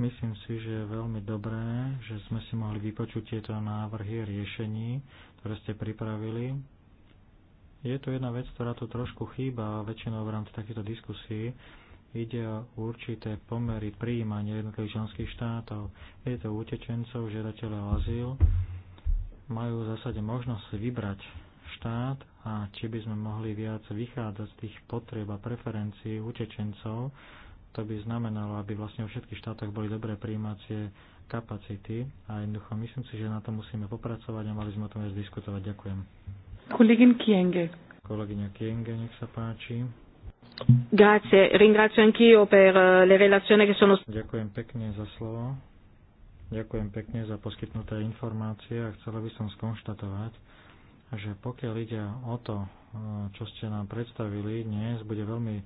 Myslím si, že je veľmi dobré, že sme si mohli vypočuť tieto návrhy riešení, ktoré ste pripravili. Je tu jedna vec, ktorá tu trošku chýba väčšinou v rámci takýchto diskusí. Ide o určité pomery príjmania jednotlivých členských štátov. Je to utečencov, žiadateľe o azyl. Majú v zásade možnosť vybrať štát a či by sme mohli viac vychádzať z tých potrieb a preferencií utečencov, to by znamenalo, aby vlastne vo všetkých štátoch boli dobré príjímacie kapacity a jednoducho myslím si, že na to musíme popracovať a mali sme o tom aj diskutovať. Ďakujem. Kolegyň Kienge. Kolegyňa Kienge, nech sa páči. Grazie, ringrazio anch'io per eh, le relazioni che sono... Ďakujem pekne za slovo. Ďakujem pekne za poskytnuté informácie a chcela by som skonštatovať, že pokiaľ ide o to, eh, čo ste nám predstavili dnes, bude veľmi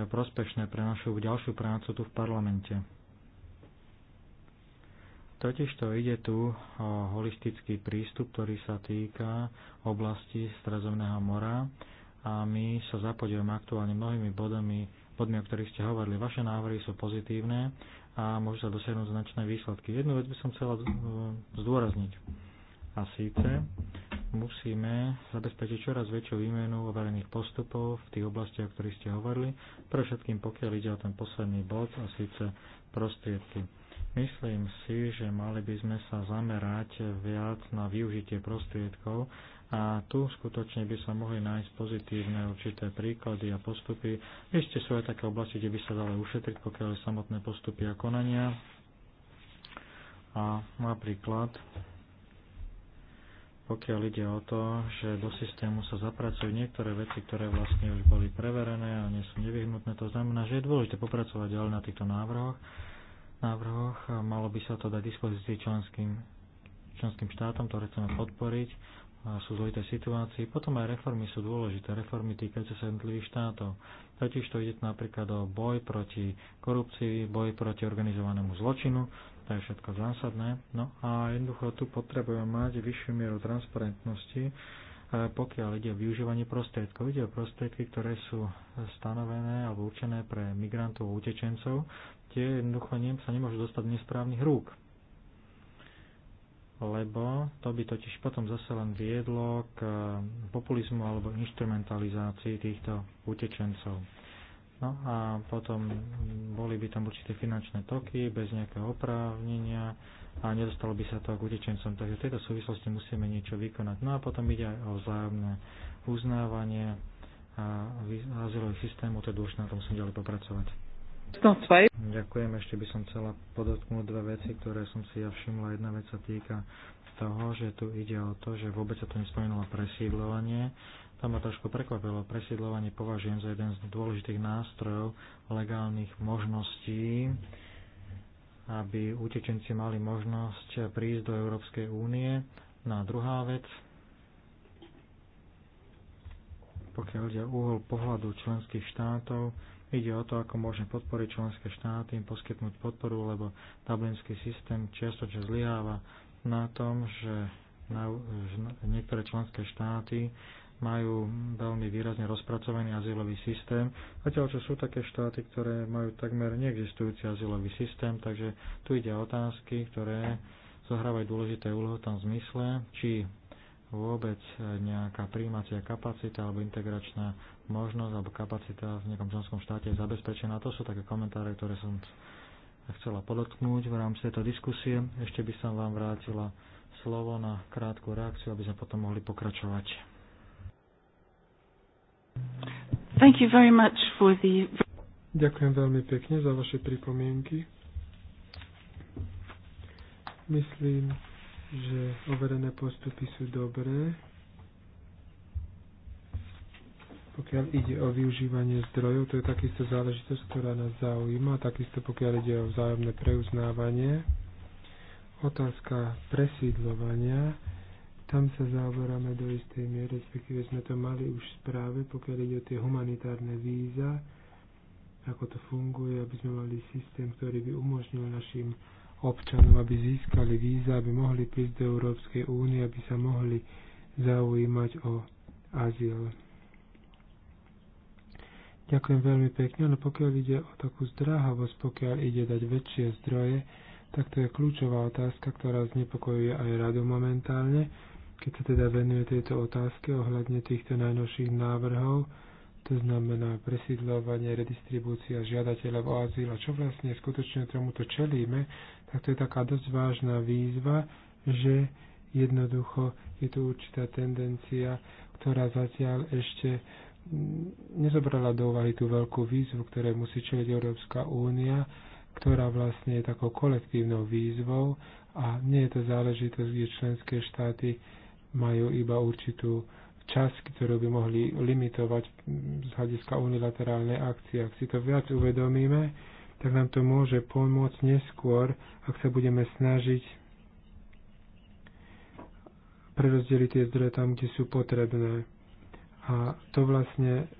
prospešné pre našu ďalšiu prácu tu v parlamente. Totižto ide tu o holistický prístup, ktorý sa týka oblasti Strazovného mora a my sa zapodíme aktuálne mnohými bodami, bodmi, o ktorých ste hovorili. Vaše návrhy sú pozitívne a môžu sa dosiahnuť značné výsledky. Jednu vec by som chcela zdôrazniť. A síce musíme zabezpečiť čoraz väčšiu výmenu overených postupov v tých oblastiach, o ktorých ste hovorili, pre všetkým pokiaľ ide o ten posledný bod a síce prostriedky. Myslím si, že mali by sme sa zamerať viac na využitie prostriedkov a tu skutočne by sa mohli nájsť pozitívne určité príklady a postupy. Ešte sú aj také oblasti, kde by sa dalo ušetriť, pokiaľ je samotné postupy a konania. A napríklad pokiaľ ide o to, že do systému sa zapracujú niektoré veci, ktoré vlastne už boli preverené a nie sú nevyhnutné. To znamená, že je dôležité popracovať ďalej na týchto návrhoch. návrhoch a malo by sa to dať dispozícii členským, členským štátom, ktoré chceme podporiť. A sú zložité situácii. Potom aj reformy sú dôležité. Reformy týkajúce sa jednotlivých štátov. Totiž to ide napríklad o boj proti korupcii, boj proti organizovanému zločinu. To je všetko zásadné. No a jednoducho tu potrebujeme mať vyššiu mieru transparentnosti, e, pokiaľ ide o využívanie prostriedkov. Ide o prostriedky, ktoré sú stanovené alebo určené pre migrantov a utečencov, tie jednoducho sa nemôžu dostať do nesprávnych rúk lebo to by totiž potom zase len viedlo k populizmu alebo instrumentalizácii týchto utečencov. No a potom boli by tam určité finančné toky bez nejakého oprávnenia a nedostalo by sa to k utečencom. Takže v tejto súvislosti musíme niečo vykonať. No a potom ide aj o vzájomné uznávanie a azylových systémov, to je dôležité, na tom som ďalej popracovať. Ďakujem, ešte by som chcela podotknúť dve veci, ktoré som si ja všimla. Jedna vec sa týka toho, že tu ide o to, že vôbec sa tu nespomínalo presídlovanie tam ma trošku prekvapilo. Presiedľovanie považujem za jeden z dôležitých nástrojov legálnych možností, aby utečenci mali možnosť prísť do Európskej únie. No a druhá vec, pokiaľ ide o úhol pohľadu členských štátov, ide o to, ako môžeme podporiť členské štáty, im poskytnúť podporu, lebo tablinský systém čiastočne zlyháva na tom, že, na, že niektoré členské štáty majú veľmi výrazne rozpracovaný azylový systém, zatiaľ čo sú také štáty, ktoré majú takmer neexistujúci azylový systém, takže tu ide otázky, ktoré zohrávajú dôležité úlohy v tom zmysle, či vôbec nejaká príjmacia kapacita alebo integračná možnosť alebo kapacita v nejakom členskom štáte je zabezpečená. To sú také komentáre, ktoré som chcela podotknúť v rámci tejto diskusie. Ešte by som vám vrátila slovo na krátku reakciu, aby sme potom mohli pokračovať. Thank you very much for the... Ďakujem veľmi pekne za vaše pripomienky. Myslím, že overené postupy sú dobré, pokiaľ ide o využívanie zdrojov, to je takisto záležitosť, ktorá nás zaujíma, takisto pokiaľ ide o vzájomné preuznávanie. Otázka presídlovania tam sa zaoberáme do istej miery, respektíve sme to mali už v správe, pokiaľ ide o tie humanitárne víza, ako to funguje, aby sme mali systém, ktorý by umožnil našim občanom, aby získali víza, aby mohli prísť do Európskej únie, aby sa mohli zaujímať o azyl. Ďakujem veľmi pekne, ale pokiaľ ide o takú zdráhavosť, pokiaľ ide dať väčšie zdroje, tak to je kľúčová otázka, ktorá znepokojuje aj radu momentálne keď sa teda venuje tejto otázke ohľadne týchto najnovších návrhov, to znamená presídľovanie, redistribúcia žiadateľov o azyl a čo vlastne skutočne tomuto čelíme, tak to je taká dosť vážna výzva, že jednoducho je tu určitá tendencia, ktorá zatiaľ ešte nezobrala do úvahy tú veľkú výzvu, ktoré musí čeliť Európska únia, ktorá vlastne je takou kolektívnou výzvou a nie je to záležitosť, kde členské štáty majú iba určitú časť, ktorú by mohli limitovať z hľadiska unilaterálnej akcie. Ak si to viac uvedomíme, tak nám to môže pomôcť neskôr, ak sa budeme snažiť prerozdeliť tie zdroje tam, kde sú potrebné. A to vlastne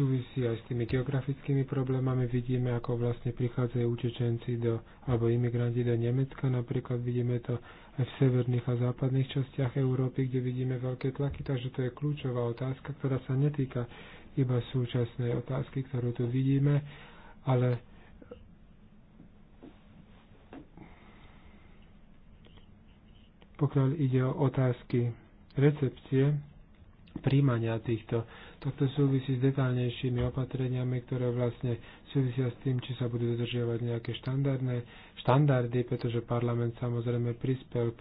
súvisí aj s tými geografickými problémami. Vidíme, ako vlastne prichádzajú utečenci do, alebo imigranti do Nemecka. Napríklad vidíme to aj v severných a západných častiach Európy, kde vidíme veľké tlaky. Takže to je kľúčová otázka, ktorá sa netýka iba súčasnej otázky, ktorú tu vidíme, ale pokiaľ ide o otázky recepcie, príjmania týchto. Takto súvisí s detálnejšími opatreniami, ktoré vlastne súvisia s tým, či sa budú dodržiavať nejaké štandardné štandardy, pretože parlament samozrejme prispel uh,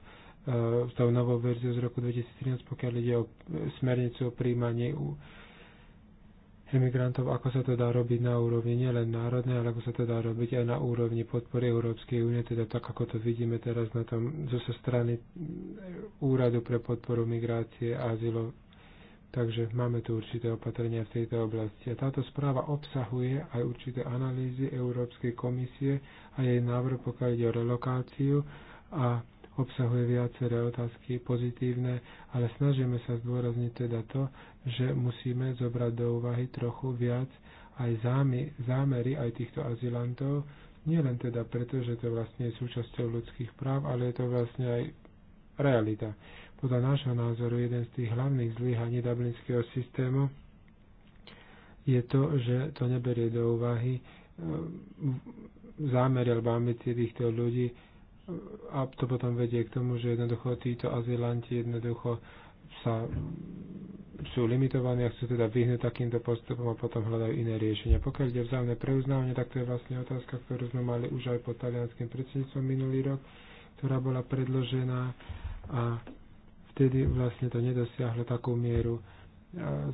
tou novou verziu z roku 2013, pokiaľ ide o smernicu o príjmaní u emigrantov, ako sa to dá robiť na úrovni nielen národnej, ale ako sa to dá robiť aj na úrovni podpory Európskej únie, teda tak, ako to vidíme teraz na tom, zo strany Úradu pre podporu migrácie a azylov, Takže máme tu určité opatrenia v tejto oblasti. A táto správa obsahuje aj určité analýzy Európskej komisie a jej návrh, pokiaľ ide o relokáciu a obsahuje viaceré otázky pozitívne, ale snažíme sa zdôrazniť teda to, že musíme zobrať do úvahy trochu viac aj zámy, zámery aj týchto azylantov, nielen teda preto, že to vlastne je súčasťou ľudských práv, ale je to vlastne aj realita. Podľa nášho názoru jeden z tých hlavných zlyhaní dublinského systému je to, že to neberie do úvahy e, zámery alebo ambície týchto ľudí e, a to potom vedie k tomu, že jednoducho títo azylanti jednoducho sa sú limitovaní a chcú teda vyhnúť takýmto postupom a potom hľadajú iné riešenia. Pokiaľ ide vzájomné preuznávanie, tak to je vlastne otázka, ktorú sme mali už aj pod talianským predsedníctvom minulý rok, ktorá bola predložená a vtedy vlastne to nedosiahlo takú mieru e,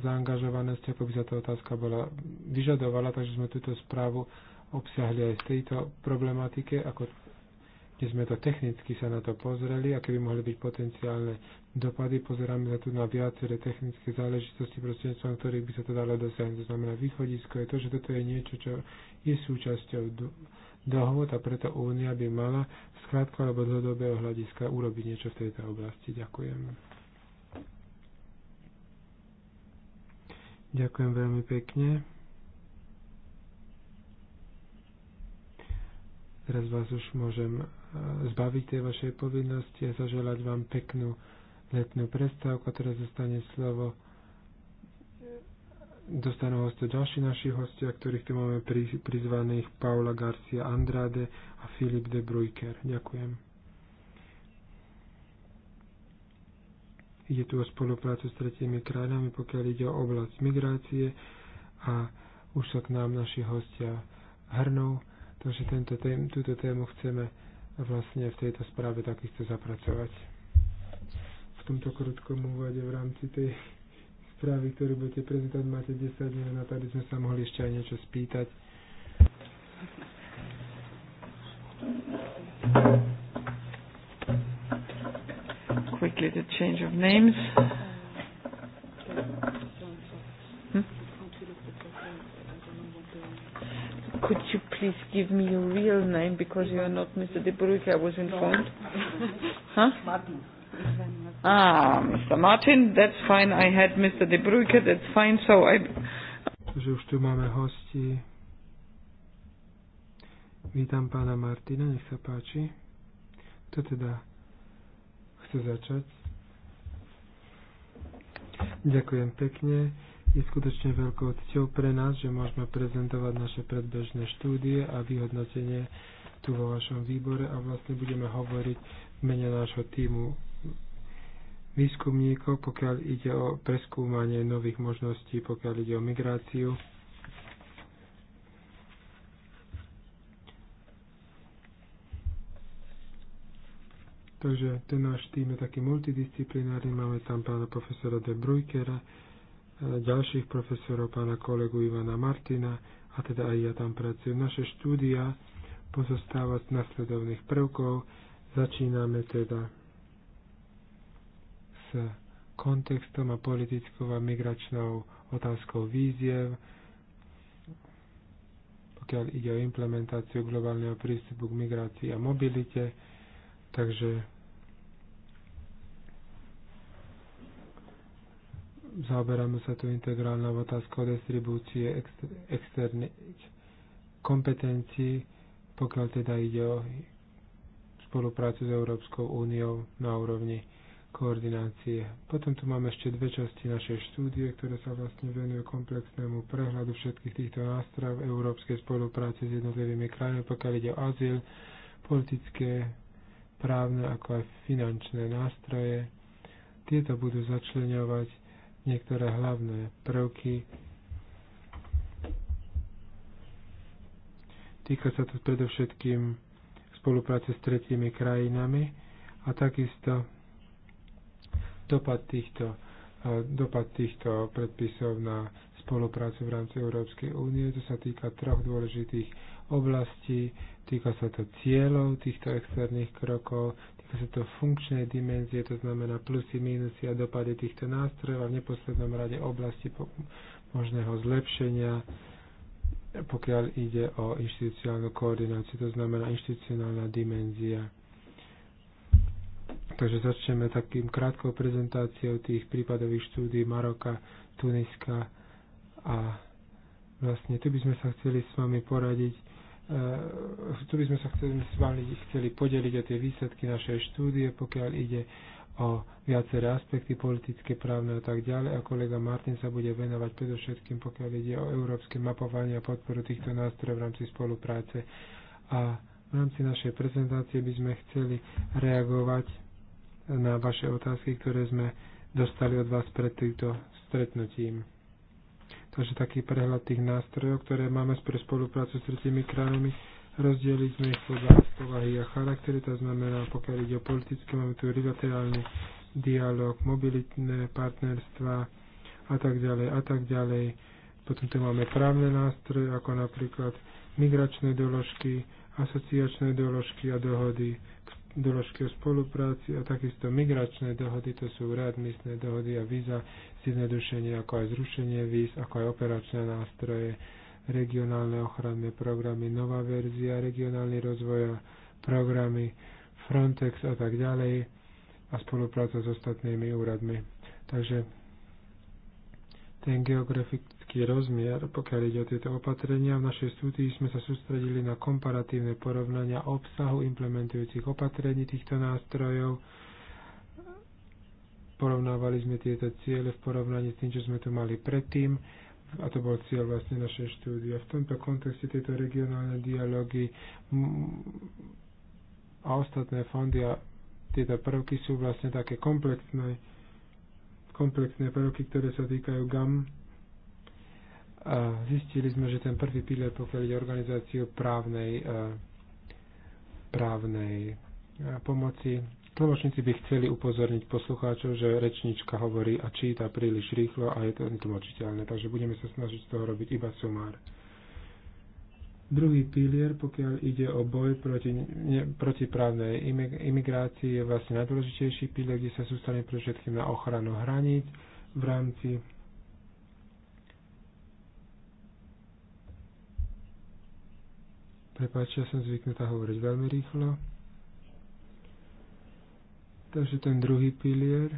zaangažovanosti, ako by sa tá otázka bola vyžadovala, takže sme túto správu obsiahli aj z tejto problematike, ako kde sme to technicky sa na to pozreli, aké by mohli byť potenciálne dopady. Pozeráme sa tu na viaceré technické záležitosti, prostredníctvom ktorých by sa to dalo dosiahnuť. To znamená, východisko je to, že toto je niečo, čo je súčasťou dohôd a preto Únia by mala z krátko alebo dlhodobého hľadiska urobiť niečo v tejto oblasti. Ďakujem. Ďakujem veľmi pekne. Teraz vás už môžem e, zbaviť tej vašej povinnosti a zaželať vám peknú letnú prestávku. Teraz zostane slovo Dostanú hostia ďalší naši hostia, ktorých tu máme prizvaných Paula Garcia Andrade a Filip de Bruyker. Ďakujem. Ide tu o spoluprácu s tretími krajinami, pokiaľ ide o oblasť migrácie a už sa k nám naši hostia hrnú, takže tento tém, túto tému chceme vlastne v tejto správe takisto zapracovať. V tomto krutkom úvode v rámci tej správy, ktorú budete prezentovať, máte 10 dní na to, aby sme sa mohli ešte aj niečo spýtať. Quickly the change of names. Hmm? Could you please give me your real name because you are not Mr. De Bruyke, I was informed. No. huh? Martin. Ah, Mr. Martin, that's fine. I had Mr. De Bruyke, that's fine. So I... Že už tu máme hosti. Vítam pána Martina, nech sa páči. Kto teda chce začať? Ďakujem pekne. Je skutočne veľkou cťou pre nás, že môžeme prezentovať naše predbežné štúdie a vyhodnotenie tu vo vašom výbore a vlastne budeme hovoriť v mene nášho týmu výskumníkov, pokiaľ ide o preskúmanie nových možností, pokiaľ ide o migráciu. Takže ten náš tým je taký multidisciplinárny, máme tam pána profesora De Brujkera, e, ďalších profesorov, pána kolegu Ivana Martina, a teda aj ja tam pracujem. Naše štúdia pozostáva z nasledovných prvkov. Začíname teda kontextom a politickou a migračnou otázkou víziev, pokiaľ ide o implementáciu globálneho prístupu k migrácii a mobilite. Takže zaoberáme sa tu integrálnou otázkou distribúcie externých kompetencií, pokiaľ teda ide o spoluprácu s Európskou úniou na úrovni koordinácie. Potom tu máme ešte dve časti našej štúdie, ktoré sa vlastne venujú komplexnému prehľadu všetkých týchto nástrojov európskej spolupráce s jednotlivými krajinami, pokiaľ ide o azyl, politické, právne ako aj finančné nástroje. Tieto budú začleňovať niektoré hlavné prvky. Týka sa to predovšetkým spolupráce s tretími krajinami a takisto dopad týchto, dopad týchto predpisov na spoluprácu v rámci Európskej únie. To sa týka troch dôležitých oblastí. Týka sa to cieľov týchto externých krokov, týka sa to funkčnej dimenzie, to znamená plusy, minusy a dopady týchto nástrojov a v neposlednom rade oblasti možného zlepšenia pokiaľ ide o inštitucionálnu koordináciu, to znamená inštitucionálna dimenzia. Takže začneme takým krátkou prezentáciou tých prípadových štúdí Maroka, Tuniska a vlastne tu by sme sa chceli s vami poradiť, Uh, tu by sme sa chceli, s vami chceli podeliť o tie výsledky našej štúdie, pokiaľ ide o viaceré aspekty politické, právne a tak ďalej. A kolega Martin sa bude venovať predovšetkým, pokiaľ ide o európske mapovanie a podporu týchto nástrojov v rámci spolupráce. A v rámci našej prezentácie by sme chceli reagovať na vaše otázky, ktoré sme dostali od vás pred týmto stretnutím. Takže taký prehľad tých nástrojov, ktoré máme pre spoluprácu s tretími krajinami, rozdielili sme ich podľa povahy a charaktery, to znamená, pokiaľ ide o politické, máme tu bilaterálny dialog, mobilitné partnerstva a tak ďalej a tak ďalej. Potom tu máme právne nástroje, ako napríklad migračné doložky, asociačné doložky a dohody k doložky o spolupráci a takisto migračné dohody, to sú readmisné dohody a víza, zjednodušenie ako aj zrušenie víz, ako aj operačné nástroje, regionálne ochranné programy, nová verzia, regionálny rozvoj a programy, Frontex a tak ďalej a spolupráca s ostatnými úradmi. Takže ten geografický veľký rozmier, pokiaľ ide o tieto opatrenia. V našej štúdii sme sa sústredili na komparatívne porovnania obsahu implementujúcich opatrení týchto nástrojov. Porovnávali sme tieto ciele v porovnaní s tým, čo sme tu mali predtým a to bol cieľ vlastne našej štúdie. V tomto kontexte tieto regionálne dialógy a ostatné fondy a tieto prvky sú vlastne také komplexné, komplexné prvky, ktoré sa týkajú GAM zistili sme, že ten prvý pilier, pokiaľ ide organizáciu právnej, e, právnej e, pomoci, tlmočníci by chceli upozorniť poslucháčov, že rečnička hovorí a číta príliš rýchlo a je to netlmočiteľné, takže budeme sa snažiť z toho robiť iba sumár. Druhý pilier, pokiaľ ide o boj proti, ne, proti právnej imigrácii, je vlastne najdôležitejší pilier, kde sa sústane pre všetkým na ochranu hraníc v rámci Prepáčte, ja som zvyknutá hovoriť veľmi rýchlo. Takže ten druhý pilier.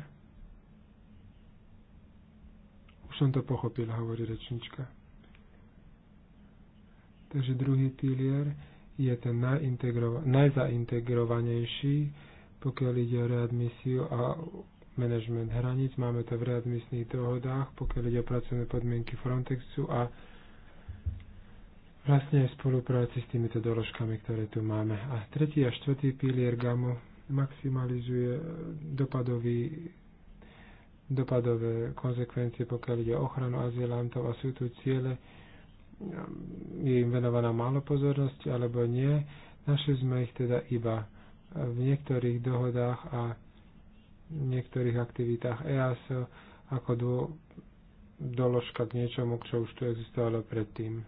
Už som to pochopila, hovorí rečnička. Takže druhý pilier je ten najzaintegrovanejší, pokiaľ ide o readmisiu a management hraníc. Máme to v readmisných dohodách, pokiaľ ide o pracovné podmienky Frontexu a vlastne v spolupráci s týmito doložkami, ktoré tu máme. A tretí a štvrtý pilier GAMU maximalizuje e, dopadový, dopadové konsekvencie, pokiaľ ide o ochranu azylantov a sú tu ciele, je im venovaná málo pozornosti alebo nie. Našli sme ich teda iba e, v niektorých dohodách a v niektorých aktivitách EASO ako dô, doložka k niečomu, čo už tu existovalo predtým.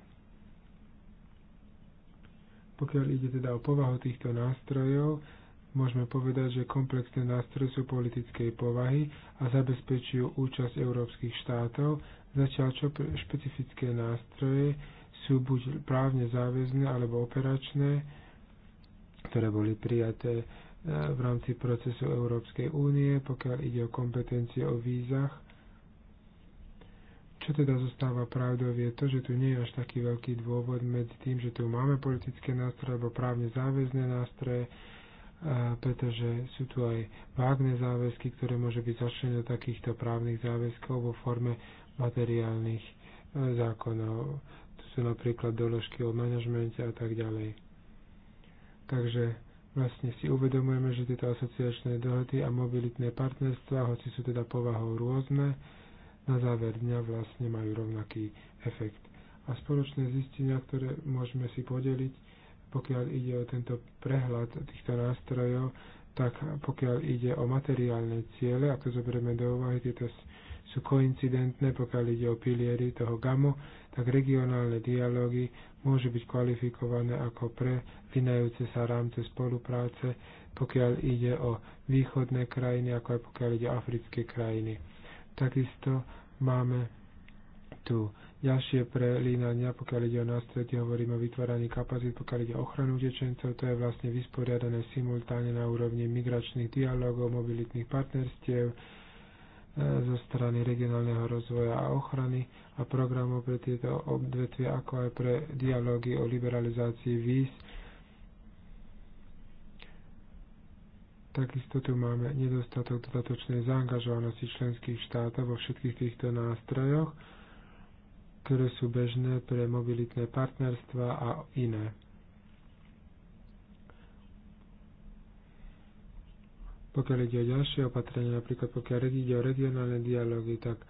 Pokiaľ ide teda o povahu týchto nástrojov, môžeme povedať, že komplexné nástroje sú politickej povahy a zabezpečujú účasť európskych štátov, začiaľ čo špecifické nástroje sú buď právne záväzné alebo operačné, ktoré boli prijaté eh, v rámci procesu Európskej únie, pokiaľ ide o kompetencie o vízach čo teda zostáva pravdou je to, že tu nie je až taký veľký dôvod medzi tým, že tu máme politické nástroje alebo právne záväzné nástroje, pretože sú tu aj vágne záväzky, ktoré môže byť začlené do takýchto právnych záväzkov vo forme materiálnych e, zákonov. Tu sú napríklad doložky o manažmente a tak ďalej. Takže vlastne si uvedomujeme, že tieto asociačné dohody a mobilitné partnerstva, hoci sú teda povahou rôzne, na záver dňa vlastne majú rovnaký efekt. A spoločné zistenia, ktoré môžeme si podeliť, pokiaľ ide o tento prehľad týchto nástrojov, tak pokiaľ ide o materiálne ciele, ak to zoberieme do úvahy, tieto sú koincidentné, pokiaľ ide o piliery toho GAMU, tak regionálne dialógy môžu byť kvalifikované ako prelínajúce sa rámce spolupráce, pokiaľ ide o východné krajiny, ako aj pokiaľ ide o africké krajiny. Takisto máme tu ďalšie prelínania, pokiaľ ide o nástroje, hovoríme o vytváraní kapacít, pokiaľ ide o ochranu utečencov, to je vlastne vysporiadané simultáne na úrovni migračných dialogov, mobilitných partnerstiev, e, zo strany regionálneho rozvoja a ochrany a programov pre tieto obdvetvia, ako aj pre dialógy o liberalizácii víz Takisto tu máme nedostatok dodatočnej zaangažovanosti členských štátov vo všetkých týchto nástrojoch, ktoré sú bežné pre mobilitné partnerstva a iné. Pokiaľ ide o ďalšie opatrenia, napríklad pokiaľ ide o regionálne dialógy, tak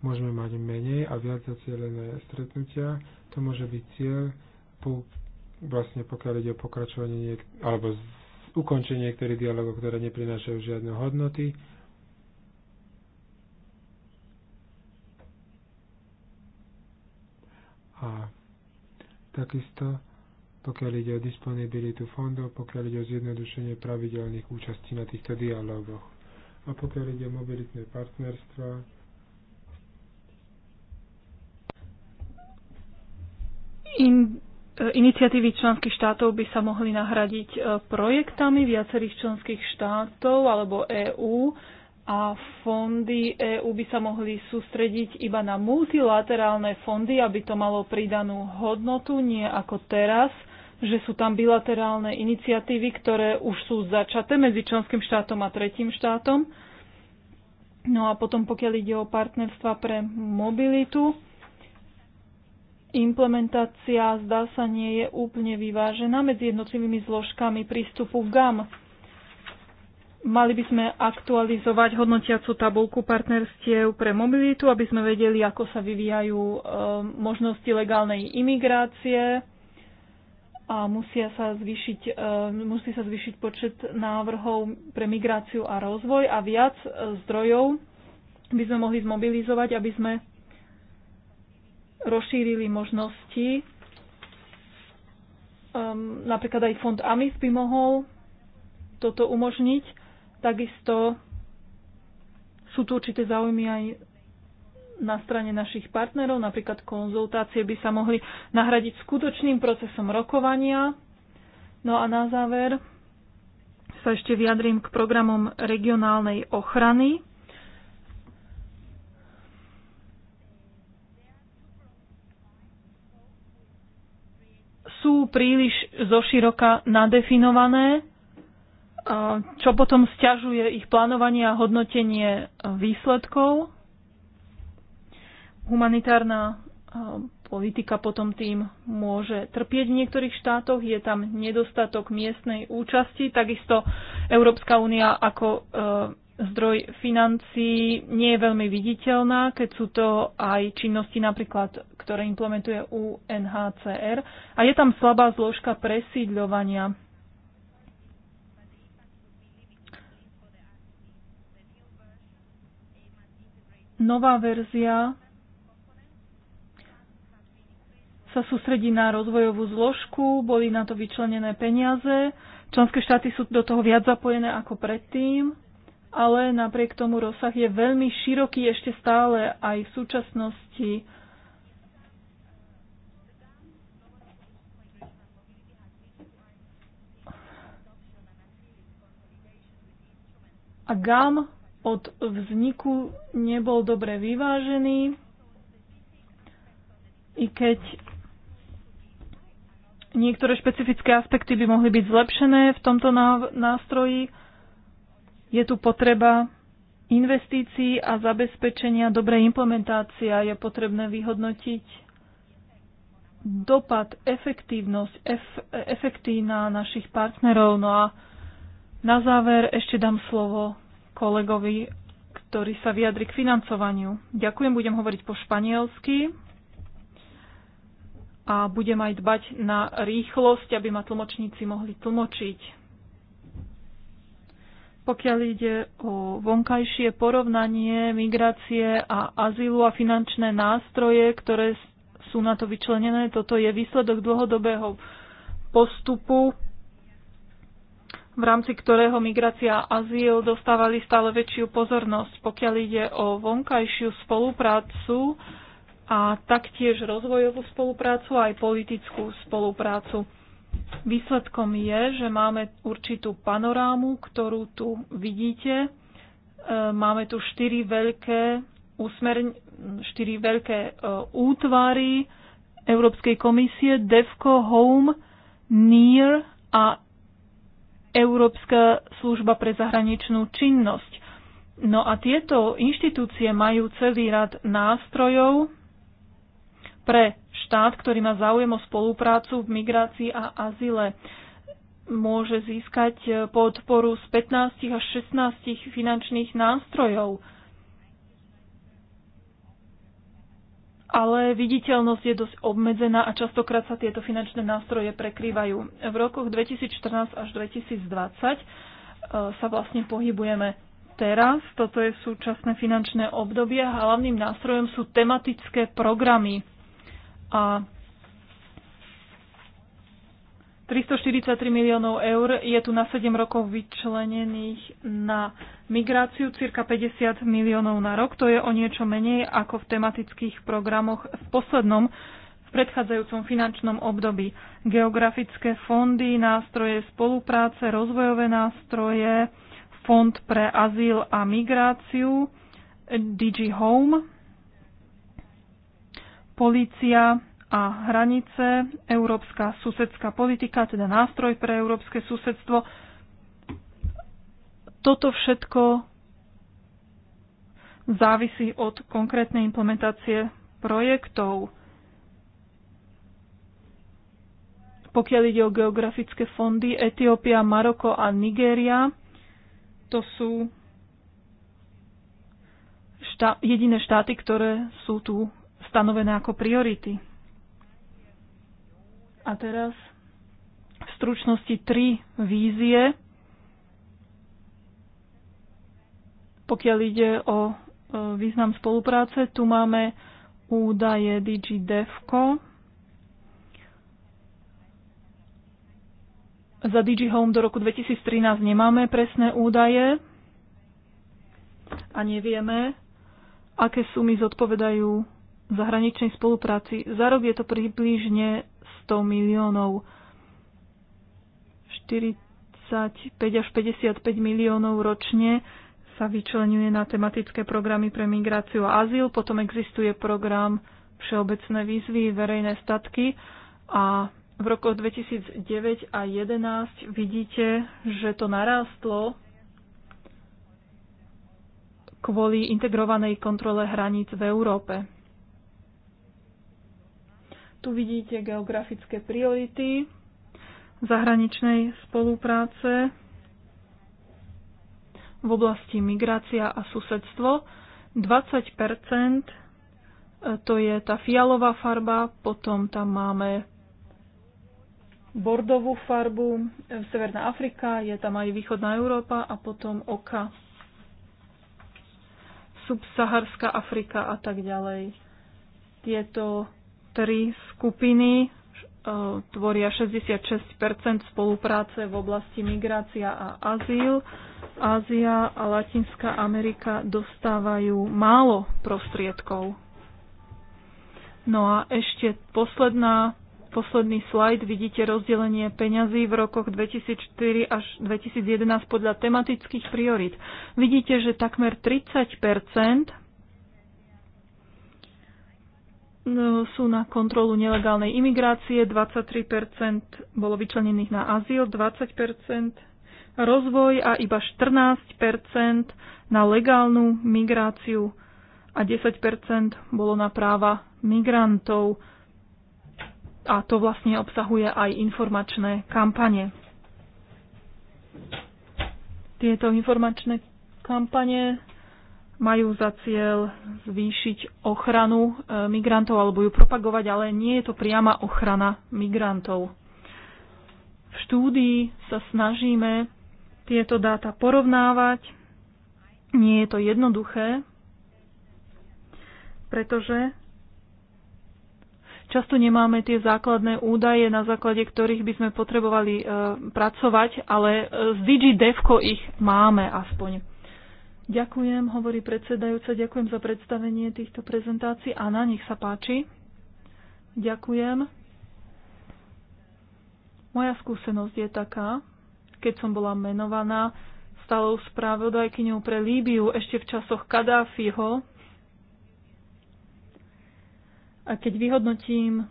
môžeme mať menej a viac zacielené stretnutia. To môže byť cieľ, po, vlastne pokiaľ ide o pokračovanie niek- alebo ukončenie niektorých dialogov, ktoré neprinášajú žiadne hodnoty. A takisto, pokiaľ ide o disponibilitu fondov, pokiaľ ide o zjednodušenie pravidelných účastí na týchto dialogoch. A pokiaľ ide o mobilitné partnerstva, in, E, iniciatívy členských štátov by sa mohli nahradiť e, projektami viacerých členských štátov alebo EÚ a fondy EÚ by sa mohli sústrediť iba na multilaterálne fondy, aby to malo pridanú hodnotu, nie ako teraz, že sú tam bilaterálne iniciatívy, ktoré už sú začaté medzi členským štátom a tretím štátom. No a potom, pokiaľ ide o partnerstva pre mobilitu, implementácia zdá sa nie je úplne vyvážená medzi jednotlivými zložkami prístupu GAM. Mali by sme aktualizovať hodnotiacu tabulku partnerstiev pre mobilitu, aby sme vedeli, ako sa vyvíjajú e, možnosti legálnej imigrácie a musia sa zvýšiť, e, musí sa zvýšiť počet návrhov pre migráciu a rozvoj a viac e, zdrojov by sme mohli zmobilizovať, aby sme rozšírili možnosti. Um, napríklad aj fond AMIS by mohol toto umožniť. Takisto sú tu určité záujmy aj na strane našich partnerov, napríklad konzultácie by sa mohli nahradiť skutočným procesom rokovania. No a na záver sa ešte vyjadrím k programom regionálnej ochrany. sú príliš zoširoka nadefinované, e, čo potom stiažuje ich plánovanie a hodnotenie e, výsledkov. Humanitárna e, politika potom tým môže trpieť v niektorých štátoch, je tam nedostatok miestnej účasti, takisto Európska únia ako zdroj financií nie je veľmi viditeľná, keď sú to aj činnosti napríklad, ktoré implementuje UNHCR a je tam slabá zložka presídľovania. Nová verzia sa sústredí na rozvojovú zložku, boli na to vyčlenené peniaze, členské štáty sú do toho viac zapojené ako predtým ale napriek tomu rozsah je veľmi široký ešte stále aj v súčasnosti. A GAM od vzniku nebol dobre vyvážený, i keď niektoré špecifické aspekty by mohli byť zlepšené v tomto nástroji, je tu potreba investícií a zabezpečenia dobrej a Je potrebné vyhodnotiť dopad, efektívnosť, ef, efektívna našich partnerov. No a na záver ešte dám slovo kolegovi, ktorý sa vyjadri k financovaniu. Ďakujem, budem hovoriť po španielsky a budem aj dbať na rýchlosť, aby ma tlmočníci mohli tlmočiť. Pokiaľ ide o vonkajšie porovnanie migrácie a azylu a finančné nástroje, ktoré sú na to vyčlenené, toto je výsledok dlhodobého postupu, v rámci ktorého migrácia a azyl dostávali stále väčšiu pozornosť. Pokiaľ ide o vonkajšiu spoluprácu a taktiež rozvojovú spoluprácu aj politickú spoluprácu. Výsledkom je, že máme určitú panorámu, ktorú tu vidíte. E, máme tu štyri veľké, usmer... štyri veľké e, útvary Európskej komisie, DEVCO, HOME, NEAR a Európska služba pre zahraničnú činnosť. No a tieto inštitúcie majú celý rad nástrojov pre štát, ktorý má záujem o spoluprácu v migrácii a azile môže získať e, podporu z 15 až 16 finančných nástrojov. Ale viditeľnosť je dosť obmedzená a častokrát sa tieto finančné nástroje prekrývajú. V rokoch 2014 až 2020 e, sa vlastne pohybujeme teraz. Toto je súčasné finančné obdobie. Hlavným nástrojom sú tematické programy a 343 miliónov eur je tu na 7 rokov vyčlenených na migráciu, cirka 50 miliónov na rok. To je o niečo menej ako v tematických programoch v poslednom, v predchádzajúcom finančnom období. Geografické fondy, nástroje spolupráce, rozvojové nástroje, Fond pre azyl a migráciu, DigiHome. Home polícia a hranice, európska susedská politika, teda nástroj pre európske susedstvo. Toto všetko závisí od konkrétnej implementácie projektov. Pokiaľ ide o geografické fondy, Etiópia, Maroko a Nigéria, to sú štá- jediné štáty, ktoré sú tu stanovené ako priority. A teraz v stručnosti tri vízie, pokiaľ ide o e, význam spolupráce. Tu máme údaje DigiDevco. Za DigiHome do roku 2013 nemáme presné údaje a nevieme, aké sumy zodpovedajú zahraničnej spolupráci. Za rok je to približne 100 miliónov, 45 až 55 miliónov ročne sa vyčlenuje na tematické programy pre migráciu a azyl, potom existuje program Všeobecné výzvy, verejné statky a v rokoch 2009 a 2011 vidíte, že to narástlo kvôli integrovanej kontrole hraníc v Európe. Tu vidíte geografické priority zahraničnej spolupráce v oblasti migrácia a susedstvo. 20 eh, to je tá fialová farba, potom tam máme bordovú farbu, eh, Severná Afrika, je tam aj Východná Európa a potom oka, subsaharská Afrika a tak ďalej. Tieto tri skupiny e, tvoria 66 spolupráce v oblasti migrácia a azyl. Ázia a Latinská Amerika dostávajú málo prostriedkov. No a ešte posledná, posledný slajd. Vidíte rozdelenie peňazí v rokoch 2004 až 2011 podľa tematických priorit. Vidíte, že takmer 30 sú na kontrolu nelegálnej imigrácie, 23% bolo vyčlenených na azyl, 20% rozvoj a iba 14% na legálnu migráciu a 10% bolo na práva migrantov. A to vlastne obsahuje aj informačné kampane. Tieto informačné kampane majú za cieľ zvýšiť ochranu e, migrantov alebo ju propagovať, ale nie je to priama ochrana migrantov. V štúdii sa snažíme tieto dáta porovnávať. Nie je to jednoduché, pretože často nemáme tie základné údaje, na základe ktorých by sme potrebovali e, pracovať, ale e, z DigiDevko ich máme aspoň. Ďakujem, hovorí predsedajúca, ďakujem za predstavenie týchto prezentácií. na nech sa páči. Ďakujem. Moja skúsenosť je taká, keď som bola menovaná stalou správodajkyňou pre Líbiu ešte v časoch Kadáfiho, a keď vyhodnotím,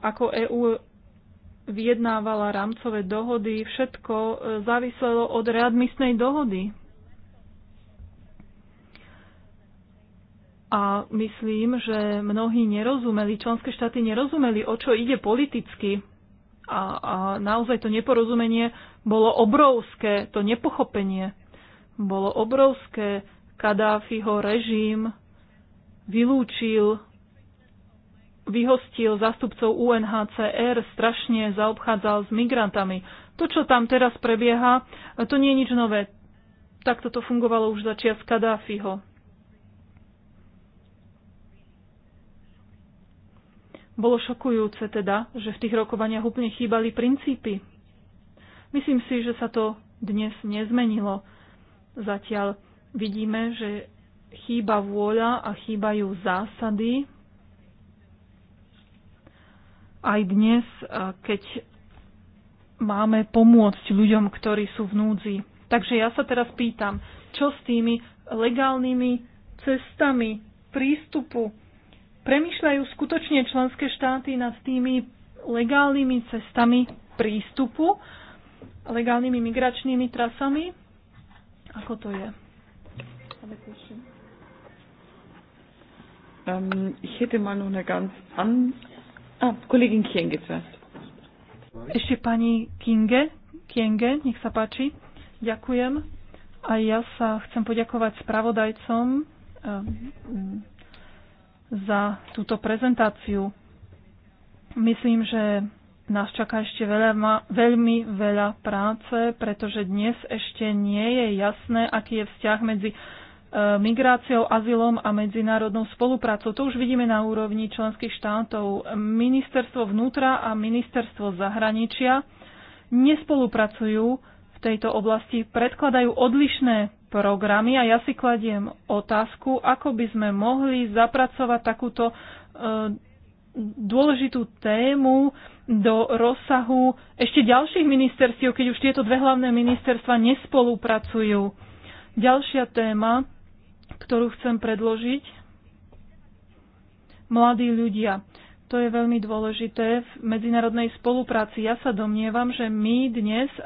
ako EÚ vyjednávala rámcové dohody, všetko e, záviselo od readmisnej dohody. A myslím, že mnohí nerozumeli, členské štáty nerozumeli, o čo ide politicky. A, a naozaj to neporozumenie bolo obrovské, to nepochopenie bolo obrovské. Kadáfiho režim vylúčil, vyhostil zástupcov UNHCR, strašne zaobchádzal s migrantami. To, čo tam teraz prebieha, to nie je nič nové. Takto to fungovalo už za čias Kadáfiho. Bolo šokujúce teda, že v tých rokovaniach úplne chýbali princípy. Myslím si, že sa to dnes nezmenilo. Zatiaľ vidíme, že chýba vôľa a chýbajú zásady. Aj dnes, keď máme pomôcť ľuďom, ktorí sú v núdzi. Takže ja sa teraz pýtam, čo s tými legálnymi cestami prístupu Premýšľajú skutočne členské štáty nad tými legálnymi cestami prístupu, legálnymi migračnými trasami? Ako to je? Um, ich hätte mal noch eine ganz an... Ah, Kollegin Kienge zuerst. Ešte pani Kinge, Kienge, nech sa páči. Ďakujem. A ja sa chcem poďakovať spravodajcom um, za túto prezentáciu. Myslím, že nás čaká ešte veľa, veľmi veľa práce, pretože dnes ešte nie je jasné, aký je vzťah medzi e, migráciou, azylom a medzinárodnou spoluprácou. To už vidíme na úrovni členských štátov. Ministerstvo vnútra a ministerstvo zahraničia nespolupracujú v tejto oblasti, predkladajú odlišné programy a ja si kladiem otázku, ako by sme mohli zapracovať takúto e, dôležitú tému do rozsahu ešte ďalších ministerstiev, keď už tieto dve hlavné ministerstva nespolupracujú. Ďalšia téma, ktorú chcem predložiť, mladí ľudia. To je veľmi dôležité v medzinárodnej spolupráci. Ja sa domnievam, že my dnes e,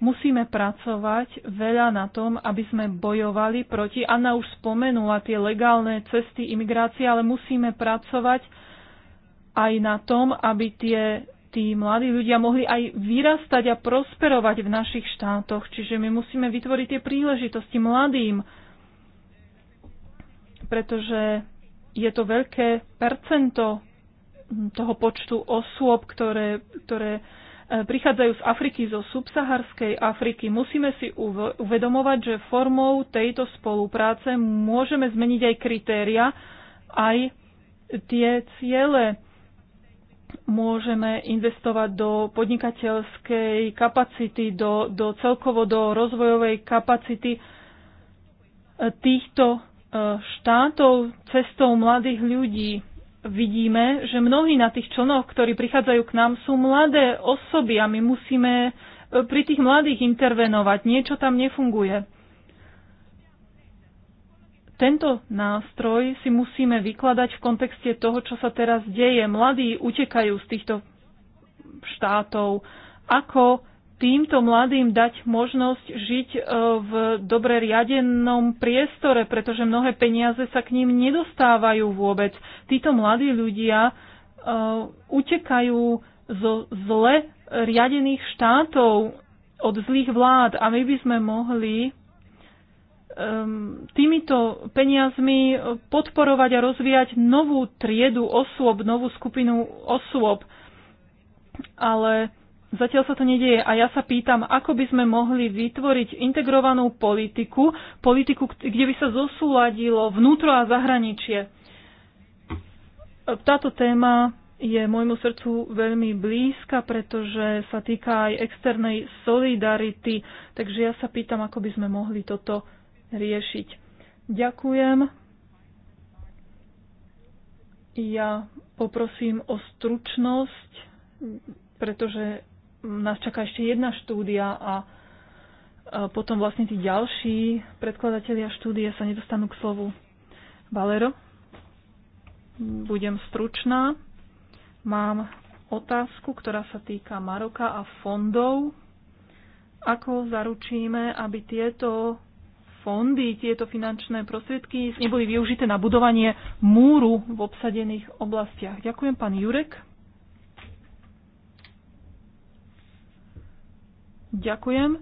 musíme pracovať veľa na tom, aby sme bojovali proti, Anna už spomenula tie legálne cesty imigrácie, ale musíme pracovať aj na tom, aby tie, tí mladí ľudia mohli aj vyrastať a prosperovať v našich štátoch. Čiže my musíme vytvoriť tie príležitosti mladým, pretože je to veľké percento toho počtu osôb, ktoré, ktoré prichádzajú z Afriky, zo subsaharskej Afriky. Musíme si uvedomovať, že formou tejto spolupráce môžeme zmeniť aj kritéria, aj tie ciele. Môžeme investovať do podnikateľskej kapacity, do, do celkovo do rozvojovej kapacity týchto e, štátov cestou mladých ľudí vidíme, že mnohí na tých člnoch, ktorí prichádzajú k nám, sú mladé osoby a my musíme e, pri tých mladých intervenovať. Niečo tam nefunguje. Tento nástroj si musíme vykladať v kontexte toho, čo sa teraz deje. Mladí utekajú z týchto štátov. Ako týmto mladým dať možnosť žiť e, v dobre riadenom priestore, pretože mnohé peniaze sa k ním nedostávajú vôbec. Títo mladí ľudia e, utekajú zo zle riadených štátov, od zlých vlád a my by sme mohli týmito peniazmi podporovať a rozvíjať novú triedu osôb, novú skupinu osôb. Ale Zatiaľ sa to nedieje a ja sa pýtam, ako by sme mohli vytvoriť integrovanú politiku, politiku, kde by sa zosúladilo vnútro a zahraničie. Táto téma je môjmu srdcu veľmi blízka, pretože sa týka aj externej solidarity, takže ja sa pýtam, ako by sme mohli toto riešiť. Ďakujem. Ja poprosím o stručnosť pretože nás čaká ešte jedna štúdia a potom vlastne tí ďalší predkladatelia štúdie sa nedostanú k slovu. Valero, budem stručná. Mám otázku, ktorá sa týka Maroka a fondov. Ako zaručíme, aby tieto fondy, tieto finančné prostriedky neboli využité na budovanie múru v obsadených oblastiach? Ďakujem, pán Jurek. Ďakujem.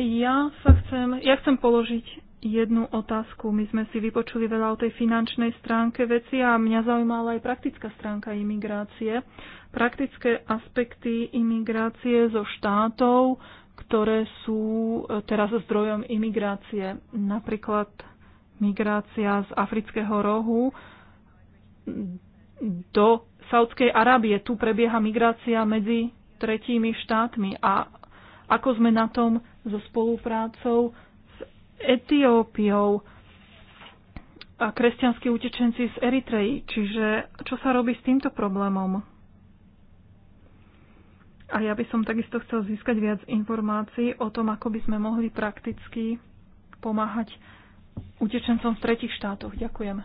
Ja sa chcem, ja chcem položiť jednu otázku. My sme si vypočuli veľa o tej finančnej stránke veci a mňa zaujímala aj praktická stránka imigrácie. Praktické aspekty imigrácie zo štátov, ktoré sú e, teraz zdrojom imigrácie. Napríklad migrácia z Afrického rohu do Saudskej Arábie. Tu prebieha migrácia medzi tretími štátmi a ako sme na tom so spoluprácou s Etiópiou a kresťanskí utečenci z Eritreji. Čiže čo sa robí s týmto problémom? A ja by som takisto chcel získať viac informácií o tom, ako by sme mohli prakticky pomáhať utečencom v tretich štátoch. Ďakujem.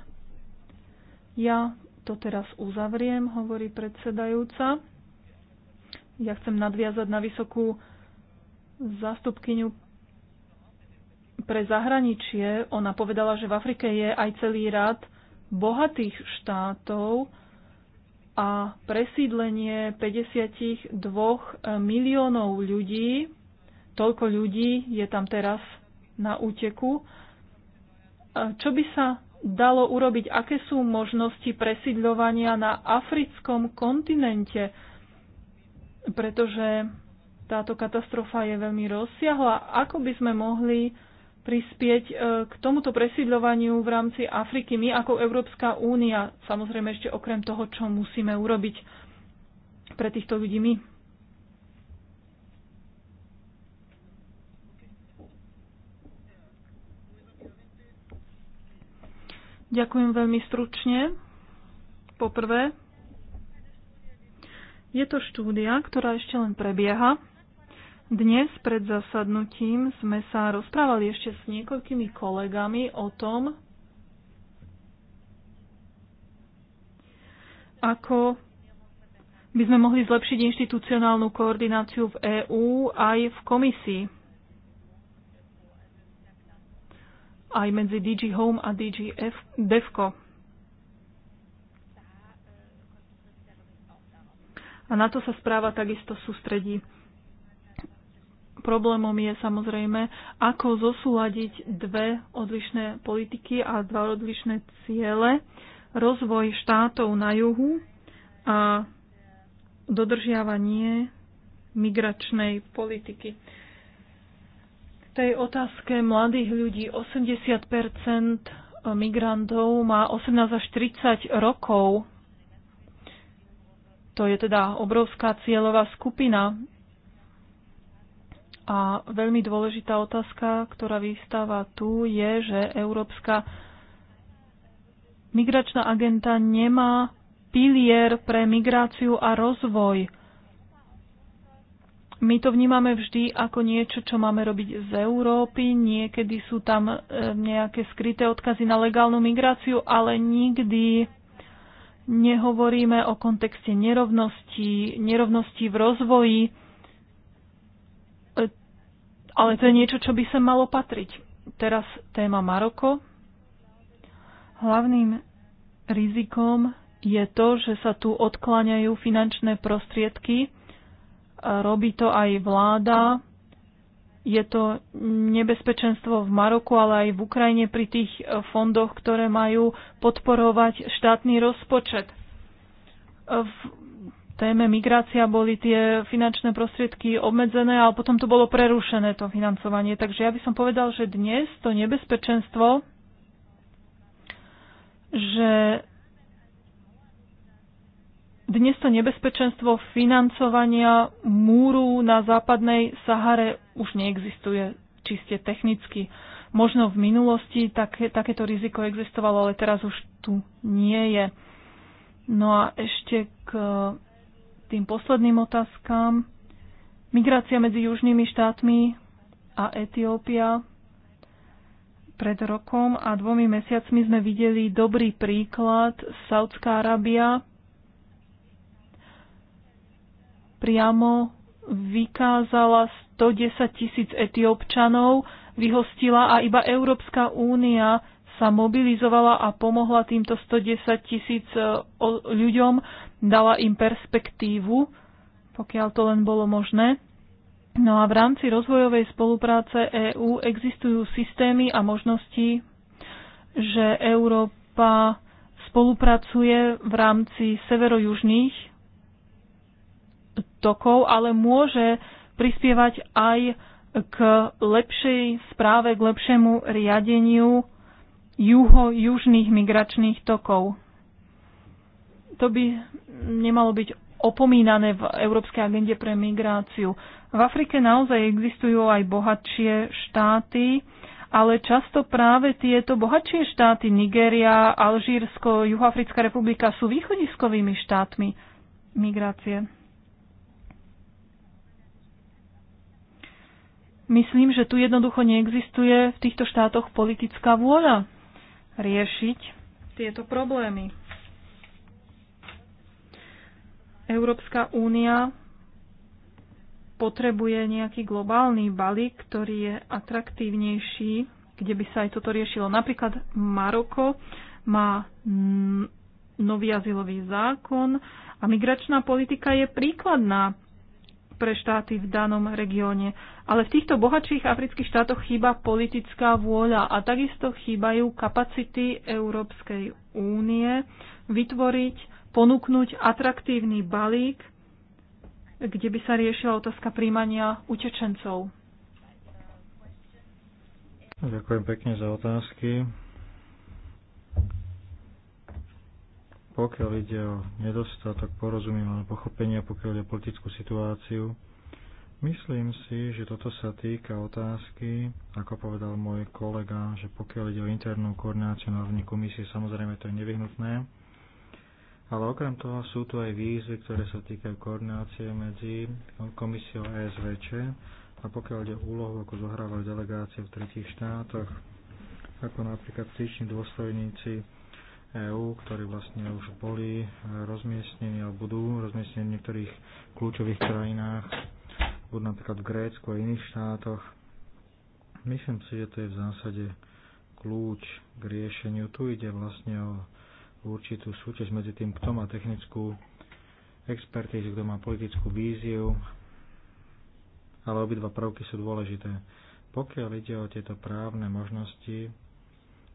Ja to teraz uzavriem, hovorí predsedajúca. Ja chcem nadviazať na vysokú zástupkyňu pre zahraničie. Ona povedala, že v Afrike je aj celý rad bohatých štátov a presídlenie 52 miliónov ľudí, toľko ľudí je tam teraz na úteku. Čo by sa dalo urobiť? Aké sú možnosti presídľovania na africkom kontinente? Pretože táto katastrofa je veľmi rozsiahla. Ako by sme mohli prispieť e, k tomuto presídľovaniu v rámci Afriky my ako Európska únia, samozrejme ešte okrem toho, čo musíme urobiť pre týchto ľudí my. Ďakujem veľmi stručne. Poprvé, je to štúdia, ktorá ešte len prebieha. Dnes pred zasadnutím sme sa rozprávali ešte s niekoľkými kolegami o tom, ako by sme mohli zlepšiť inštitucionálnu koordináciu v EÚ aj v komisii. Aj medzi DG Home a DG F, DEFCO. A na to sa správa takisto sústredí problémom je samozrejme, ako zosúľadiť dve odlišné politiky a dva odlišné ciele. Rozvoj štátov na juhu a dodržiavanie migračnej politiky. K tej otázke mladých ľudí 80 migrantov má 18 až 30 rokov. To je teda obrovská cieľová skupina a veľmi dôležitá otázka, ktorá vystáva tu, je, že Európska migračná agenta nemá pilier pre migráciu a rozvoj. My to vnímame vždy ako niečo, čo máme robiť z Európy. Niekedy sú tam e, nejaké skryté odkazy na legálnu migráciu, ale nikdy nehovoríme o kontexte nerovnosti, nerovnosti v rozvoji ale to je niečo, čo by sa malo patriť. Teraz téma Maroko. Hlavným rizikom je to, že sa tu odkláňajú finančné prostriedky. Robí to aj vláda. Je to nebezpečenstvo v Maroku, ale aj v Ukrajine pri tých fondoch, ktoré majú podporovať štátny rozpočet téme migrácia boli tie finančné prostriedky obmedzené, ale potom to bolo prerušené, to financovanie. Takže ja by som povedal, že dnes to nebezpečenstvo, že dnes to nebezpečenstvo financovania múru na západnej Sahare už neexistuje čiste technicky. Možno v minulosti také, takéto riziko existovalo, ale teraz už tu nie je. No a ešte k tým posledným otázkám. Migrácia medzi južnými štátmi a Etiópia. Pred rokom a dvomi mesiacmi sme videli dobrý príklad Saudská Arábia priamo vykázala 110 tisíc etiópčanov, vyhostila a iba Európska únia sa mobilizovala a pomohla týmto 110 tisíc eh, ľuďom dala im perspektívu, pokiaľ to len bolo možné. No a v rámci rozvojovej spolupráce EÚ existujú systémy a možnosti, že Európa spolupracuje v rámci severo-južných tokov, ale môže prispievať aj k lepšej správe, k lepšiemu riadeniu juho-južných migračných tokov to by nemalo byť opomínané v Európskej agende pre migráciu. V Afrike naozaj existujú aj bohatšie štáty, ale často práve tieto bohatšie štáty, Nigéria, Alžírsko, Juhoafrická republika, sú východiskovými štátmi migrácie. Myslím, že tu jednoducho neexistuje v týchto štátoch politická vôľa riešiť tieto problémy. Európska únia potrebuje nejaký globálny balík, ktorý je atraktívnejší, kde by sa aj toto riešilo. Napríklad Maroko má nový azylový zákon a migračná politika je príkladná pre štáty v danom regióne. Ale v týchto bohatších afrických štátoch chýba politická vôľa a takisto chýbajú kapacity Európskej únie vytvoriť ponúknuť atraktívny balík, kde by sa riešila otázka príjmania utečencov. Ďakujem pekne za otázky. Pokiaľ ide o nedostatok porozumenia a pochopenia, pokiaľ ide o politickú situáciu, Myslím si, že toto sa týka otázky, ako povedal môj kolega, že pokiaľ ide o internú koordináciu na úrovni komisie, samozrejme to je nevyhnutné. Ale okrem toho sú tu aj výzvy, ktoré sa týkajú koordinácie medzi komisiou ESVČ a pokiaľ ide úlohu, ako zohrávajú delegácie v tretich štátoch, ako napríklad styční dôstojníci EÚ, ktorí vlastne už boli rozmiestnení alebo budú rozmiestnení v niektorých kľúčových krajinách, budú napríklad v Grécku a iných štátoch. Myslím si, že to je v zásade kľúč k riešeniu. Tu ide vlastne o určitú súťaž medzi tým, kto má technickú expertízu, kto má politickú víziu, ale obidva prvky sú dôležité. Pokiaľ ide o tieto právne možnosti,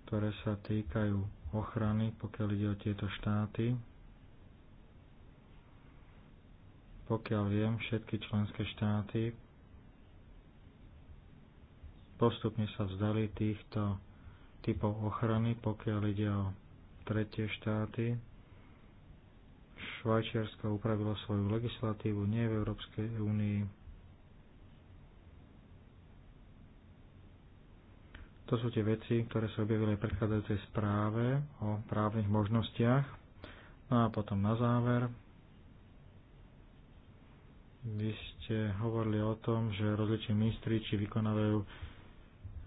ktoré sa týkajú ochrany, pokiaľ ide o tieto štáty, pokiaľ viem, všetky členské štáty postupne sa vzdali týchto typov ochrany, pokiaľ ide o tretie štáty. Švajčiarsko upravila svoju legislatívu, nie v Európskej únii. To sú tie veci, ktoré sa objavili v predchádzajúcej správe o právnych možnostiach. No a potom na záver. Vy ste hovorili o tom, že rozliční ministri či vykonávajú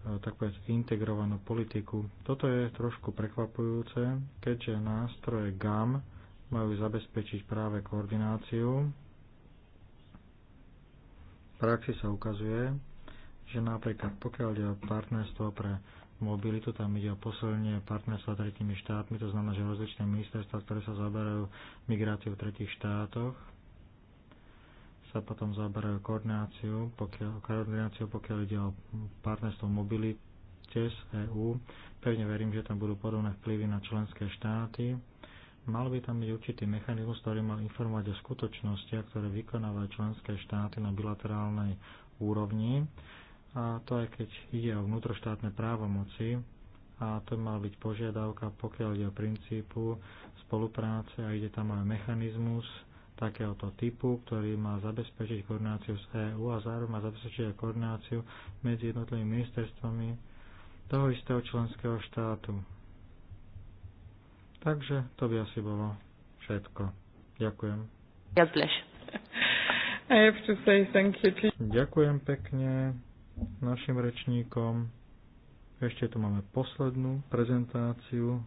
Eh, tak povedať, integrovanú politiku. Toto je trošku prekvapujúce, keďže nástroje GAM majú zabezpečiť práve koordináciu. V praxi sa ukazuje, že napríklad pokiaľ ide o partnerstvo pre mobilitu, tam ide o posilnenie partnerstva tretími štátmi, to znamená, že rozličné ministerstva, ktoré sa zaberajú migráciou v tretích štátoch, sa potom zaoberajú koordináciu, pokiaľ, koordináciu, pokiaľ ide o partnerstvo mobilite z EÚ. Pevne verím, že tam budú podobné vplyvy na členské štáty. Mal by tam byť určitý mechanizmus, ktorý mal informovať o skutočnostiach, ktoré vykonávajú členské štáty na bilaterálnej úrovni. A to aj keď ide o vnútroštátne právomoci, a to mal byť požiadavka, pokiaľ ide o princípu spolupráce a ide tam aj mechanizmus, takéhoto typu, ktorý má zabezpečiť koordináciu s EÚ a zároveň má zabezpečiť aj koordináciu medzi jednotlivými ministerstvami toho istého členského štátu. Takže to by asi bolo všetko. Ďakujem. Ďakujem pekne našim rečníkom. Ešte tu máme poslednú prezentáciu.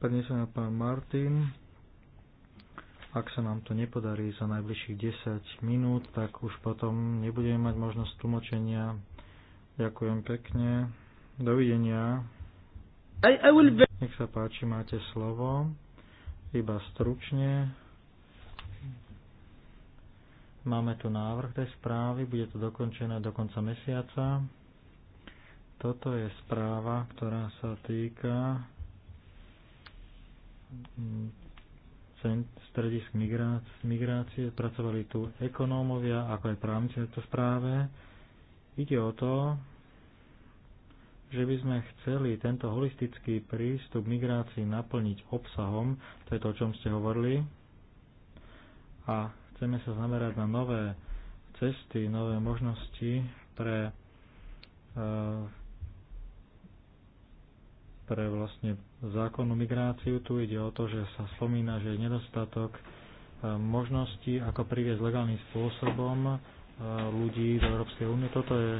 Prednesená pán Martin ak sa nám to nepodarí za najbližších 10 minút, tak už potom nebudeme mať možnosť tlmočenia. Ďakujem pekne. Dovidenia. Nech sa páči, máte slovo. Iba stručne. Máme tu návrh tej správy, bude to dokončené do konca mesiaca. Toto je správa, ktorá sa týka stredisk migrácie, pracovali tu ekonómovia, ako aj právnici na to správe. Ide o to, že by sme chceli tento holistický prístup migrácii naplniť obsahom, to je to, o čom ste hovorili, a chceme sa zamerať na nové cesty, nové možnosti pre e, pre vlastne zákonnú migráciu. Tu ide o to, že sa spomína, že je nedostatok e, možností, ako priviesť legálnym spôsobom e, ľudí do Európskej únie. Toto je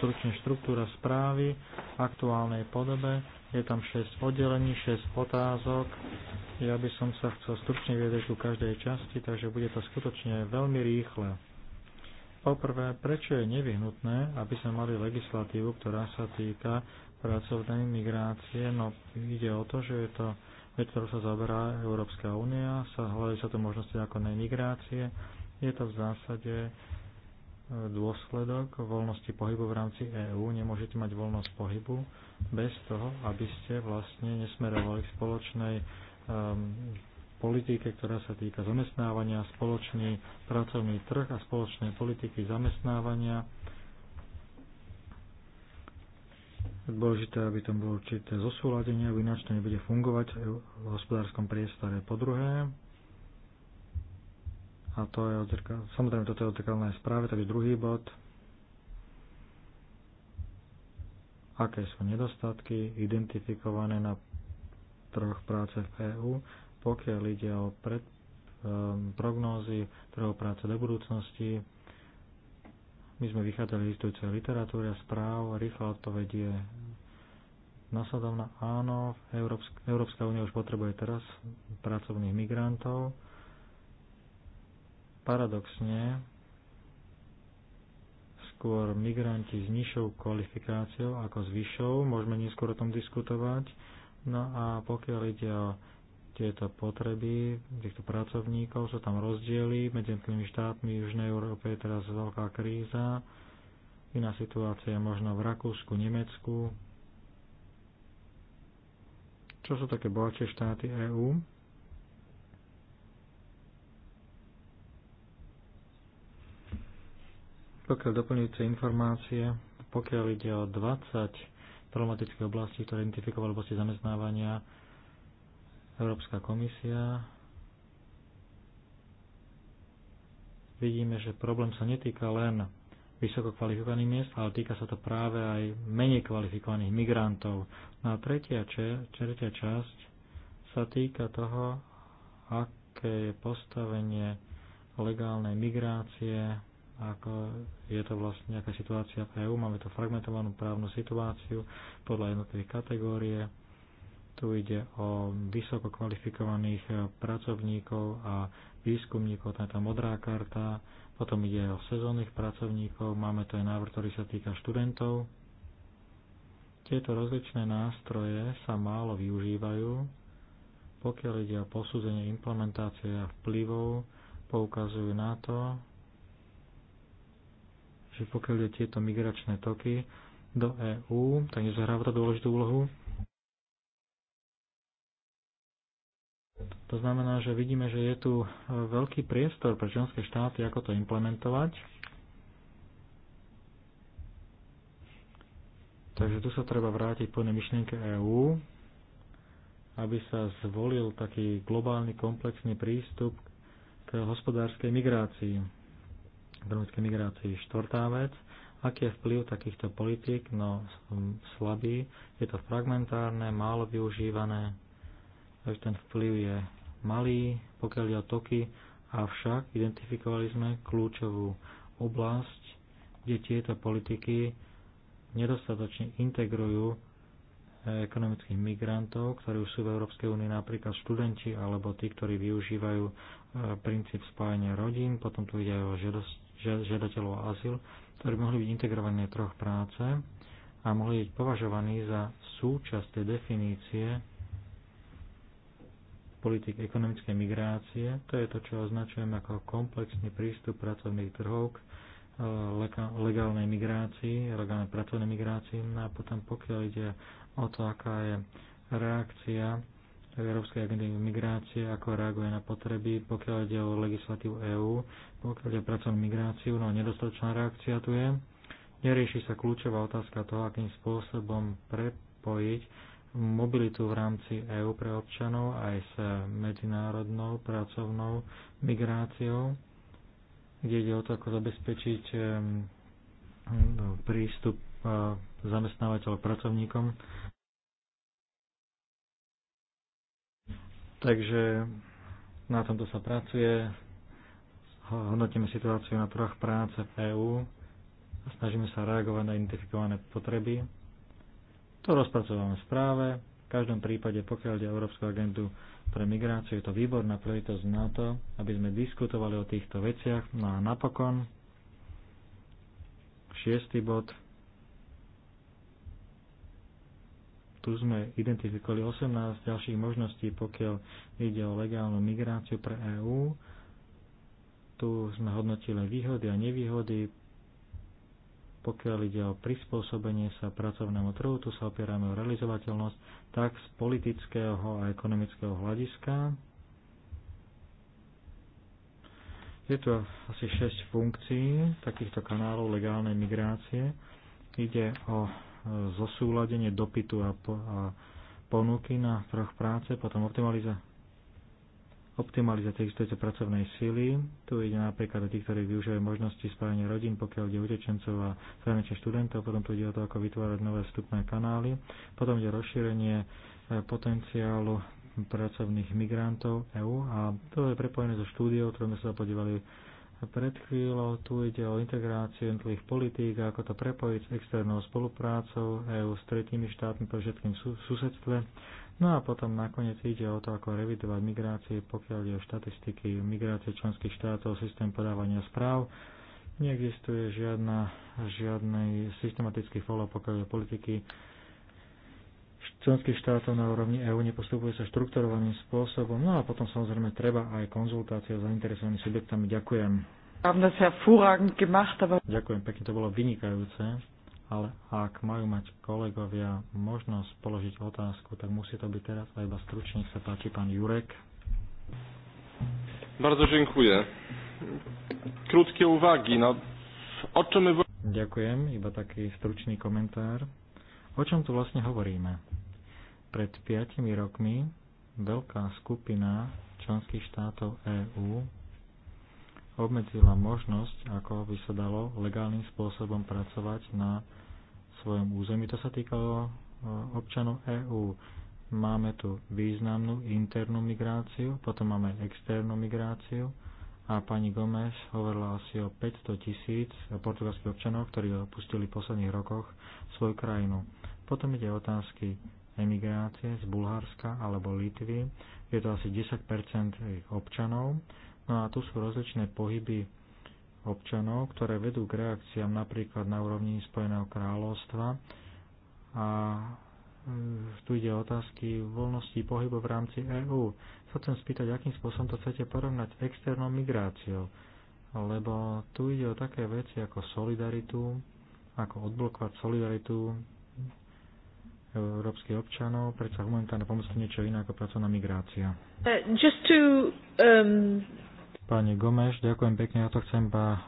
stručne štruktúra správy v aktuálnej podobe. Je tam 6 oddelení, 6 otázok. Ja by som sa chcel stručne viedeť ku každej časti, takže bude to skutočne veľmi rýchle. Poprvé, prečo je nevyhnutné, aby sme mali legislatívu, ktorá sa týka pracovnej migrácie, no ide o to, že je to vec, ktorú sa zaoberá Európska únia, sa hľadajú sa to možnosti ako migrácie. Je to v zásade e, dôsledok voľnosti pohybu v rámci EÚ. Nemôžete mať voľnosť pohybu bez toho, aby ste vlastne nesmerovali k spoločnej um, politike, ktorá sa týka zamestnávania, spoločný pracovný trh a spoločnej politiky zamestnávania dôležité, aby tam bolo určité zosúladenie, aby ináč to nebude fungovať v hospodárskom priestore. Po druhé, a to je odzrka, samozrejme toto je odzrkadlené správe, takže druhý bod, aké sú nedostatky identifikované na trhoch práce v EÚ, pokiaľ ide o pred, um, prognózy trhov práce do budúcnosti, my sme vychádzali z istujúcej literatúry a správ. Rýchla odpoveď je nasledovná. Áno, Európska únia už potrebuje teraz pracovných migrantov. Paradoxne, skôr migranti s nižšou kvalifikáciou ako s vyššou. Môžeme neskôr o tom diskutovať. No a pokiaľ ide o tieto potreby týchto pracovníkov, sú tam rozdiely medzi jednotlivými štátmi. V Južnej Európe je teraz veľká kríza, iná situácia je možno v Rakúsku, Nemecku. Čo sú také bohatšie štáty EÚ? Pokiaľ doplňujúce informácie, pokiaľ ide o 20 problematických oblastí, ktoré identifikovali oblasti zamestnávania, Európska komisia. Vidíme, že problém sa netýka len vysoko kvalifikovaných miest, ale týka sa to práve aj menej kvalifikovaných migrantov. No a tretia, če, tretia časť sa týka toho, aké je postavenie legálnej migrácie, ako je to vlastne, nejaká situácia v EU. Máme tu fragmentovanú právnu situáciu podľa jednotlivých kategórie tu ide o vysoko kvalifikovaných eh, pracovníkov a výskumníkov, tam je tá modrá karta. Potom ide o sezónnych pracovníkov, máme tu aj návrh, ktorý sa týka študentov. Tieto rozličné nástroje sa málo využívajú, pokiaľ ide o posúdenie implementácie a vplyvov, poukazujú na to, že pokiaľ ide tieto migračné toky do EÚ, tak nezahráva to dôležitú úlohu. To znamená, že vidíme, že je tu e, veľký priestor pre členské štáty, ako to implementovať. Takže tu sa treba vrátiť po myšlienke EÚ, aby sa zvolil taký globálny komplexný prístup k hospodárskej migrácii, ekonomickej migrácii. Štvrtá vec, aký je vplyv takýchto politík, no slabý, je to fragmentárne, málo využívané, takže ten vplyv je malý, pokiaľ ide o toky, avšak identifikovali sme kľúčovú oblasť, kde tieto politiky nedostatočne integrujú eh, ekonomických migrantov, ktorí už sú v Európskej únii napríklad študenti alebo tí, ktorí využívajú eh, princíp spájania rodín, potom tu ide aj o žiadateľov o azyl, ktorí mohli byť integrovaní na troch práce a mohli byť považovaní za súčasť tej definície politik ekonomickej migrácie. To je to, čo označujem ako komplexný prístup pracovných trhov k e, legálnej migrácii, legálnej pracovnej migrácii. No a potom pokiaľ ide o to, aká je reakcia Európskej agendy migrácie, ako reaguje na potreby, pokiaľ ide o legislatívu EÚ, pokiaľ ide o pracovnú migráciu, no nedostatočná reakcia tu je. Nerieši sa kľúčová otázka toho, akým spôsobom prepojiť mobilitu v rámci EÚ pre občanov aj s medzinárodnou pracovnou migráciou, kde ide o to, ako zabezpečiť no, prístup e, zamestnávateľov pracovníkom. Takže na tomto sa pracuje, hodnotíme situáciu na trh práce v EÚ a snažíme sa reagovať na identifikované potreby to rozpracovávame v správe. V každom prípade, pokiaľ ide Európsku agendu pre migráciu, je to výborná príležitosť na to, aby sme diskutovali o týchto veciach. No a napokon, šiestý bod, tu sme identifikovali 18 ďalších možností, pokiaľ ide o legálnu migráciu pre EÚ. Tu sme hodnotili výhody a nevýhody, pokiaľ ide o prispôsobenie sa pracovnému trhu, tu sa opierame o realizovateľnosť tak z politického a ekonomického hľadiska. Je tu asi 6 funkcií takýchto kanálov legálnej migrácie. Ide o e, zosúladenie dopytu a, po, a ponuky na trh práce, potom optimaliza, optimalizácia existujúcej pracovnej síly. Tu ide napríklad o tých, ktorí využívajú možnosti spájania rodín, pokiaľ ide utečencov a zahraničných študentov, potom tu ide o to, ako vytvárať nové vstupné kanály, potom ide rozšírenie e, potenciálu pracovných migrantov EÚ a to je prepojené so štúdiou, ktorú sme sa podívali pred chvíľou. Tu ide o integráciu jednotlivých politík a ako to prepojiť s externou spoluprácou EÚ s tretími štátmi pre všetkým susedstve No a potom nakoniec ide o to, ako revidovať migrácie, pokiaľ je o štatistiky migrácie členských štátov, systém podávania správ. Neexistuje žiadna, žiadny systematický follow, pokiaľ je politiky členských štátov na úrovni EÚ nepostupuje sa štrukturovaným spôsobom. No a potom samozrejme treba aj konzultácia s zainteresovanými subjektami. Ďakujem. Ďakujem pekne, to bolo vynikajúce ale ak majú mať kolegovia možnosť položiť otázku, tak musí to byť teraz a iba stručne sa páči pán Jurek. Bardzo dziękuję. Krótkie uwagi. No, o czym my... Ďakujem, iba taký stručný komentár. O čom tu vlastne hovoríme? Pred 5 rokmi veľká skupina členských štátov EÚ obmedzila možnosť, ako by sa dalo legálnym spôsobom pracovať na svojom území. To sa týkalo občanov EÚ. Máme tu významnú internú migráciu, potom máme externú migráciu a pani Gomez hovorila asi o 500 tisíc portugalských občanov, ktorí opustili v posledných rokoch svoju krajinu. Potom ide otázky emigrácie z Bulharska alebo Litvy. Je to asi 10 ich občanov No a tu sú rozličné pohyby občanov, ktoré vedú k reakciám napríklad na úrovni Spojeného kráľovstva a e, tu ide o otázky voľnosti pohybu v rámci EÚ. Chcem spýtať, akým spôsobom to chcete porovnať s externou migráciou, lebo tu ide o také veci ako solidaritu, ako odblokovať solidaritu európskych občanov, predsa humanitárna pomoc je niečo iné ako pracovná migrácia. Uh, just to, um, Pani Gomeš, ďakujem pekne, ja to chcem iba e,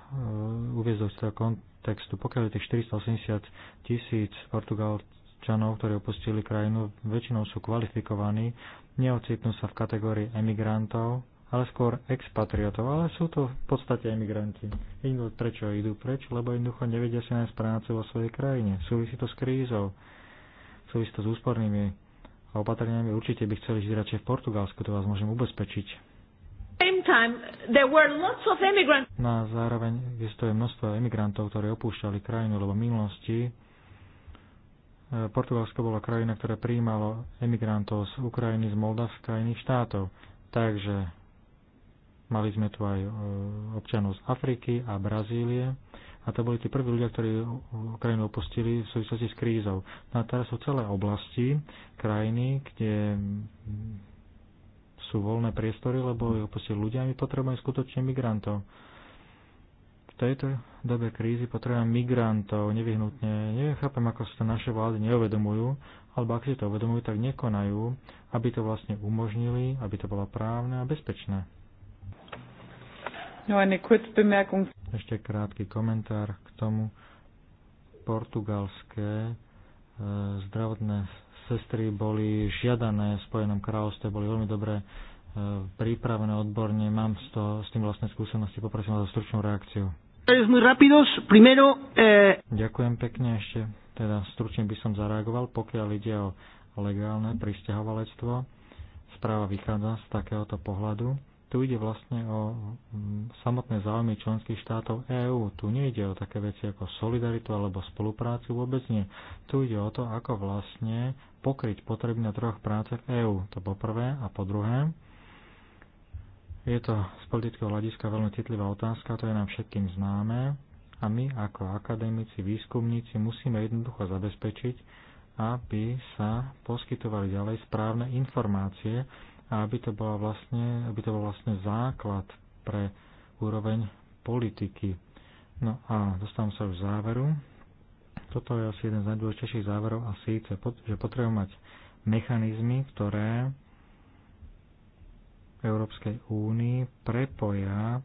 uviezť do kontextu. Pokiaľ je tých 480 tisíc Portugalčanov, ktorí opustili krajinu, väčšinou sú kvalifikovaní, neocitnú sa v kategórii emigrantov, ale skôr expatriotov, ale sú to v podstate emigranti. Inú, prečo idú preč? Lebo jednoducho nevedia si nájsť prácu vo svojej krajine. Súvisí to s krízou, súvisí to s úspornými opatreniami. Určite by chceli žiť radšej v Portugalsku, to vás môžem ubezpečiť. No a zároveň existuje množstvo emigrantov, ktorí opúšťali krajinu, lebo v minulosti e, Portugalsko bola krajina, ktoré prijímalo emigrantov z Ukrajiny, z Moldavska a iných štátov. Takže mali sme tu aj e, občanov z Afriky a Brazílie. A to boli tí prví ľudia, ktorí krajinu opustili v súvislosti s krízou. No a teraz sú celé oblasti krajiny, kde sú voľné priestory, lebo je opustiť ľudia a my potrebujeme skutočne migrantov. V tejto dobe krízy potrebujeme migrantov nevyhnutne. Neviem, chápem, ako sa to naše vlády neuvedomujú, alebo ak si to uvedomujú, tak nekonajú, aby to vlastne umožnili, aby to bolo právne a bezpečné. No eine Kurzbemerkung. Ešte krátky komentár k tomu portugalské eh, zdravotné sestry boli žiadané v Spojenom kráľovstve, boli veľmi dobre e, pripravené odborne. Mám s, to, s tým vlastné skúsenosti. Poprosím vás o stručnú reakciu. Eh, Ďakujem pekne ešte. Teda stručne by som zareagoval, pokiaľ ide o legálne pristahovalectvo. Správa vychádza z takéhoto pohľadu. Tu ide vlastne o mm, samotné záujmy členských štátov EÚ. Tu nejde o také veci ako solidaritu alebo spoluprácu, vôbec nie. Tu ide o to, ako vlastne pokryť potreby na troch prácach EÚ. To po prvé. A po druhé, je to z politického hľadiska veľmi citlivá otázka, to je nám všetkým známe a my ako akademici, výskumníci musíme jednoducho zabezpečiť, aby sa poskytovali ďalej správne informácie a aby to, bola vlastne, aby to bol vlastne základ pre úroveň politiky. No a dostávam sa už k záveru. Toto je asi jeden z najdôležitejších záverov a síce, že potrebujeme mať mechanizmy, ktoré v Európskej únii prepoja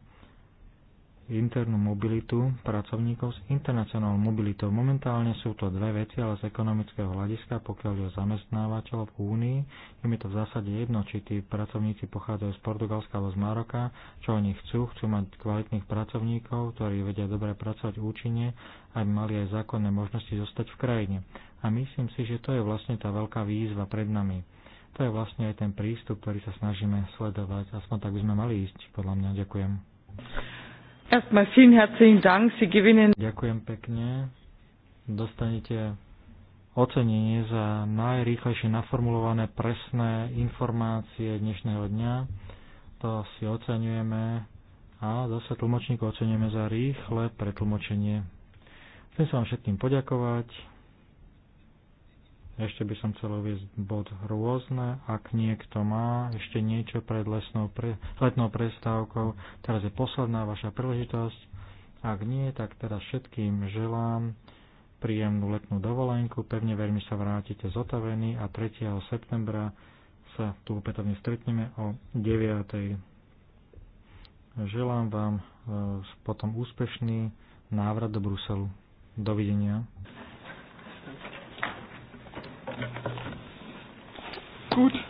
internú mobilitu pracovníkov s internacionálnou mobilitou. Momentálne sú to dve veci, ale z ekonomického hľadiska, pokiaľ je zamestnávateľov v Únii, im je to v zásade jedno, či tí pracovníci pochádzajú z Portugalska alebo z Maroka, čo oni chcú, chcú mať kvalitných pracovníkov, ktorí vedia dobre pracovať účinne, aby mali aj zákonné možnosti zostať v krajine. A myslím si, že to je vlastne tá veľká výzva pred nami. To je vlastne aj ten prístup, ktorý sa snažíme sledovať. Aspoň tak by sme mali ísť, podľa mňa. Ďakujem. Erstmal vielen herzlichen Dank, Sie gewinnen. Ďakujem pekne. Dostanete ocenenie za najrýchlejšie naformulované presné informácie dnešného dňa. To si oceňujeme a zase tlmočníkov oceňujeme za rýchle pretlmočenie. Chcem sa vám všetkým poďakovať. Ešte by som chcel uvieť bod rôzne. Ak niekto má ešte niečo pred lesnou pre, letnou prestávkou, teraz je posledná vaša príležitosť. Ak nie, tak teraz všetkým želám príjemnú letnú dovolenku. Pevne veľmi sa vrátite zotavení a 3. septembra sa tu opätovne stretneme o 9. Želám vám e, potom úspešný návrat do Bruselu. Dovidenia. Gut.